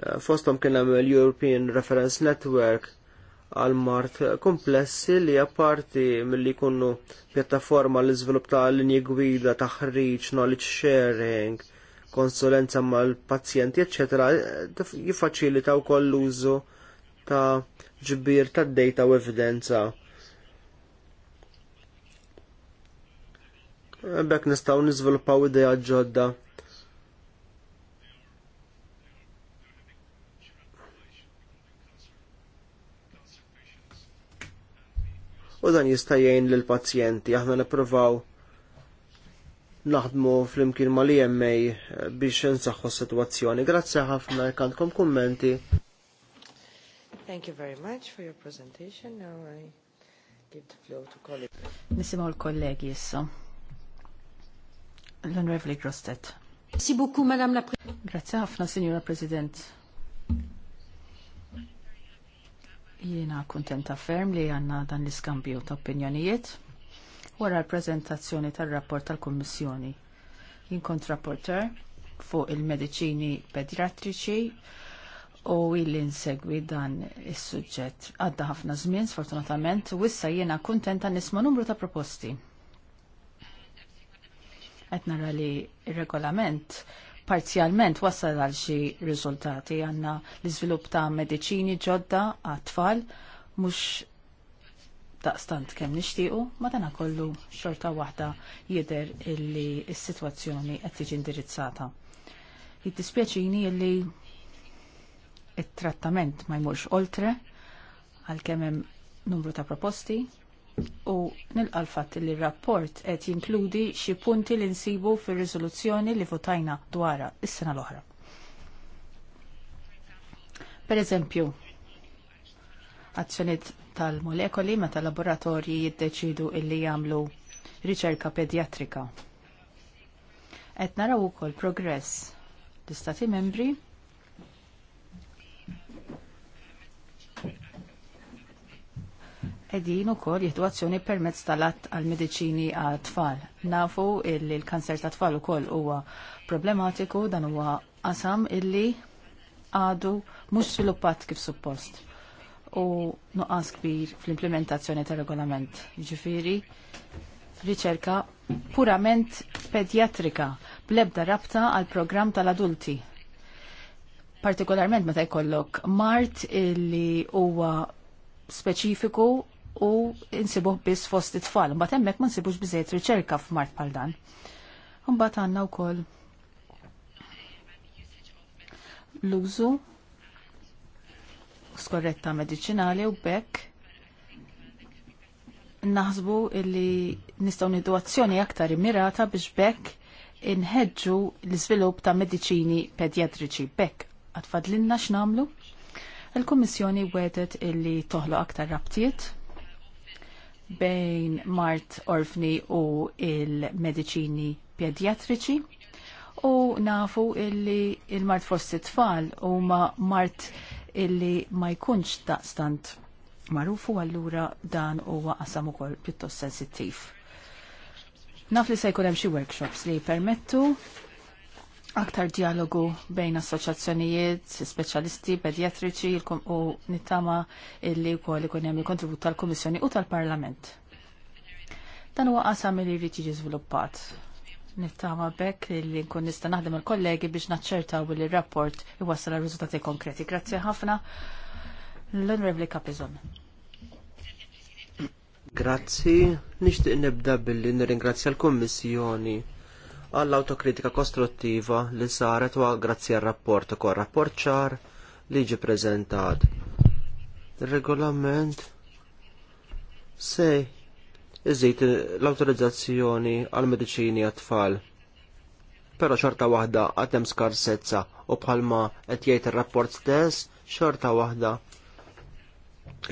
Eh, Fostom kien hemm l-European Reference Network għal mart komplessi li apparti milli jkunu pjattaforma l iżvilupp ta' linji gwida, taħriġ, knowledge sharing, konsulenza mal-pazjenti, eccetera, eh, jiffaċilita wkoll l-użu ta' ġbir ta' data u evidenza. Bek nistgħu niżviluppaw idea ġodda u dan jista' jgħin lill pazjenti aħna nippruvaw naħdmu fl-imkien ma li e jemmej biex nsaħħu s-sitwazzjoni. Grazzi ħafna kantkom kommenti. Thank you very much for your presentation. Now I give the floor to colleagues. Nisimaw l-kollegi jissa. l honorable Grostet. Grazie ħafna, Signora President. Jiena kontenta ferm li għanna dan l-iskambju ta' opinjonijiet wara l-prezentazzjoni tal-rapport tal-Kommissjoni. Jien rapporter fuq il-mediċini pediatriċi u illi nsegwi dan is-suġġett. Għadda ħafna żmien, sfortunatament, u issa jiena kontenta nisma' numru ta' proposti. Qed nara li il regolament parzjalment wassal għal xi riżultati għandna l-iżvilupp ta' mediċini ġodda għat-tfal mhux daqstant kemm nixtiequ, ma dana kollu xorta waħda jidher illi s-sitwazzjoni qed tiġi indirizzata. Jiddispjaċini illi it-trattament ma jmurx oltre għalkemm hemm numru ta' proposti u fatt li r-rapport qed jinkludi xi punti li nsibu fir-riżoluzzjoni li votajna dwarha is-sena l-oħra. Per eżempju, azzjoniet tal-molekoli meta laboratorji jiddeċidu illi jagħmlu riċerka pedjatrika. Qed naraw ukoll progress l-Istati membri edin u kol jihduazzjoni permezz tal-att għal-medicini għat-tfal. Nafu illi l-kanser ta' tfal u kol huwa problematiku dan huwa qasam illi għadu mux sviluppat kif suppost u nuqqas kbir fl-implementazzjoni ta' regolament. Ġifiri, riċerka purament pedjatrika blebda rabta għal program tal-adulti. Partikolarment meta jkollok mart illi huwa speċifiku u insibuh biss fost it-tfal. Mbagħad hemmhekk ma nsibux bizzejt riċerka f'mart bħal dan. Mbagħad għandna wkoll l-użu skorretta medicinali u bekk naħsbu illi nistaw nidu azzjoni aktar immirata biex bekk inħedġu l-izvilup ta' medicini pedjatriċi bekk. Għatfadlinna x'namlu? Il-Kummissjoni wedet illi toħlo aktar rabtiet bejn mart orfni u il-medicini pediatriċi u nafu illi il-mart fost it-tfal u ma mart illi ma jkunx stant marufu allura dan huwa qasam ukoll pjuttost sensittiv. Naf li se jkun hemm xi workshops li jpermettu aktar dialogu bejn assoċjazzjonijiet, speċjalisti, pedjatriċi u nittama illi wkoll ikun hemm il-kontribut tal-Kummissjoni u tal-Parlament. Dan huwa qasam li jrid jiġi żviluppat. Nittama bekk li nkun nista' naħdem il-kollegi biex naċċertaw li r-rapport iwassal riżultati konkreti. Grazzi ħafna. L-Onorevoli Kapizon. Grazzi, nixtieq nibda billi nirringrazzja l-Kummissjoni għall-autokritika kostruttiva li saret wa grazzi għal rapport ukoll rapport ċar li ġi prezentat. Regolament se iżid l-autorizzazzjoni għal mediċini għat-tfal. Però xorta waħda għatem skarsezza u bħalma qed jgħid ir-rapport stess xorta waħda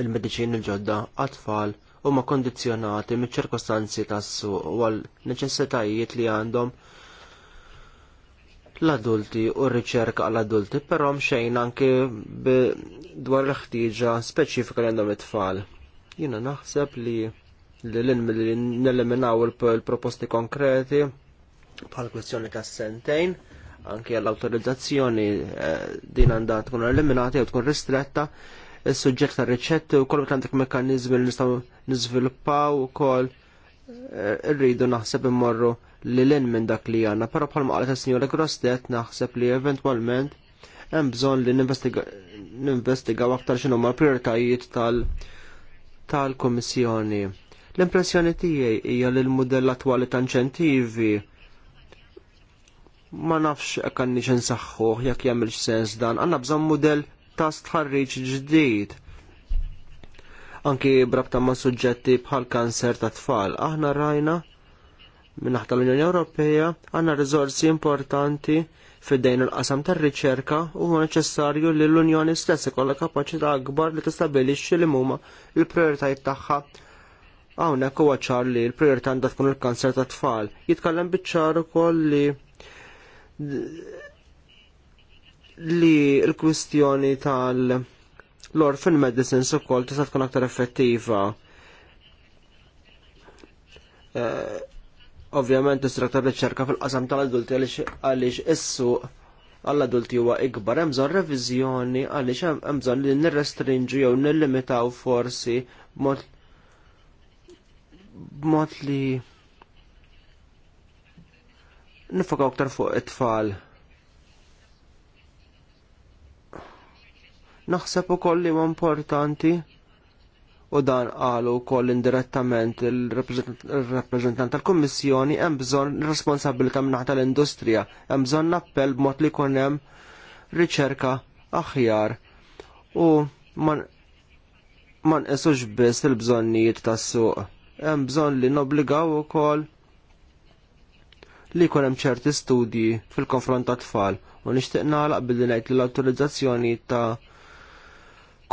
il-mediċini l-ġodda għat-tfal huma kondizzjonati miċ-ċirkostanzi tas-suq u għal neċessitajiet li għandhom l-adulti u r-riċerka għall-adulti, però mxejn anki dwar l ħtiġa speċifika li għandhom it-tfal. Jiena naħseb li li neliminaw il-proposti konkreti bħal kwestjoni ta' sentejn, anki għall-autorizzazzjoni eh, din għandha tkun eliminata u tkun ristretta, is-suġġett tar riċett u kol għandek mekkaniżmi li nistgħu niżviluppaw ukoll eh, rridu naħseb immorru li l minn dak li għandna, però bħalma qalet is-Sinjora Grostet naħseb li eventwalment hemm bżonn li ninvestigaw aktar x'inhu ma' prioritajiet tal kummissjoni L-impressjoni tiegħi hija li l-mudell attwali ta' inċentivi ma nafx għandix xinsaxħu, jekk jagħmel sens dan, għandna bżonn mudell ta' stħarriġ ġdid. Anki brabta ma' suġġetti bħal kanser ta' tfal. Aħna rajna minnaħta l-Unjoni Ewropea għandna riżorsi importanti fidejn il-qasam tar-riċerka u huwa neċessarju li l-Unjoni stess ikollha kapaċità akbar li tistabilixxi li huma l-prijoritajiet tagħha. Hawnhekk huwa ċar li l-prijorità għandha tkun il-kanser tat-tfal. Jitkellem biċ-ċar ukoll li li l-kwistjoni tal-orphan medicines u kol tista' tkun aktar effettiva. Uh, Ovvjament aktar riċerka fil-qasam tal-adulti għaliex is-suq għall-adulti huwa ikbar, hemm bżonn reviżjoni għaliex hemm bżonn li nirrestrinġu jew nillimitaw forsi b'mod li nifokaw aktar fuq it-tfal. Naħseb ukoll li huwa importanti u dan qalu wkoll indirettament il-rappreżentant tal-Kummissjoni hemm bżonn responsabilità minnaħ tal-industrija, hemm bżonn appell b'mod li jkun hemm riċerka aħjar u ma nqisux biss il-bżonnijiet tas-suq. Hemm bżonn li nobbligaw ukoll li jkun hemm ċerti studji fil-konfront tat-tfal u nixtieq nagħlaq billi ngħid li l-awtorizzazzjoni ta'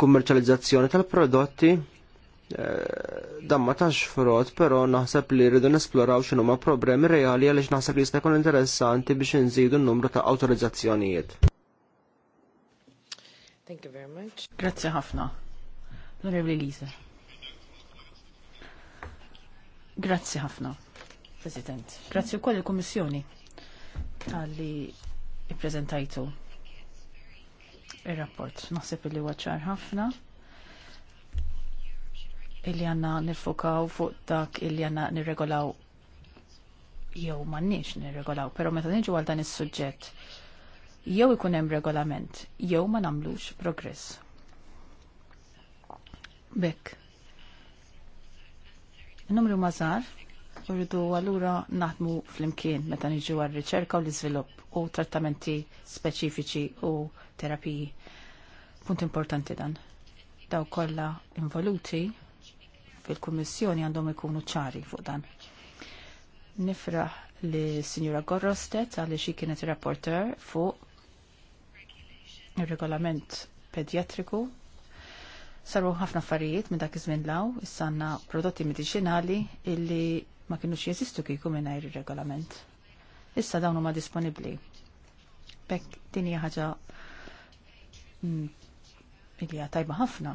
kummerċjalizzazzjoni tal-prodotti eh, dan ma tax frod, però naħseb li rridu nesploraw xinu ma problemi reali għaliex naħseb li jista' jkun interessanti biex inżidu n-numru ta' awtorizzazzjonijiet. Thank you very much. Grazzi ħafna. L-Onorevoli Lisa. Grazzi ħafna, President. Grazzi wkoll il-Kummissjoni tal-li i-prezentajtu ir-rapport. Naħseb li huwa ċar ħafna illi għanna nifukaw fuq dak illi għanna nirregolaw jew mannix nirregolaw, pero meta nġu għal dan is-suġġett jew ikun hemm regolament jew ma nagħmlux progress. Bek. Numru mażar Uridu rridu allura naħdmu fl-imkien meta niġu għal riċerka u l-iżvilupp u trattamenti speċifiċi u terapiji. Punt importanti dan. Daw kollha involuti fil-Kummissjoni għandhom ikunu ċari fuq dan. Nifraħ li Sinjura Gorrostet għalli xie kienet rapporter fuq il-regolament pedjatriku. Saru ħafna affarijiet minn dak iż-żmien law, issanna prodotti mediċinali illi ma kienux jeżistu kieku mingħajr ir-regolament. Issa dawn huma disponibbli. Bekk din hija ħaġa mm, ilja tajba ħafna.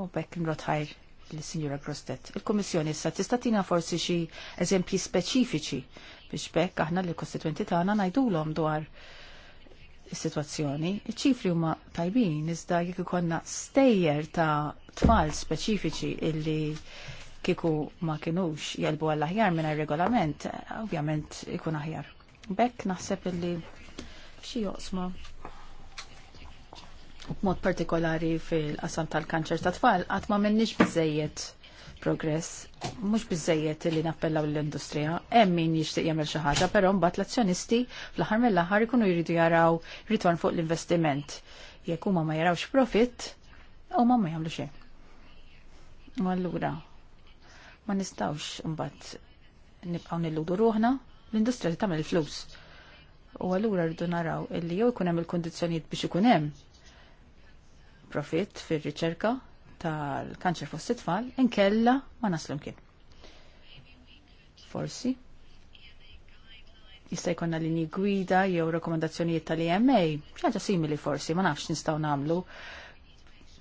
U bekk nrotħajr l-Sinjura Grostet. Il-Kommissjoni issa tista' forsi xi eżempji speċifiċi biex bekk aħna l kostituenti tagħna ngħidulhom dwar is-sitwazzjoni. Iċ-ċifri huma tajbin iżda jekk ikollna stejjer ta' tfal speċifiċi illi kiku ma kienux jelbu għall-aħjar minn regolament ovvjament ikun aħjar. Bekk naħseb illi xi joqsma b'mod partikolari fil-qasam tal-kanċer ta' tfal qatt ma minnix bizzejiet progress, mhux bizzejiet li nappellaw l-industrija, hemm min jixtieq jagħmel xi ħaġa, però mbagħad l-azzjonisti fl-aħħar mill ħar ikunu jridu jaraw ritorn fuq l-investiment. Jekk huma ma jarawx profit huma ma jagħmlu xejn. U allura, Ma nistawx mbagħad nibqgħu nilludu ruħna l-industrija li tagħmel flus. U allura rridu naraw illi jew ikun hemm il-kundizzjonijiet biex ikun hemm Profit fir-riċerka tal-kanċer fost it-tfal inkella ma naslum kien. Forsi jista' jkollna lini gwida jew rekomendazzjonijiet tal-EMA, xi ħaġa simili forsi, ma nafx nistgħu nagħmlu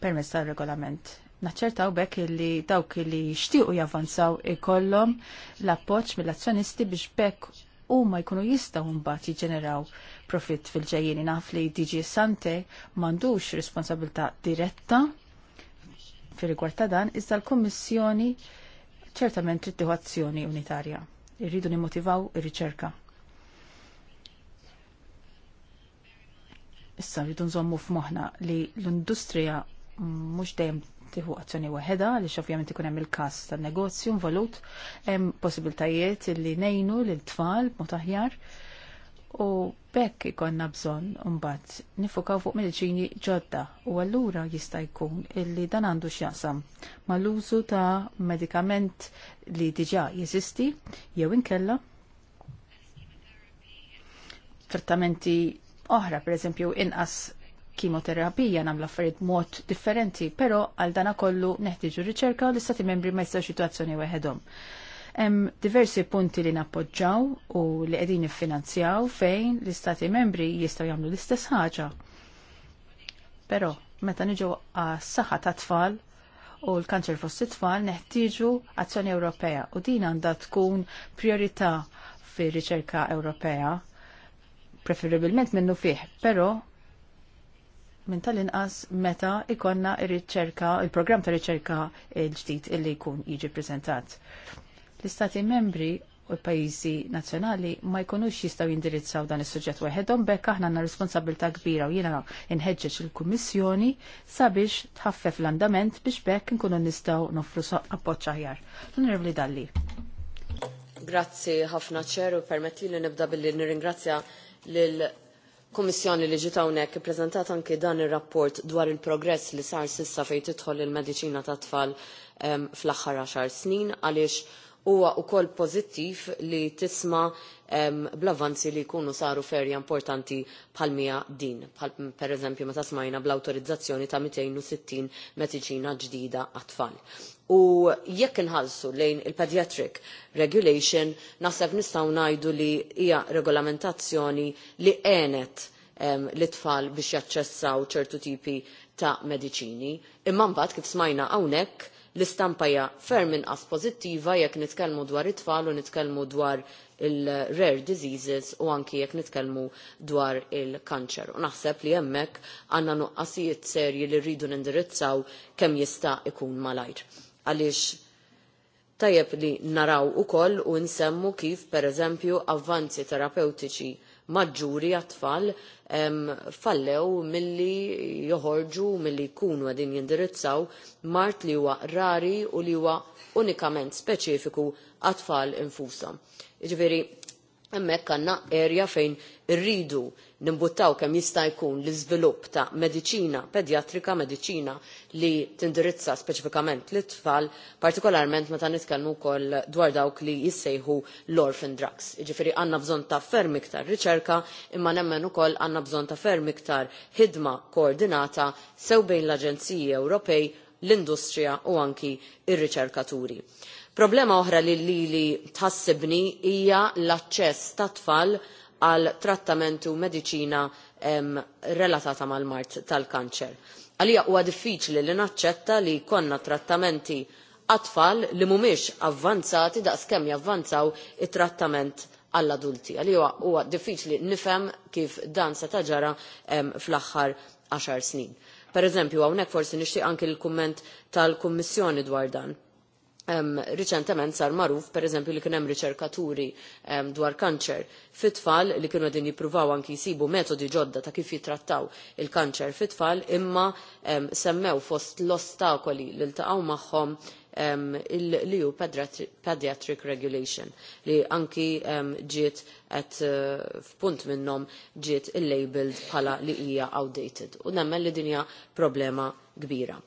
permezz tal-regolament naċċertaw bekk li dawk li jixtiequ javanzaw ikollhom l-appoġġ mill-azzjonisti biex bekk huma jkunu jistaw mbagħad jiġġeneraw profitt fil-ġejjin naf li DG Sante m'għandux responsabilità diretta fir rigward ta' dan iżda l-Kummissjoni ċertament trid tieħu azzjoni unitarja. Irridu nimmotivaw ir-riċerka. Issa rridu nżommu f'moħħna li l-industrija mhux dejjem Tiħu azzjoni waħda li ovvjament ikun hemm il-każ tan-negozju involut, hemm possibiltajiet li nejnu lil tfal b'mod aħjar. U bekk ikonna bżonn mbagħad nifukaw fuq mediċini ġodda u allura jista' jkun illi dan għandu x'jaqsam mal-użu ta' medikament li diġà jeżisti jew inkella trattamenti oħra, per eżempju, inqas kimoterapija namla affarijiet mod differenti, però għal dana kollu neħtieġu riċerka li stati membri ma jistgħu situazzjoni weħedhom. Hemm diversi punti li nappoġġaw u li qegħdin iffinanzjaw fejn l-istati membri jistgħu jagħmlu l-istess ħaġa. Però meta niġu għas-saħħa ta' tfal u l-kanċer fost it-tfal neħtieġu azzjoni Ewropea u din għandha tkun priorità fir-riċerka Ewropea preferibilment minnu fih, però minn tal-inqas meta ikonna il riċerka il-programm ta' riċerka l-ġdid il illi jkun jiġi prezentat. L-istati membri u l-pajjiżi nazzjonali ma jkunux jistgħu jindirizzaw dan is-suġġett waħedhom bekk aħna għandna responsabilità kbira u jiena inħeġġeġ il-Kummissjoni sabiex tħaffef l-andament biex bekk nkunu nistgħu nofru appoġġ aħjar. Onorevoli Dalli. Grazzi ħafna ċeru permetti li nibda billi nirringrazzja lil Kummissjoni li ġiet hawnhekk ippreżentat anke dan ir-rapport dwar il-progress li sar sissa fejn tidħol il-mediċina tat tfal ehm, fl-aħħar għaxar snin għaliex huwa wkoll pożittiv li tisma ehm, bl-avvanzi li jkunu saru ferja importanti bħal din, bħal pereżempju meta smajna bl-awtorizzazzjoni ta' 260 mediċina ġdida għat-tfal. U jekk inħallsu lejn il-pediatric regulation, naħseb nistgħu ngħidu li hija regolamentazzjoni li għenet l-itfal biex jaċċessaw ċertu tipi ta' mediċini. Imma mbagħad kif smajna hawnhekk l-istampa hija ferm inqas pożittiva jekk nitkellmu dwar it-tfal u nitkellmu dwar il-rare diseases u anki jekk nitkellmu dwar il-kanċer. U naħseb li hemmhekk għandna nuqqasijiet serji li rridu nindirizzaw kemm jista' ikun malajr għaliex tajjeb li naraw ukoll u nsemmu kif pereżempju avvanzi terapeutiċi maġġuri għat-tfal fallew milli joħorġu milli jkunu għadin jindirizzaw mart li huwa rari u li huwa unikament speċifiku għat-tfal infusa. Jiġifieri hemmhekk għandna erja fejn irridu nimbuttaw kemm jista' jkun l-iżvilupp ta' mediċina pedjatrika, mediċina li tindirizza speċifikament lit tfal partikolarment meta nitkellmu wkoll dwar dawk li jissejħu l-orphan drugs. Jiġifieri għandna bżonn ta' ferm iktar riċerka, imma nemmen ukoll għandna bżonn ta' ferm iktar ħidma koordinata sew bejn l-Aġenziji Ewropej, l-industrija u anki r riċerkaturi Problema oħra li li tħassibni hija l-aċċess tat tfal għal trattamentu u mediċina relatata mal-mart tal-kanċer. Għalija huwa diffiċli li naċċetta li konna trattamenti għatfall li mhumiex avvanzati daqskemm javvanzaw it-trattament għall-adulti. Għalija huwa diffiċli nifhem kif dan se taġara fl-aħħar 10 snin. Per eżempju, hawnhekk forsi nixtieq anki l-kumment tal-Kummissjoni dwar dan Um, riċentement sar per pereżempju li kien hemm riċerkaturi um, dwar kanċer fit-tfal li kienu din jippruvaw anki jsibu metodi ġodda ta' kif jitrattaw il-kanċer fit-tfal imma um, semmew fost l-ostakoli li ltaqgħu magħhom l-EU pediatric, pediatric Regulation li anki ġiet għet uh, eh, f'punt minnom ġiet il-labeled bħala li hija outdated u nemmen li dinja problema kbira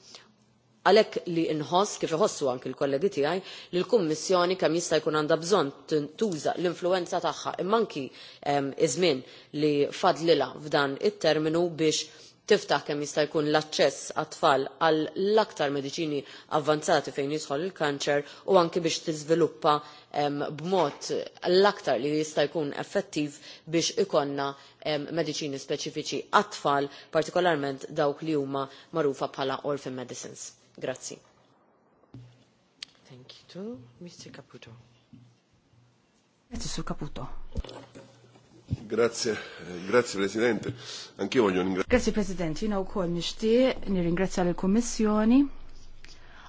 għalhekk li inħoss kif iħossu anki l-kollegi tiegħi li l-Kummissjoni kemm jista' jkun għandha bżonn tuża l-influenza tagħha imma anki ehm, iż-żmien li fadlilha f'dan it-terminu biex tiftaħ kemm jista' jkun l-aċċess għat-tfal għal l-aktar mediċini avvanzati fejn jidħol il-kanċer u anke biex tiżviluppa ehm, b'mod l-aktar li jista' jkun effettiv biex ikonna ehm, mediċini speċifiċi għat-tfal, partikolarment dawk li huma magħrufa bħala orphan medicines. Grazzi. Mr. Caputo. Grazie, Sur Caputo. Grazie, eh, grazie Presidente. Anch'io voglio ringraziare. Grazie Presidente, jina u kol nishtiq nirringrazzja l-Kommissjoni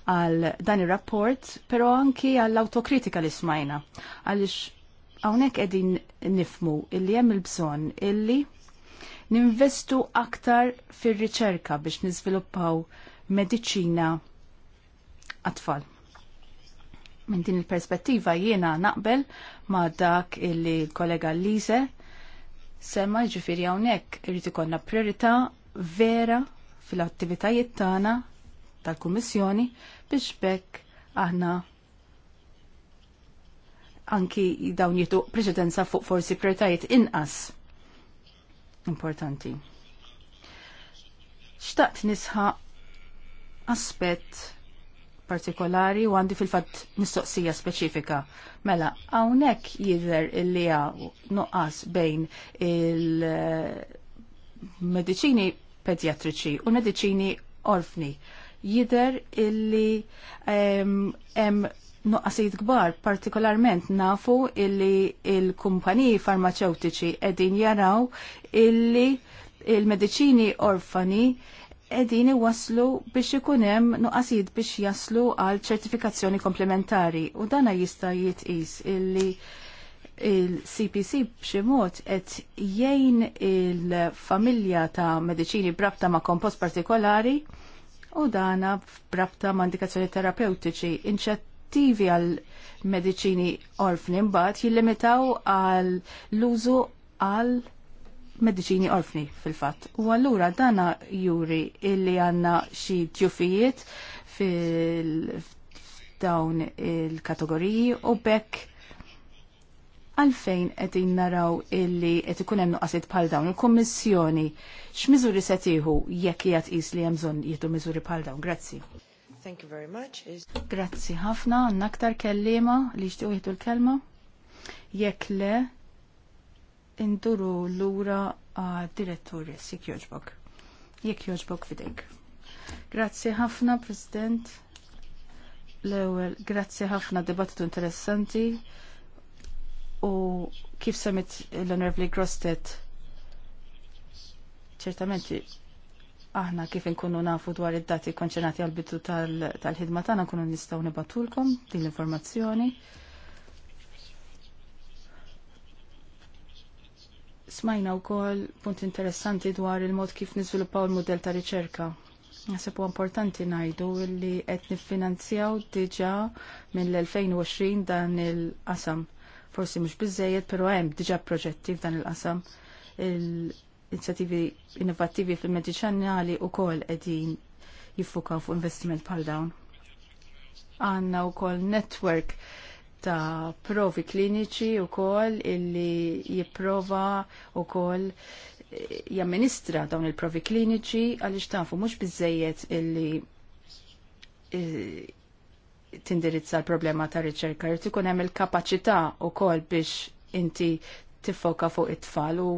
għal dan il-rapport, però anki għall autokritika li smajna. Għalix għawnek edin nifmu illi jem il-bżon illi ninvestu aktar fir-riċerka biex nizviluppaw mediċina atfal. Minn din il-perspettiva jiena naqbel ma' dak illi kollega Lise semma ġifiri hawnhekk irid ikollna priorità vera fil-attivitajiet tagħna tal-Kummissjoni biex bekk aħna anki dawn jitu preċedenza fuq forsi prioritajiet inqas importanti. Xtaqt nisħaq aspett partikolari u għandi fil-fat mistoqsija speċifika. Mela, għawnek jidher illi nuqqas bejn il-medicini pedjatriċi u medicini orfni. Jidher illi hemm nuqqasijiet kbar, partikolarment nafu illi il-kumpaniji farmaceutiċi edin jaraw illi il-medicini orfani edini waslu biex ikunem nuqasid biex jaslu għal ċertifikazzjoni komplementari u dana jista jitqis illi il-CPC b'xi mod qed jgħin il-familja ta' mediċini brabta ma' kompost partikolari u dana brabta ma' indikazzjoni terapeutiċi inċattivi għal medicini orfni mbagħad jillimitaw għal l-użu -użu għal Medicini orfni fil-fat. U għallura dana juri illi għanna xi ġufijiet fil-dawn il-kategoriji u bekk għalfejn qegħdin naraw illi qed ikun hemm nuqqasiet bħal dawn il-Kummissjoni x'miżuri se tieħu jekk hija tqis li hemm bżonn jieħdu miżuri bħal dawn. Grazzi. Thank you very much. Grazzi ħafna, għandna aktar kellima li jixtiequ jieħdu l-kelma. Jekk le, induru l-ura għad-direttur jessik joġbok. Jek joġbok fidejk. Grazzi ħafna, President. L-ewel, grazzi ħafna dibattitu interessanti u kif semmit l-Onorevli Grostet ċertamenti aħna kif inkunu nafu dwar id-dati konċernati għal-bidu tal-ħidma tal tagħna nkunu nistgħu nibatulkom din l-informazzjoni. Smajna u kol punt interessanti dwar il-mod kif nizvilupaw il model ta' riċerka. u importanti najdu li qed niffinanzjaw diġa mill-2020 dan il-qasam. Forsi mhux biżejjed, però hemm diġa proġetti f'dan il-qasam. il inizjativi innovattivi fil-mediċinali u kol qegħdin jiffukaw fuq investiment bħal dawn. Għandna wkoll kol network ta' provi kliniċi u kol illi jiprova u kol eh, jamministra dawn il-provi kliniċi għalix tafu mux bizzejiet illi eh, tindirizza l-problema ta' riċerka, jrid ikun hemm il-kapaċità wkoll biex inti tiffoka fuq it-tfal u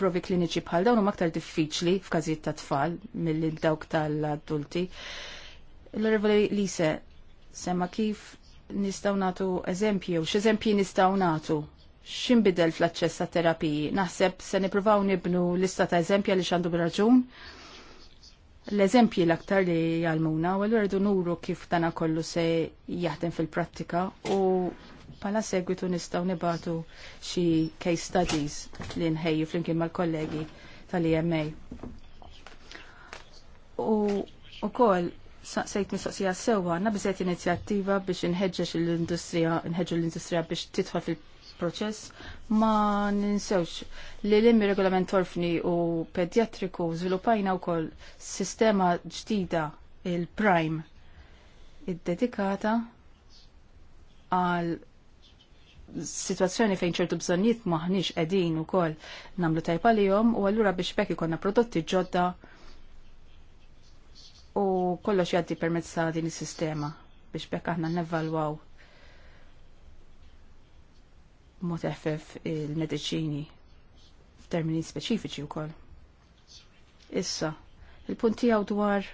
provi kliniċi bħal dawn huma aktar diffiċli f'każijiet ta' tfal milli dawk tal-adulti. L-Onorevoli Lise, sema kif nistaw natu eżempju, x'eżempji nistaw natu x'inbidel fl-aċċess ta' terapiji. Naħseb se nippruvaw nibnu lista ta' eżempji li xandu raġun. L-eżempji l-aktar li jgħalmuna u l-għerdu nuru kif dana kollu se jaħdem fil-prattika u pala segwitu nistaw nibatu xi case studies li nħejju flimkien mal-kollegi tal-EMA. U u kol saqsejt mistoqsija sewwa għandna biżgħet inizjattiva biex inħeġġeġ l-industrija, nħeġġu l-industrija biex titħol fil-proċess ma ninsewx li l-immi regolament orfni u pedjatriku u wkoll sistema ġdida il-prime id-dedikata għal situazzjoni fejn ċertu bżonniet maħniex qegħdin ukoll nagħmlu tajpa jom u allura biex pek ikonna prodotti ġodda u kollox jgħaddi permezz ta' din is-sistema biex bekk aħna nevalwaw mod effef il-mediċini f'termini speċifiċi wkoll. Issa, il-punti għaw dwar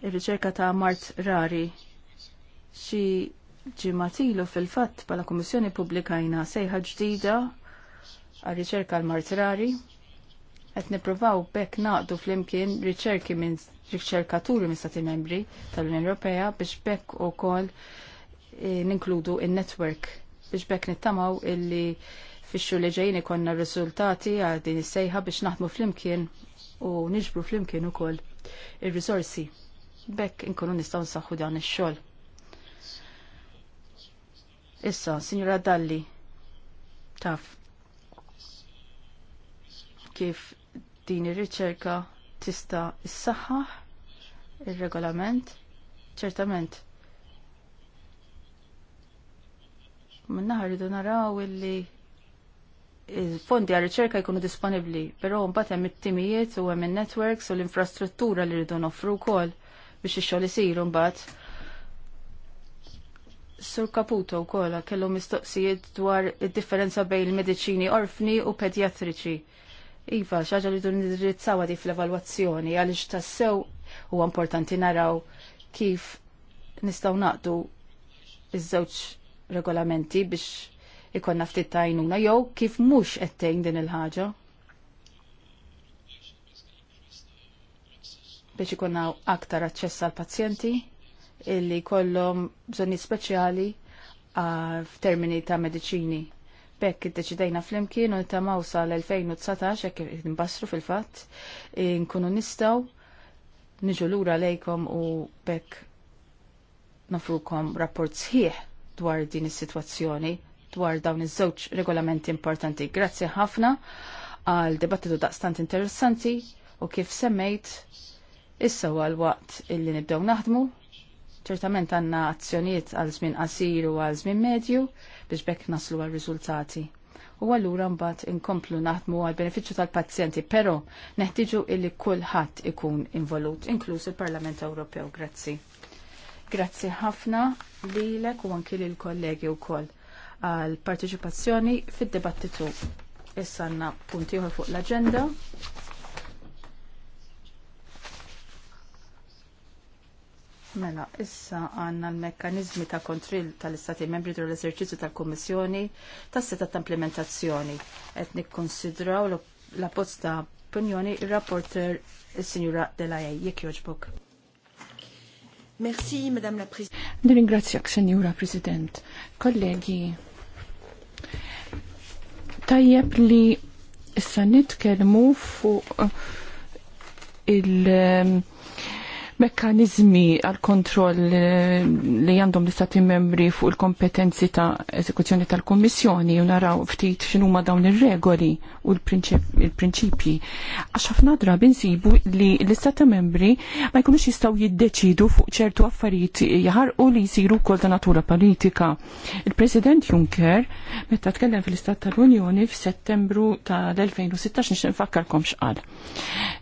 il-riċerka ta' Mart Rari xi ġimatilu fil-fatt bħala Kummissjoni pubblikajna sejħa ġdida għal riċerka l-Mart Rari qed nippruvaw bekk naqdu flimkien riċerki minn riċerkaturi mistati membri tal-Unjoni Ewropea biex bekk u kol eh, ninkludu il-network biex bekk nittamaw illi fixxu li ġejjin ikonna r-riżultati għal din is-sejħa biex naħdmu flimkien u niġbru flimkien ukoll ir-risorsi. Bekk inkunu nistgħu nsaħħu dan ix-xogħol. Issa, Sinjura Dalli, taf kif din ir-riċerka tista' issaħħaħ ir-regolament ċertament. Minnaħar rridu naraw illi il-fondi għal riċerka jkunu disponibli, però mbagħad hemm it-timijiet u hemm in-networks u l-infrastruttura li rridu noffru wkoll biex ix-xogħol isir mbagħad. Sur Caputo wkoll kellhom mistoqsijiet dwar id-differenza bejn il-mediċini orfni u pedjatriċi. Iva, xaġa li dun indirizzawa di fl-evaluazzjoni, għalix tassew u importanti naraw kif nistaw naqdu iż-żewġ regolamenti biex ikon ftit tajnuna jew kif mhux qed din il-ħaġa. Biex ikonna aktar aċċess għal pazjenti illi kollom bżonni speċjali f'termini ta' medicini. Bekk id deċidajna fl-imkien u nitamaw sal-2019, jekk nbassru fil-fatt, nkunu nistaw niġu lura lejkom u bekk nafrukom rapport sħiħ dwar din is-sitwazzjoni dwar dawn iż-żewġ regolamenti importanti. Grazzi ħafna għal dibattitu daqstant interessanti u kif semmejt issa għal waqt illi nibdew naħdmu. Ċertament għandna azzjonijiet għal żmien qasir u għal żmien medju biex bekk naslu għal riżultati. U għallura mbagħad inkomplu naħdmu għal benefiċċju tal-pazjenti, però neħtieġu illi kulħadd ikun involut, inkluż il-Parlament Ewropew. Grazzi. Grazzi ħafna lilek u anki lil kollegi wkoll għal parteċipazzjoni fid-dibattitu. Issa għandna punti fuq l-aġenda. Mela, issa għanna l-mekkanizmi ta' kontrill tal-Istati membri dwar l-eżerċizzju tal kummissjoni tas seta ta' implementazzjoni. Et nikkonsidraw la posta opinjoni il-rapporter il-Sinjura Delaje. Jek joġbok. Merci, Madame la Presidente. Nirringrazzjak, Sinjura President. Kollegi, tajjeb li issa nitkelmu fuq il- mekkanizmi għal kontroll eh, li għandhom l-istati membri fuq il-kompetenzi ta' eżekuzzjoni tal-Kommissjoni u naraw ftit x'inhuma dawn ir-regoli u l-prinċipji. Għax ħafna drabi nsibu li l-istati membri ma jkunux jistgħu jiddeċidu fuq ċertu affarijiet jaħarqu li jsiru wkoll ta' natura politika. Il-President Juncker meta tkellem fil-Istat tal-Unjoni f'Settembru tal-2016 nix nfakkarkom x'qal.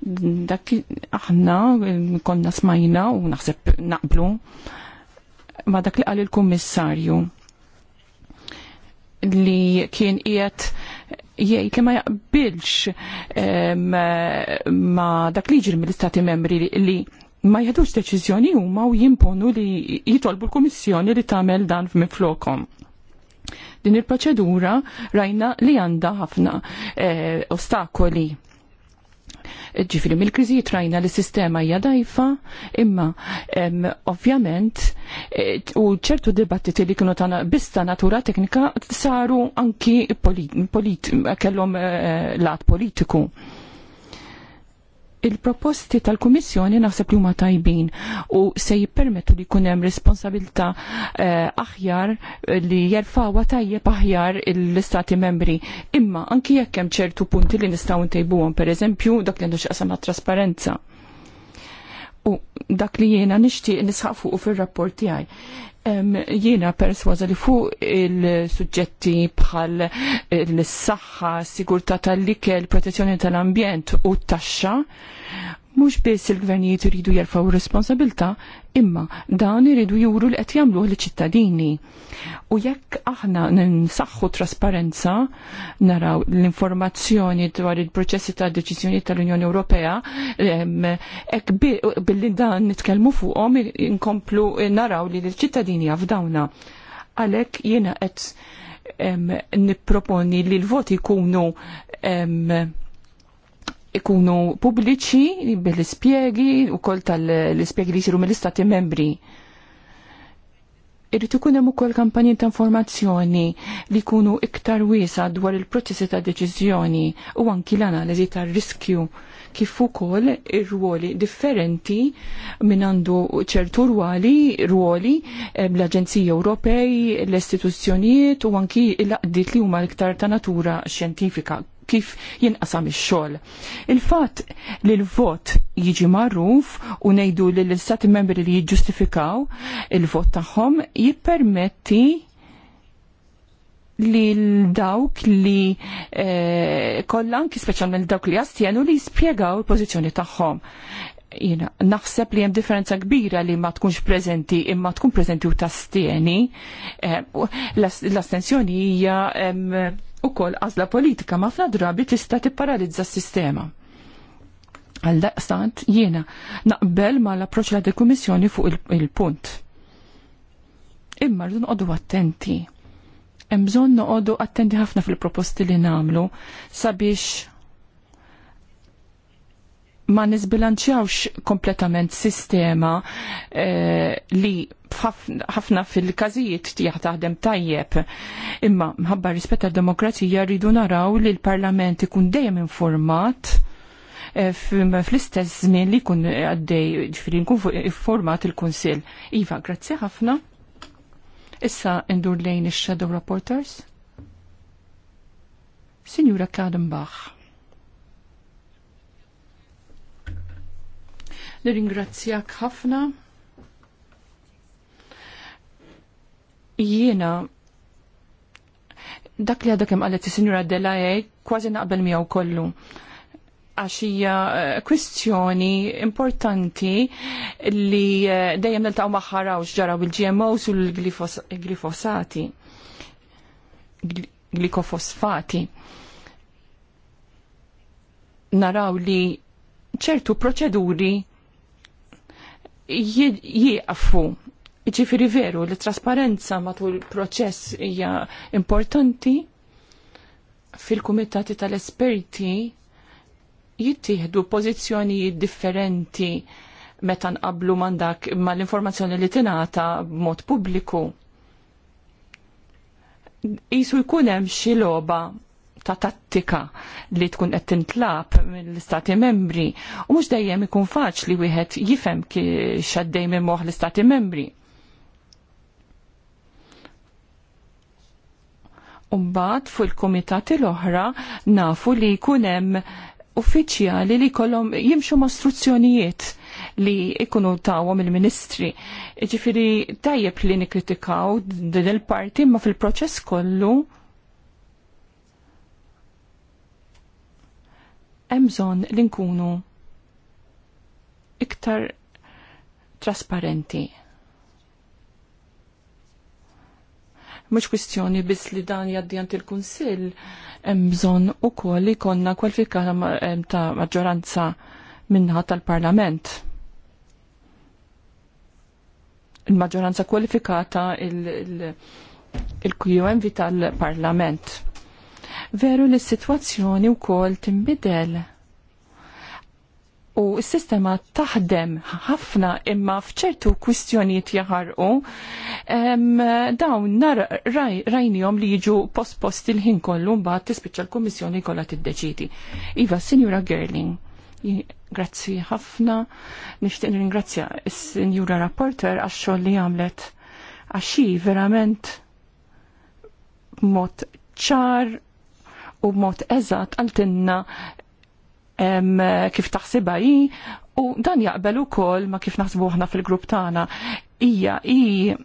Dak aħna konna smajna u naħseb naqblu ma dak li qal il-kummissarju li kien qiegħed jgħid li ma jaqbilx ma dak li jiġri mill-istati membri li ma jħedux deċiżjoni huma u jimponu li jitolbu l-Kummissjoni li tagħmel dan minn flokom. Din il-proċedura rajna li għandha ħafna eh, ostakoli Ġifiri, mill-krizi trajna li sistema hija dajfa, imma ovvjament e, u ċertu dibattiti li kienu tana bista natura teknika saru anki polit, polit kellhom e, lat politiku il-proposti tal-Kummissjoni naħseb li huma tajbin u se jippermettu li jkun hemm responsabilità eh, aħjar eh, li jerfawa tajjeb aħjar l-istati membri. Imma anki jekk hemm ċertu punti li nistgħu ntejbuhom, pereżempju dak li għandu x'qasam trasparenza u dak li jiena nixtieq nisħaq fuq fir-rapport tiegħi. Jiena perswaza li fuq il-sujġetti bħal eh, l saxħa sigurtà tal likel protezzjoni tal-ambjent u t-taxxa, mhux biss il-gvernijiet iridu jarfaw responsabilta, imma dan iridu juru li qed jagħmluh liċ-ċittadini. U jekk aħna nsaħħu trasparenza naraw l-informazzjoni dwar il-proċessi ta' deċiżjoni tal-Unjoni Ewropea hekk billi dan nitkellmu fuqhom inkomplu naraw li l-ċittadini jafdawna. Għalhekk jiena qed nipproponi li l-voti jkunu ikunu pubbliċi bil-ispjegi u kol tal-ispjegi li jisiru mill-istati membri. Irrit ikun hemm ukoll kampanji ta' informazzjoni li jkunu iktar wiesa dwar il-proċessi ta' deċiżjoni u anki l-analiżi tar-riskju kif ukoll ir-ruoli differenti minn għandu ċertu ruoli, ruoli eh, l-Aġenziji Ewropej, l-istituzzjonijiet u anki l-qdiet li huma iktar ta' natura xjentifika kif jinqasam ix-xogħol. Il-fatt li l-vot jiġi magħruf u ngħidu li l-istati membri li jiġġustifikaw il-vot tagħhom jippermetti li l-dawk li eh, kollanki speċjalment dawk li jastjenu li jispjegaw il-pożizzjoni tagħhom jina, naħseb li jem differenza kbira li ma tkunx prezenti imma tkun prezenti u tastieni. Eh, l-astensjoni hija kol għażla politika ma fna drabi tista' tipparalizza s-sistema. Għal daqstant jiena naqbel ma l approċ la kummissjoni fuq il-punt. Il Imma rridu noqogħdu attenti. Hemm bżonn noqogħdu attenti ħafna fil-proposti li nagħmlu sabiex ma nizbilanċjawx kompletament sistema eh, li ħafna fil-kazijiet tiegħ taħdem tajjeb. Imma mħabba rispetta demokrazija rridu naraw li l-Parlament ikun dejjem informat eh, fl-istess żmien li jkun għaddej ġifieri nkun informat il-Kunsill. Iva, grazzi ħafna. Issa ndur lejn ix-Shadow Reporters. Signora Kadenbach. Nirringrazzjak ħafna. Jiena dak li għadha kemm qalet is-Sinjura Delaje kważi naqbel miegħu kollu għax hija eh, kwistjoni importanti li eh, dejjem niltaqgħu maħħaraw x'ġaraw il-GMOs u l-glifosati glikofosfati. Naraw li ċertu proċeduri jieqfu. Ġifiri veru li trasparenza matul proċess hija importanti fil-kumitati tal-esperti jittieħdu pożizzjonijiet differenti meta nqablu mandak ma l-informazzjoni li tingħata b'mod pubbliku. Isu jkun hemm xi logħba ta' tattika li tkun qed tintlab mill-Istati Membri u mhux dejjem ikun faċli wieħed jifhem x'għaddej minn moħħ l-Istati Membri. Umbat fuq il-komitati l-oħra nafu li jkun hemm uffiċjali li kolom jimxu mostruzzjonijiet li ikunu tawom il-ministri. Ġifiri tajjeb li nikritikaw din il-parti ma fil-proċess kollu hemm bżonn li nkunu iktar trasparenti. Mhux kwistjoni biss li dan jaddijant il-Kunsill, hemm bżonn ukoll li konna kwalifikata ta' maġġoranza minna tal-Parlament. Il-maġġoranza kwalifikata il-QMV il il tal-Parlament. Veru li s-situazzjoni u kol timbidel. U s-sistema taħdem ħafna imma fċertu kwistjonijiet jaħarqu dawn nar raj, rajnijom li jiġu post-post il-ħin kollu mbagħad tispiċċa l-Kummissjoni t tiddeċidi. Iva, Sinjura Gerling, grazzi ħafna, nixtieq ringrazzja s-senjura Rapporter għax-xogħol li għamlet għaxi verament mod ċar u mod eżatt għaltinna kif taħsibha hi u dan jaqbel ukoll ma kif naħsbu aħna fil-grupp tagħna hija i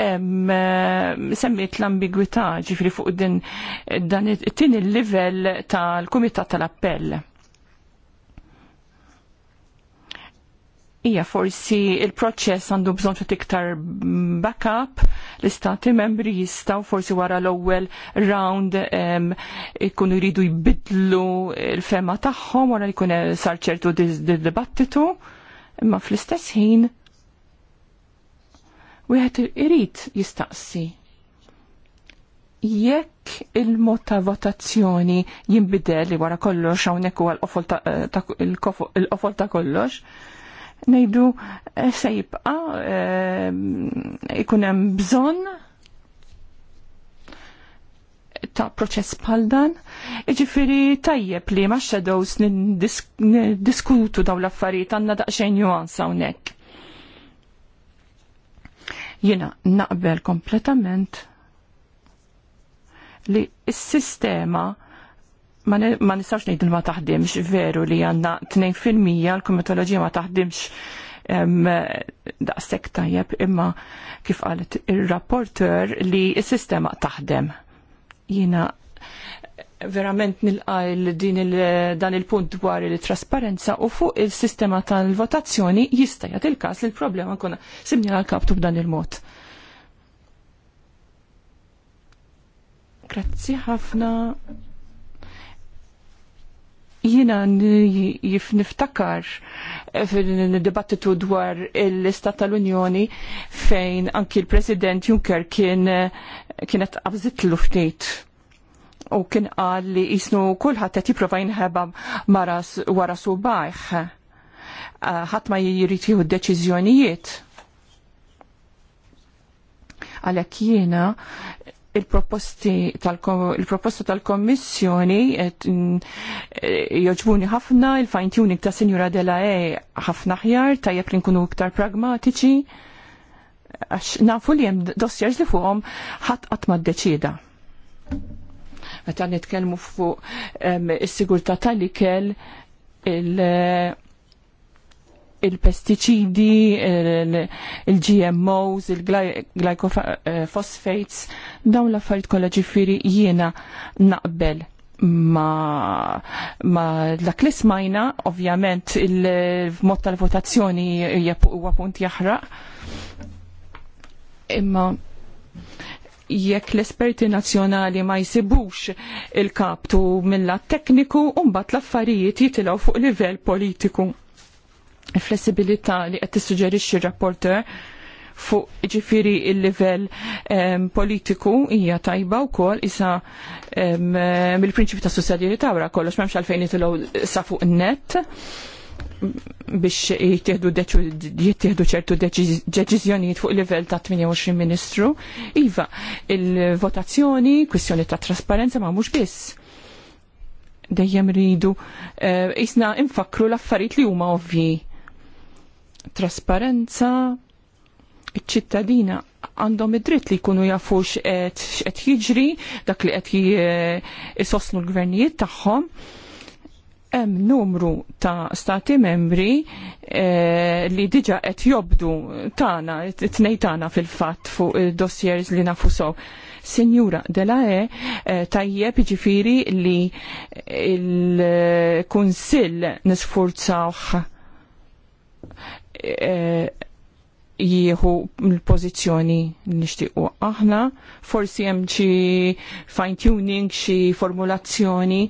semmiet l-ambigwità ġifri fuq din dan it-tieni livell tal-Kumitat tal-Appell. Ija, forsi il-proċess għandu bżonn ta' iktar backup l-istati membri jistgħu forsi wara l-ewwel round ikunu jridu jibidlu l-fema tagħhom wara jkun sar ċertu dibattitu imma fl-istess ħin wieħed irid jistaqsi jekk il-mod ta' votazzjoni jinbidel li wara kollox hawnhekk huwa l-qofol ta' eh, kollox ngħidu e, se jibqa e, ikun hemm bżonn ta' proċess bħal dan. Iġifiri tajjeb li ma' shadows diskutu daw l-affarijiet għandna daqsxejn nuanza hawnhekk. Jiena naqbel kompletament li s-sistema ma nistax ngħidu ma taħdimx veru li għandna 2% l-komitoloġija ma taħdimx daqshekk tajjeb imma kif qalet ir-rapporter li s-sistema taħdem. Jiena verament nilqa din dan il-punt dwar il-trasparenza u fuq il-sistema tal-votazzjoni jista' jagħti il-każ li l-problema kuna simni għal kaptu b'dan il-mod. Grazzi ħafna Jina jif niftakar fil-dibattitu dwar l-Istat tal-Unjoni fejn anki l-President Juncker kien kienet qabżit l-uftit u kien qal li jisnu kullħat qed jipprova jinħeba maras wara subajh. Ah, ħadd ma jrid jieħu deċizjonijiet Għalhekk jiena il-proposti tal-proposta tal-Kommissjoni mm, eh, joġbuni ħafna, il-fine tuning ta' Sinjura Dela E ħafna ħjar, ta' li nkunu iktar pragmatiċi, għax nafu li hemm dossiers li ħat ħadd qatt deċida Meta nitkellmu fuq is-sigurtà tal-ikel il- il-pesticidi, il-GMOs, il-glycophosphates, dawn l-affarijiet kollha ġifieri jiena naqbel ma, ma dak li smajna, ovvjament il-mod tal-votazzjoni huwa punt jaħraq. Imma jekk l-esperti nazzjonali ma jsibux il-kaptu mill-lat tekniku, mbagħad l-affarijiet jitilgħu fuq livell politiku flessibilità li qed tissuġġerixxi r-rapporter fuq ġifiri il-level ehm, politiku hija tajba u kol isa ehm, mill-prinċipi ta' sussedjerità wara kollox m'hemmx għalfejn itilgħu sa fuq net biex jittieħdu ċertu deċiżjonijiet fuq livell ta' 28 ministru. Iva, il-votazzjoni, kwistjoni ta' trasparenza ma' mhux biss dejjem ridu. Eh, isna infakru l-affarijiet li huma ovvji trasparenza, iċ-ċittadina għandhom id-dritt li jkunu jafu x'qed jiġri dak li qed jisostnu eh, l-gvernijiet tagħhom. Hemm numru ta' stati membri eh, li diġa qed jobdu tagħna, tnej tagħna fil-fatt fuq dossiers li nafu sew. Sinjura Delae eh, tajjeb ġifiri li l-Kunsill nisfurzawh Eh, jieħu l-pozizjoni nishtiqu aħna, forsi hemm xi fine tuning, xi formulazzjoni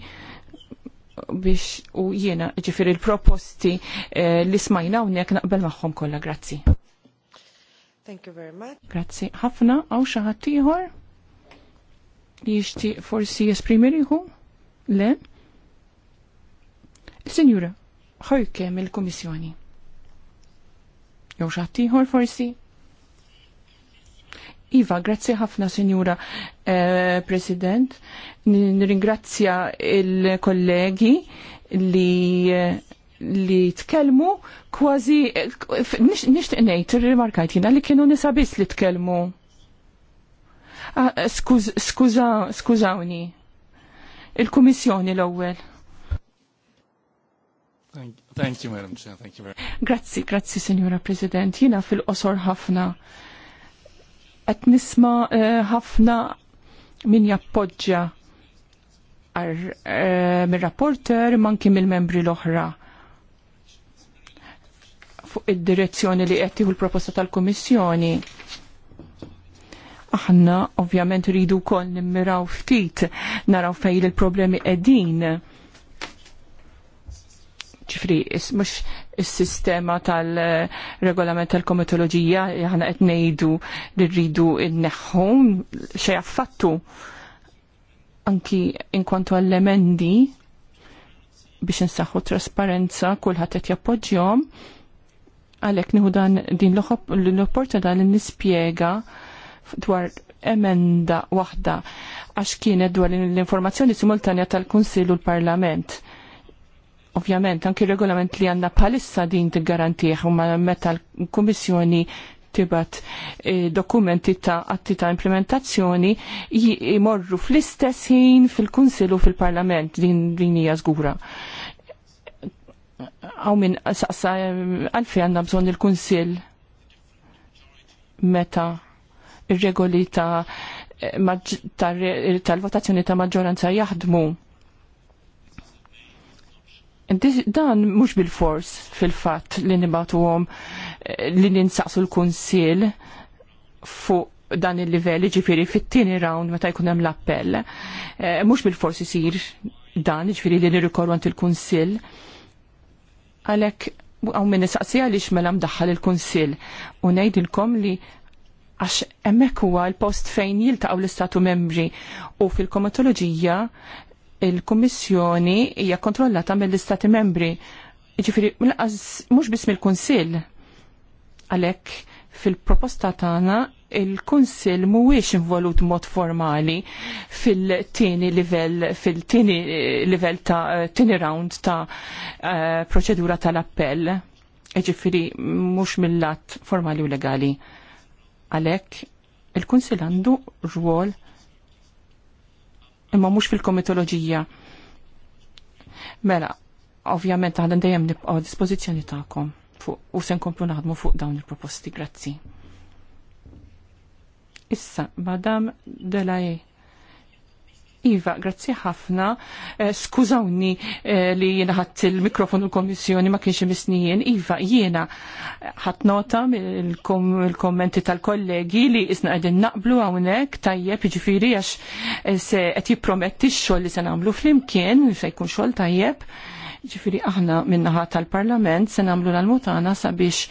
biex u jiena ġifir il-proposti eh, li smajna hawnhekk naqbel magħhom kollha, grazzi. Thank you very much. Grazzi. Ħafna għaw xi ħadd ieħor forsi jesprimi Le? Sinjura, ħoj kemm il komissjoni Jew xattiħor forsi? Iva, grazzi ħafna, Sinjura eh, President. Nringrazzja il-kollegi li eh, li tkellmu kważi eh, nixtieq ngħid irrimarkajt jiena li kienu nisa biss li tkellmu. Ah, eh, skużawni. Il-Kummissjoni l-ewwel. Thank you. Thank you, Madam Chair. Thank you very much. Grazzi, grazzi, Signora President. Jina fil-qosor ħafna. Qed nisma eh, ħafna uh, min jappoġġja uh, eh, mir-rapporter manki mill-membri l-oħra fuq id-direzzjoni li qed l-proposta tal-Kummissjoni. Aħna ovvjament rridu wkoll nimmiraw ftit naraw fejn il-problemi qegħdin ċifri, mux il-sistema tal-regolament tal-komitologija jgħana qed ngħidu li rridu inneħħu xej affattu anki inkwantu għall-emendi biex nsaħħu trasparenza kulħadd qed jappoġjom għalhekk nieħu dan din l-opportunità li nispjega dwar emenda waħda għax kienet dwar l-informazzjoni simultanja tal-Kunsill u l-Parlament Ovvjament, anki regolament li għanna palissa din t garantiħ u meta l-Komissjoni tibat eh, dokumenti ta' atti ta' implementazzjoni jimorru fl-istess ħin fil-Kunsil u fil-Parlament din din hija żgura. Għaw minn saqsa għalfej għandna bżonn il-Kunsil meta ir-regoli ta' eh, tal-votazzjoni ta' maġġoranza jaħdmu Dan mhux bil-fors fil-fatt li għom eh, li ninsaqsu l-kunsil fuq dan il-livell ġifiri fit-tieni round meta jkun hemm l-appell. Eh, mhux bil-fors isir dan ġifiri li nirrikorru għant il-kunsil. Għalhekk għaw minn saqsi għaliex mela mdaħħal il-kunsil u ngħidilkom li għax emmek huwa l-post fejn jiltaqgħu l-istatu membri u fil-komatoloġija il-Kummissjoni hija kontrollata mill-Istati Membri. Ġifieri mhux biss mill-Kunsill. Għalhekk fil-proposta tagħna il-Kunsill mhuwiex involut mod formali fil-tieni livell fil-tieni eh, livell ta' eh, tieni round ta' uh, proċedura tal-appell. Ġifieri mhux mill lat formali u legali. Għalhekk il-Kunsill għandu rwol imma mhux fil-komitoloġija. Mela, ovvjament aħna dejjem nibqgħu dispożizzjoni tagħkom fuq u se nkomplu naħdmu fuq dawn il-proposti. Grazzi. Issa, Madam Delaye. Iva, grazzi ħafna. Eh, skużawni eh, li jiena ħadd il-mikrofon u l-Kommissjoni ma kienx misnijien. Iva, jiena ħadd nota mill-kommenti tal-kollegi li isna qegħdin naqblu hawnhekk tajjeb jiġifieri għax eh, se qed jipprometti x-xogħol li se nagħmlu flimkien se jkun xogħol tajjeb. Ġifiri aħna minnaħa tal-Parlament se namlu l-mutana sabiex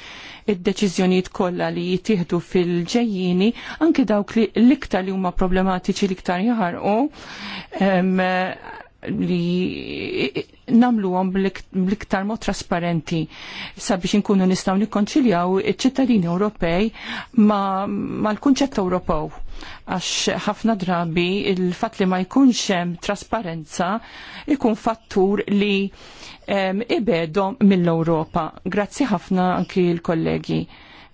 id-deċiżjonijiet kollha li jittieħdu fil-ġejjini anke dawk li l-iktar li huma problematiċi l-iktar jaħarqu li namlu għom bl-iktar mod trasparenti sabiex inkunu nistaw nikonċiljaw iċ-ċittadini Ewropej ma, l-kunċett Ewropew. Għax ħafna drabi il-fat li ma jkunx hemm trasparenza ikun fattur li ibedhom mill-Ewropa. Grazzi ħafna anki l-kollegi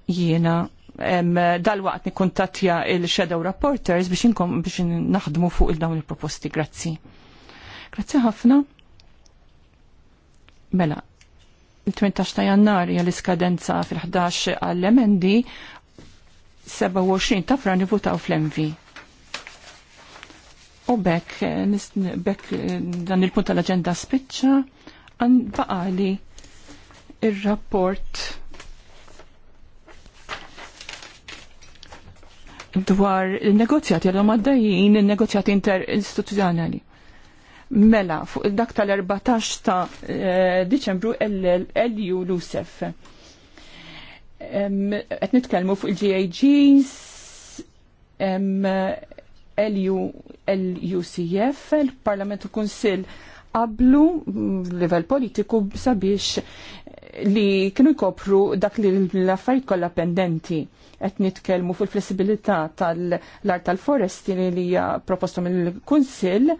jiena dal-waqt nikkuntattja il-Shadow Reporters biex biex naħdmu fuq il-dawn il-proposti. Grazzi. Grazzi ħafna. Mela, il-18 ta' jannar hija l-iskadenza fil-11 għall-emendi 27 ta' fra nivutaw fl-envi. U bekk, eh, bekk eh, dan il-punt tal-agenda spiċċa baqali il-rapport dwar il-negozjati għal maddajin il-negozjati inter-istituzjonali. Mela, fuq dak tal-14 ta' eh, Diċembru LU Lusef. Qed nitkellmu fuq il-GAGs, LUCF, il-Parlament u Kunsill qablu livell politiku sabiex li kienu jkopru dak li l-affarijiet kollha pendenti qed nitkellmu fil-flessibilità tal-art tal-foresti li hija proposta mill-Kunsill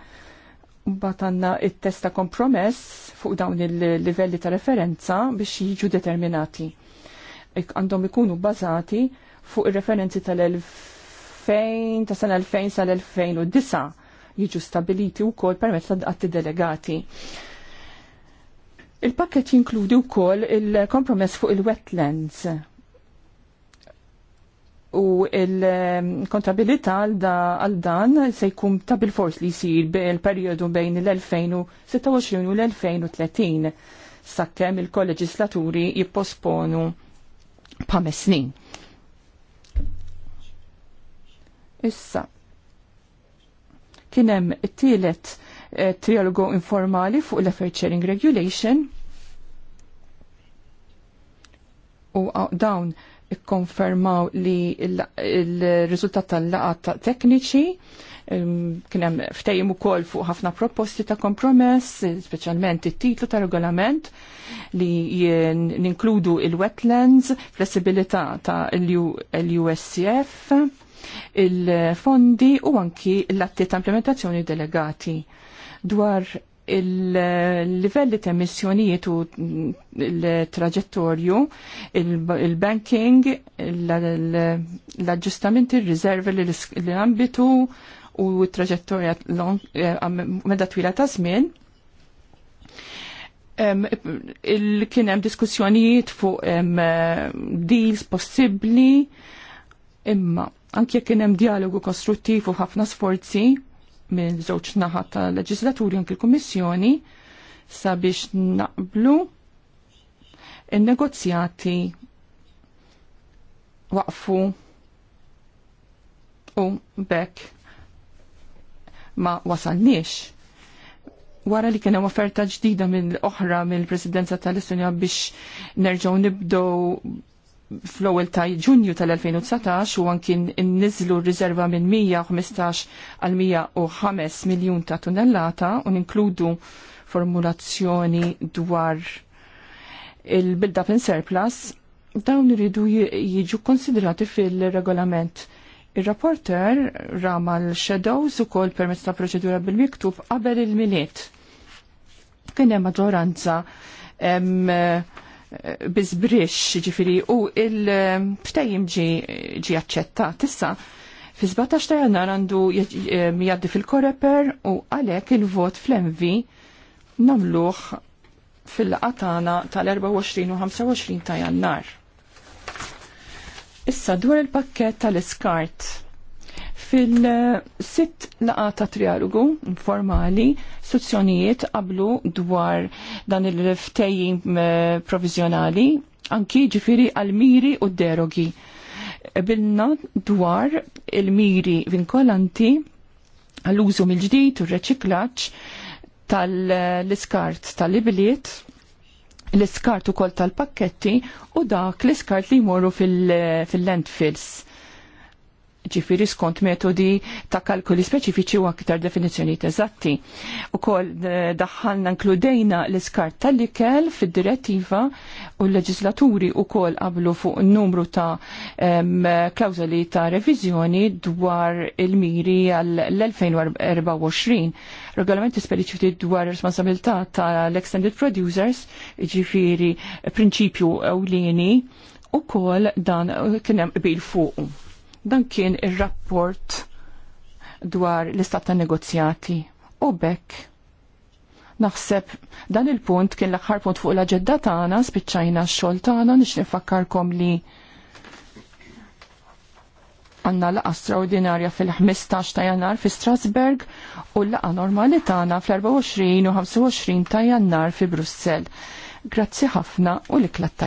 mbagħad għandna t testa kompromess fuq dawn il-livelli ta' referenza biex jiġu determinati. Għandhom ikunu bbażati fuq ir-referenzi tal-2000 ta' sena 2000 sal-2009 jiġu stabiliti wkoll permezz ta' għatti delegati. Il-pakket jinkludi wkoll il-kompromess fuq il-wetlands u il-kontabilità għal dan se jkun ta' bil-fors li jisir bil-periodu bejn l-2026 u l-2030 sakkem il-kolleġislaturi jipposponu pa' snin. Issa, Kienem it-tielet eh, trialogu informali fuq l-Effort Sharing Regulation u uh, dawn ikkonfermaw li il-riżultat tal-laqat ta' tekniċi um, kienem ftejim u kol fuq ħafna proposti ta' kompromess, specialment il-titlu ta' regolament li ninkludu il-wetlands, flessibilità ta' l-USCF il-fondi u anki l-atti ta' implementazzjoni delegati dwar il-livelli ta' emissjonijiet u l-traġettorju, il-banking, l-aġġustamenti, il rizervi l-ambitu u traġettorja eh, medda twila ta' żmien. Kien hemm diskussjonijiet fuq deals possibbli imma Anki jekk kien hemm dialogu kostruttiv u ħafna sforzi minn żewġ naħat tal-leġislaturi anki l-Kummissjoni sabiex naqblu il negozjati waqfu u bekk ma wasalniex. Wara li kien hemm offerta ġdida mill oħra mill-Presidenza tal-Estonja biex nerġgħu nibdew fl-ewwel ta' Ġunju tal-2019 u kien inniżlu r-riserva minn 115 għal 105 miljun ta' tunnellata u ninkludu formulazzjoni dwar il bilda in surplus dawn iridu jiġu konsiderati fil-regolament. Ir-rapporter rama l-shadows u kol permezz ta' proċedura bil-miktub qabel il-miliet. Kien hemm maġġoranza bizbrix ġifiri u il-ftajim ġi accetta. Tissa, fi 17 ta' jannar għandu eh, jaddi fil-koreper u għalek il-vot fl-envi namluħ fil-qatana tal-24 u 25 ta' jannar. Issa dwar il-pakket tal-iskart Fil-sitt laqa ta' trialogu informali, sezzjonijiet qablu dwar dan il-ftejjim eh, provizjonali, anki ġifiri għal-miri u derogi. Bilna dwar il-miri vinkolanti għall-użu mill-ġdid u r-reċiklaċ tal-iskart tal-ibliet l-iskart u kol tal-pakketti u dak l-iskart li jmorru fil-landfills ġifiri skont metodi ta' kalkoli speċifiċi u aktar definizjoni eżatti. U kol eh, daħħalna nkludejna l-iskart tal-ikel fil-direttiva u l-leġislaturi u kol qablu fuq numru ta' klawzali ta' revizjoni dwar il-miri għall-2024. Regolamenti speċifiċi dwar responsabilità tal-extended producers, ġifiri prinċipju ewlieni u kol dan kienem bil fuq Dan kien ir-rapport dwar l-istat ta' negozjati u bekk. Naħseb dan il-punt kien l-aħħar punt fuq l-aġedda tagħna spiċċajna x-xogħol tagħna nix nifakkarkom li għanna laqa straordinarja fil-15 ta' jannar fi Strasberg u laqa normali tagħna fl-24 u 25 ta' jannar fi Brussell. Grazzi ħafna u l-iklat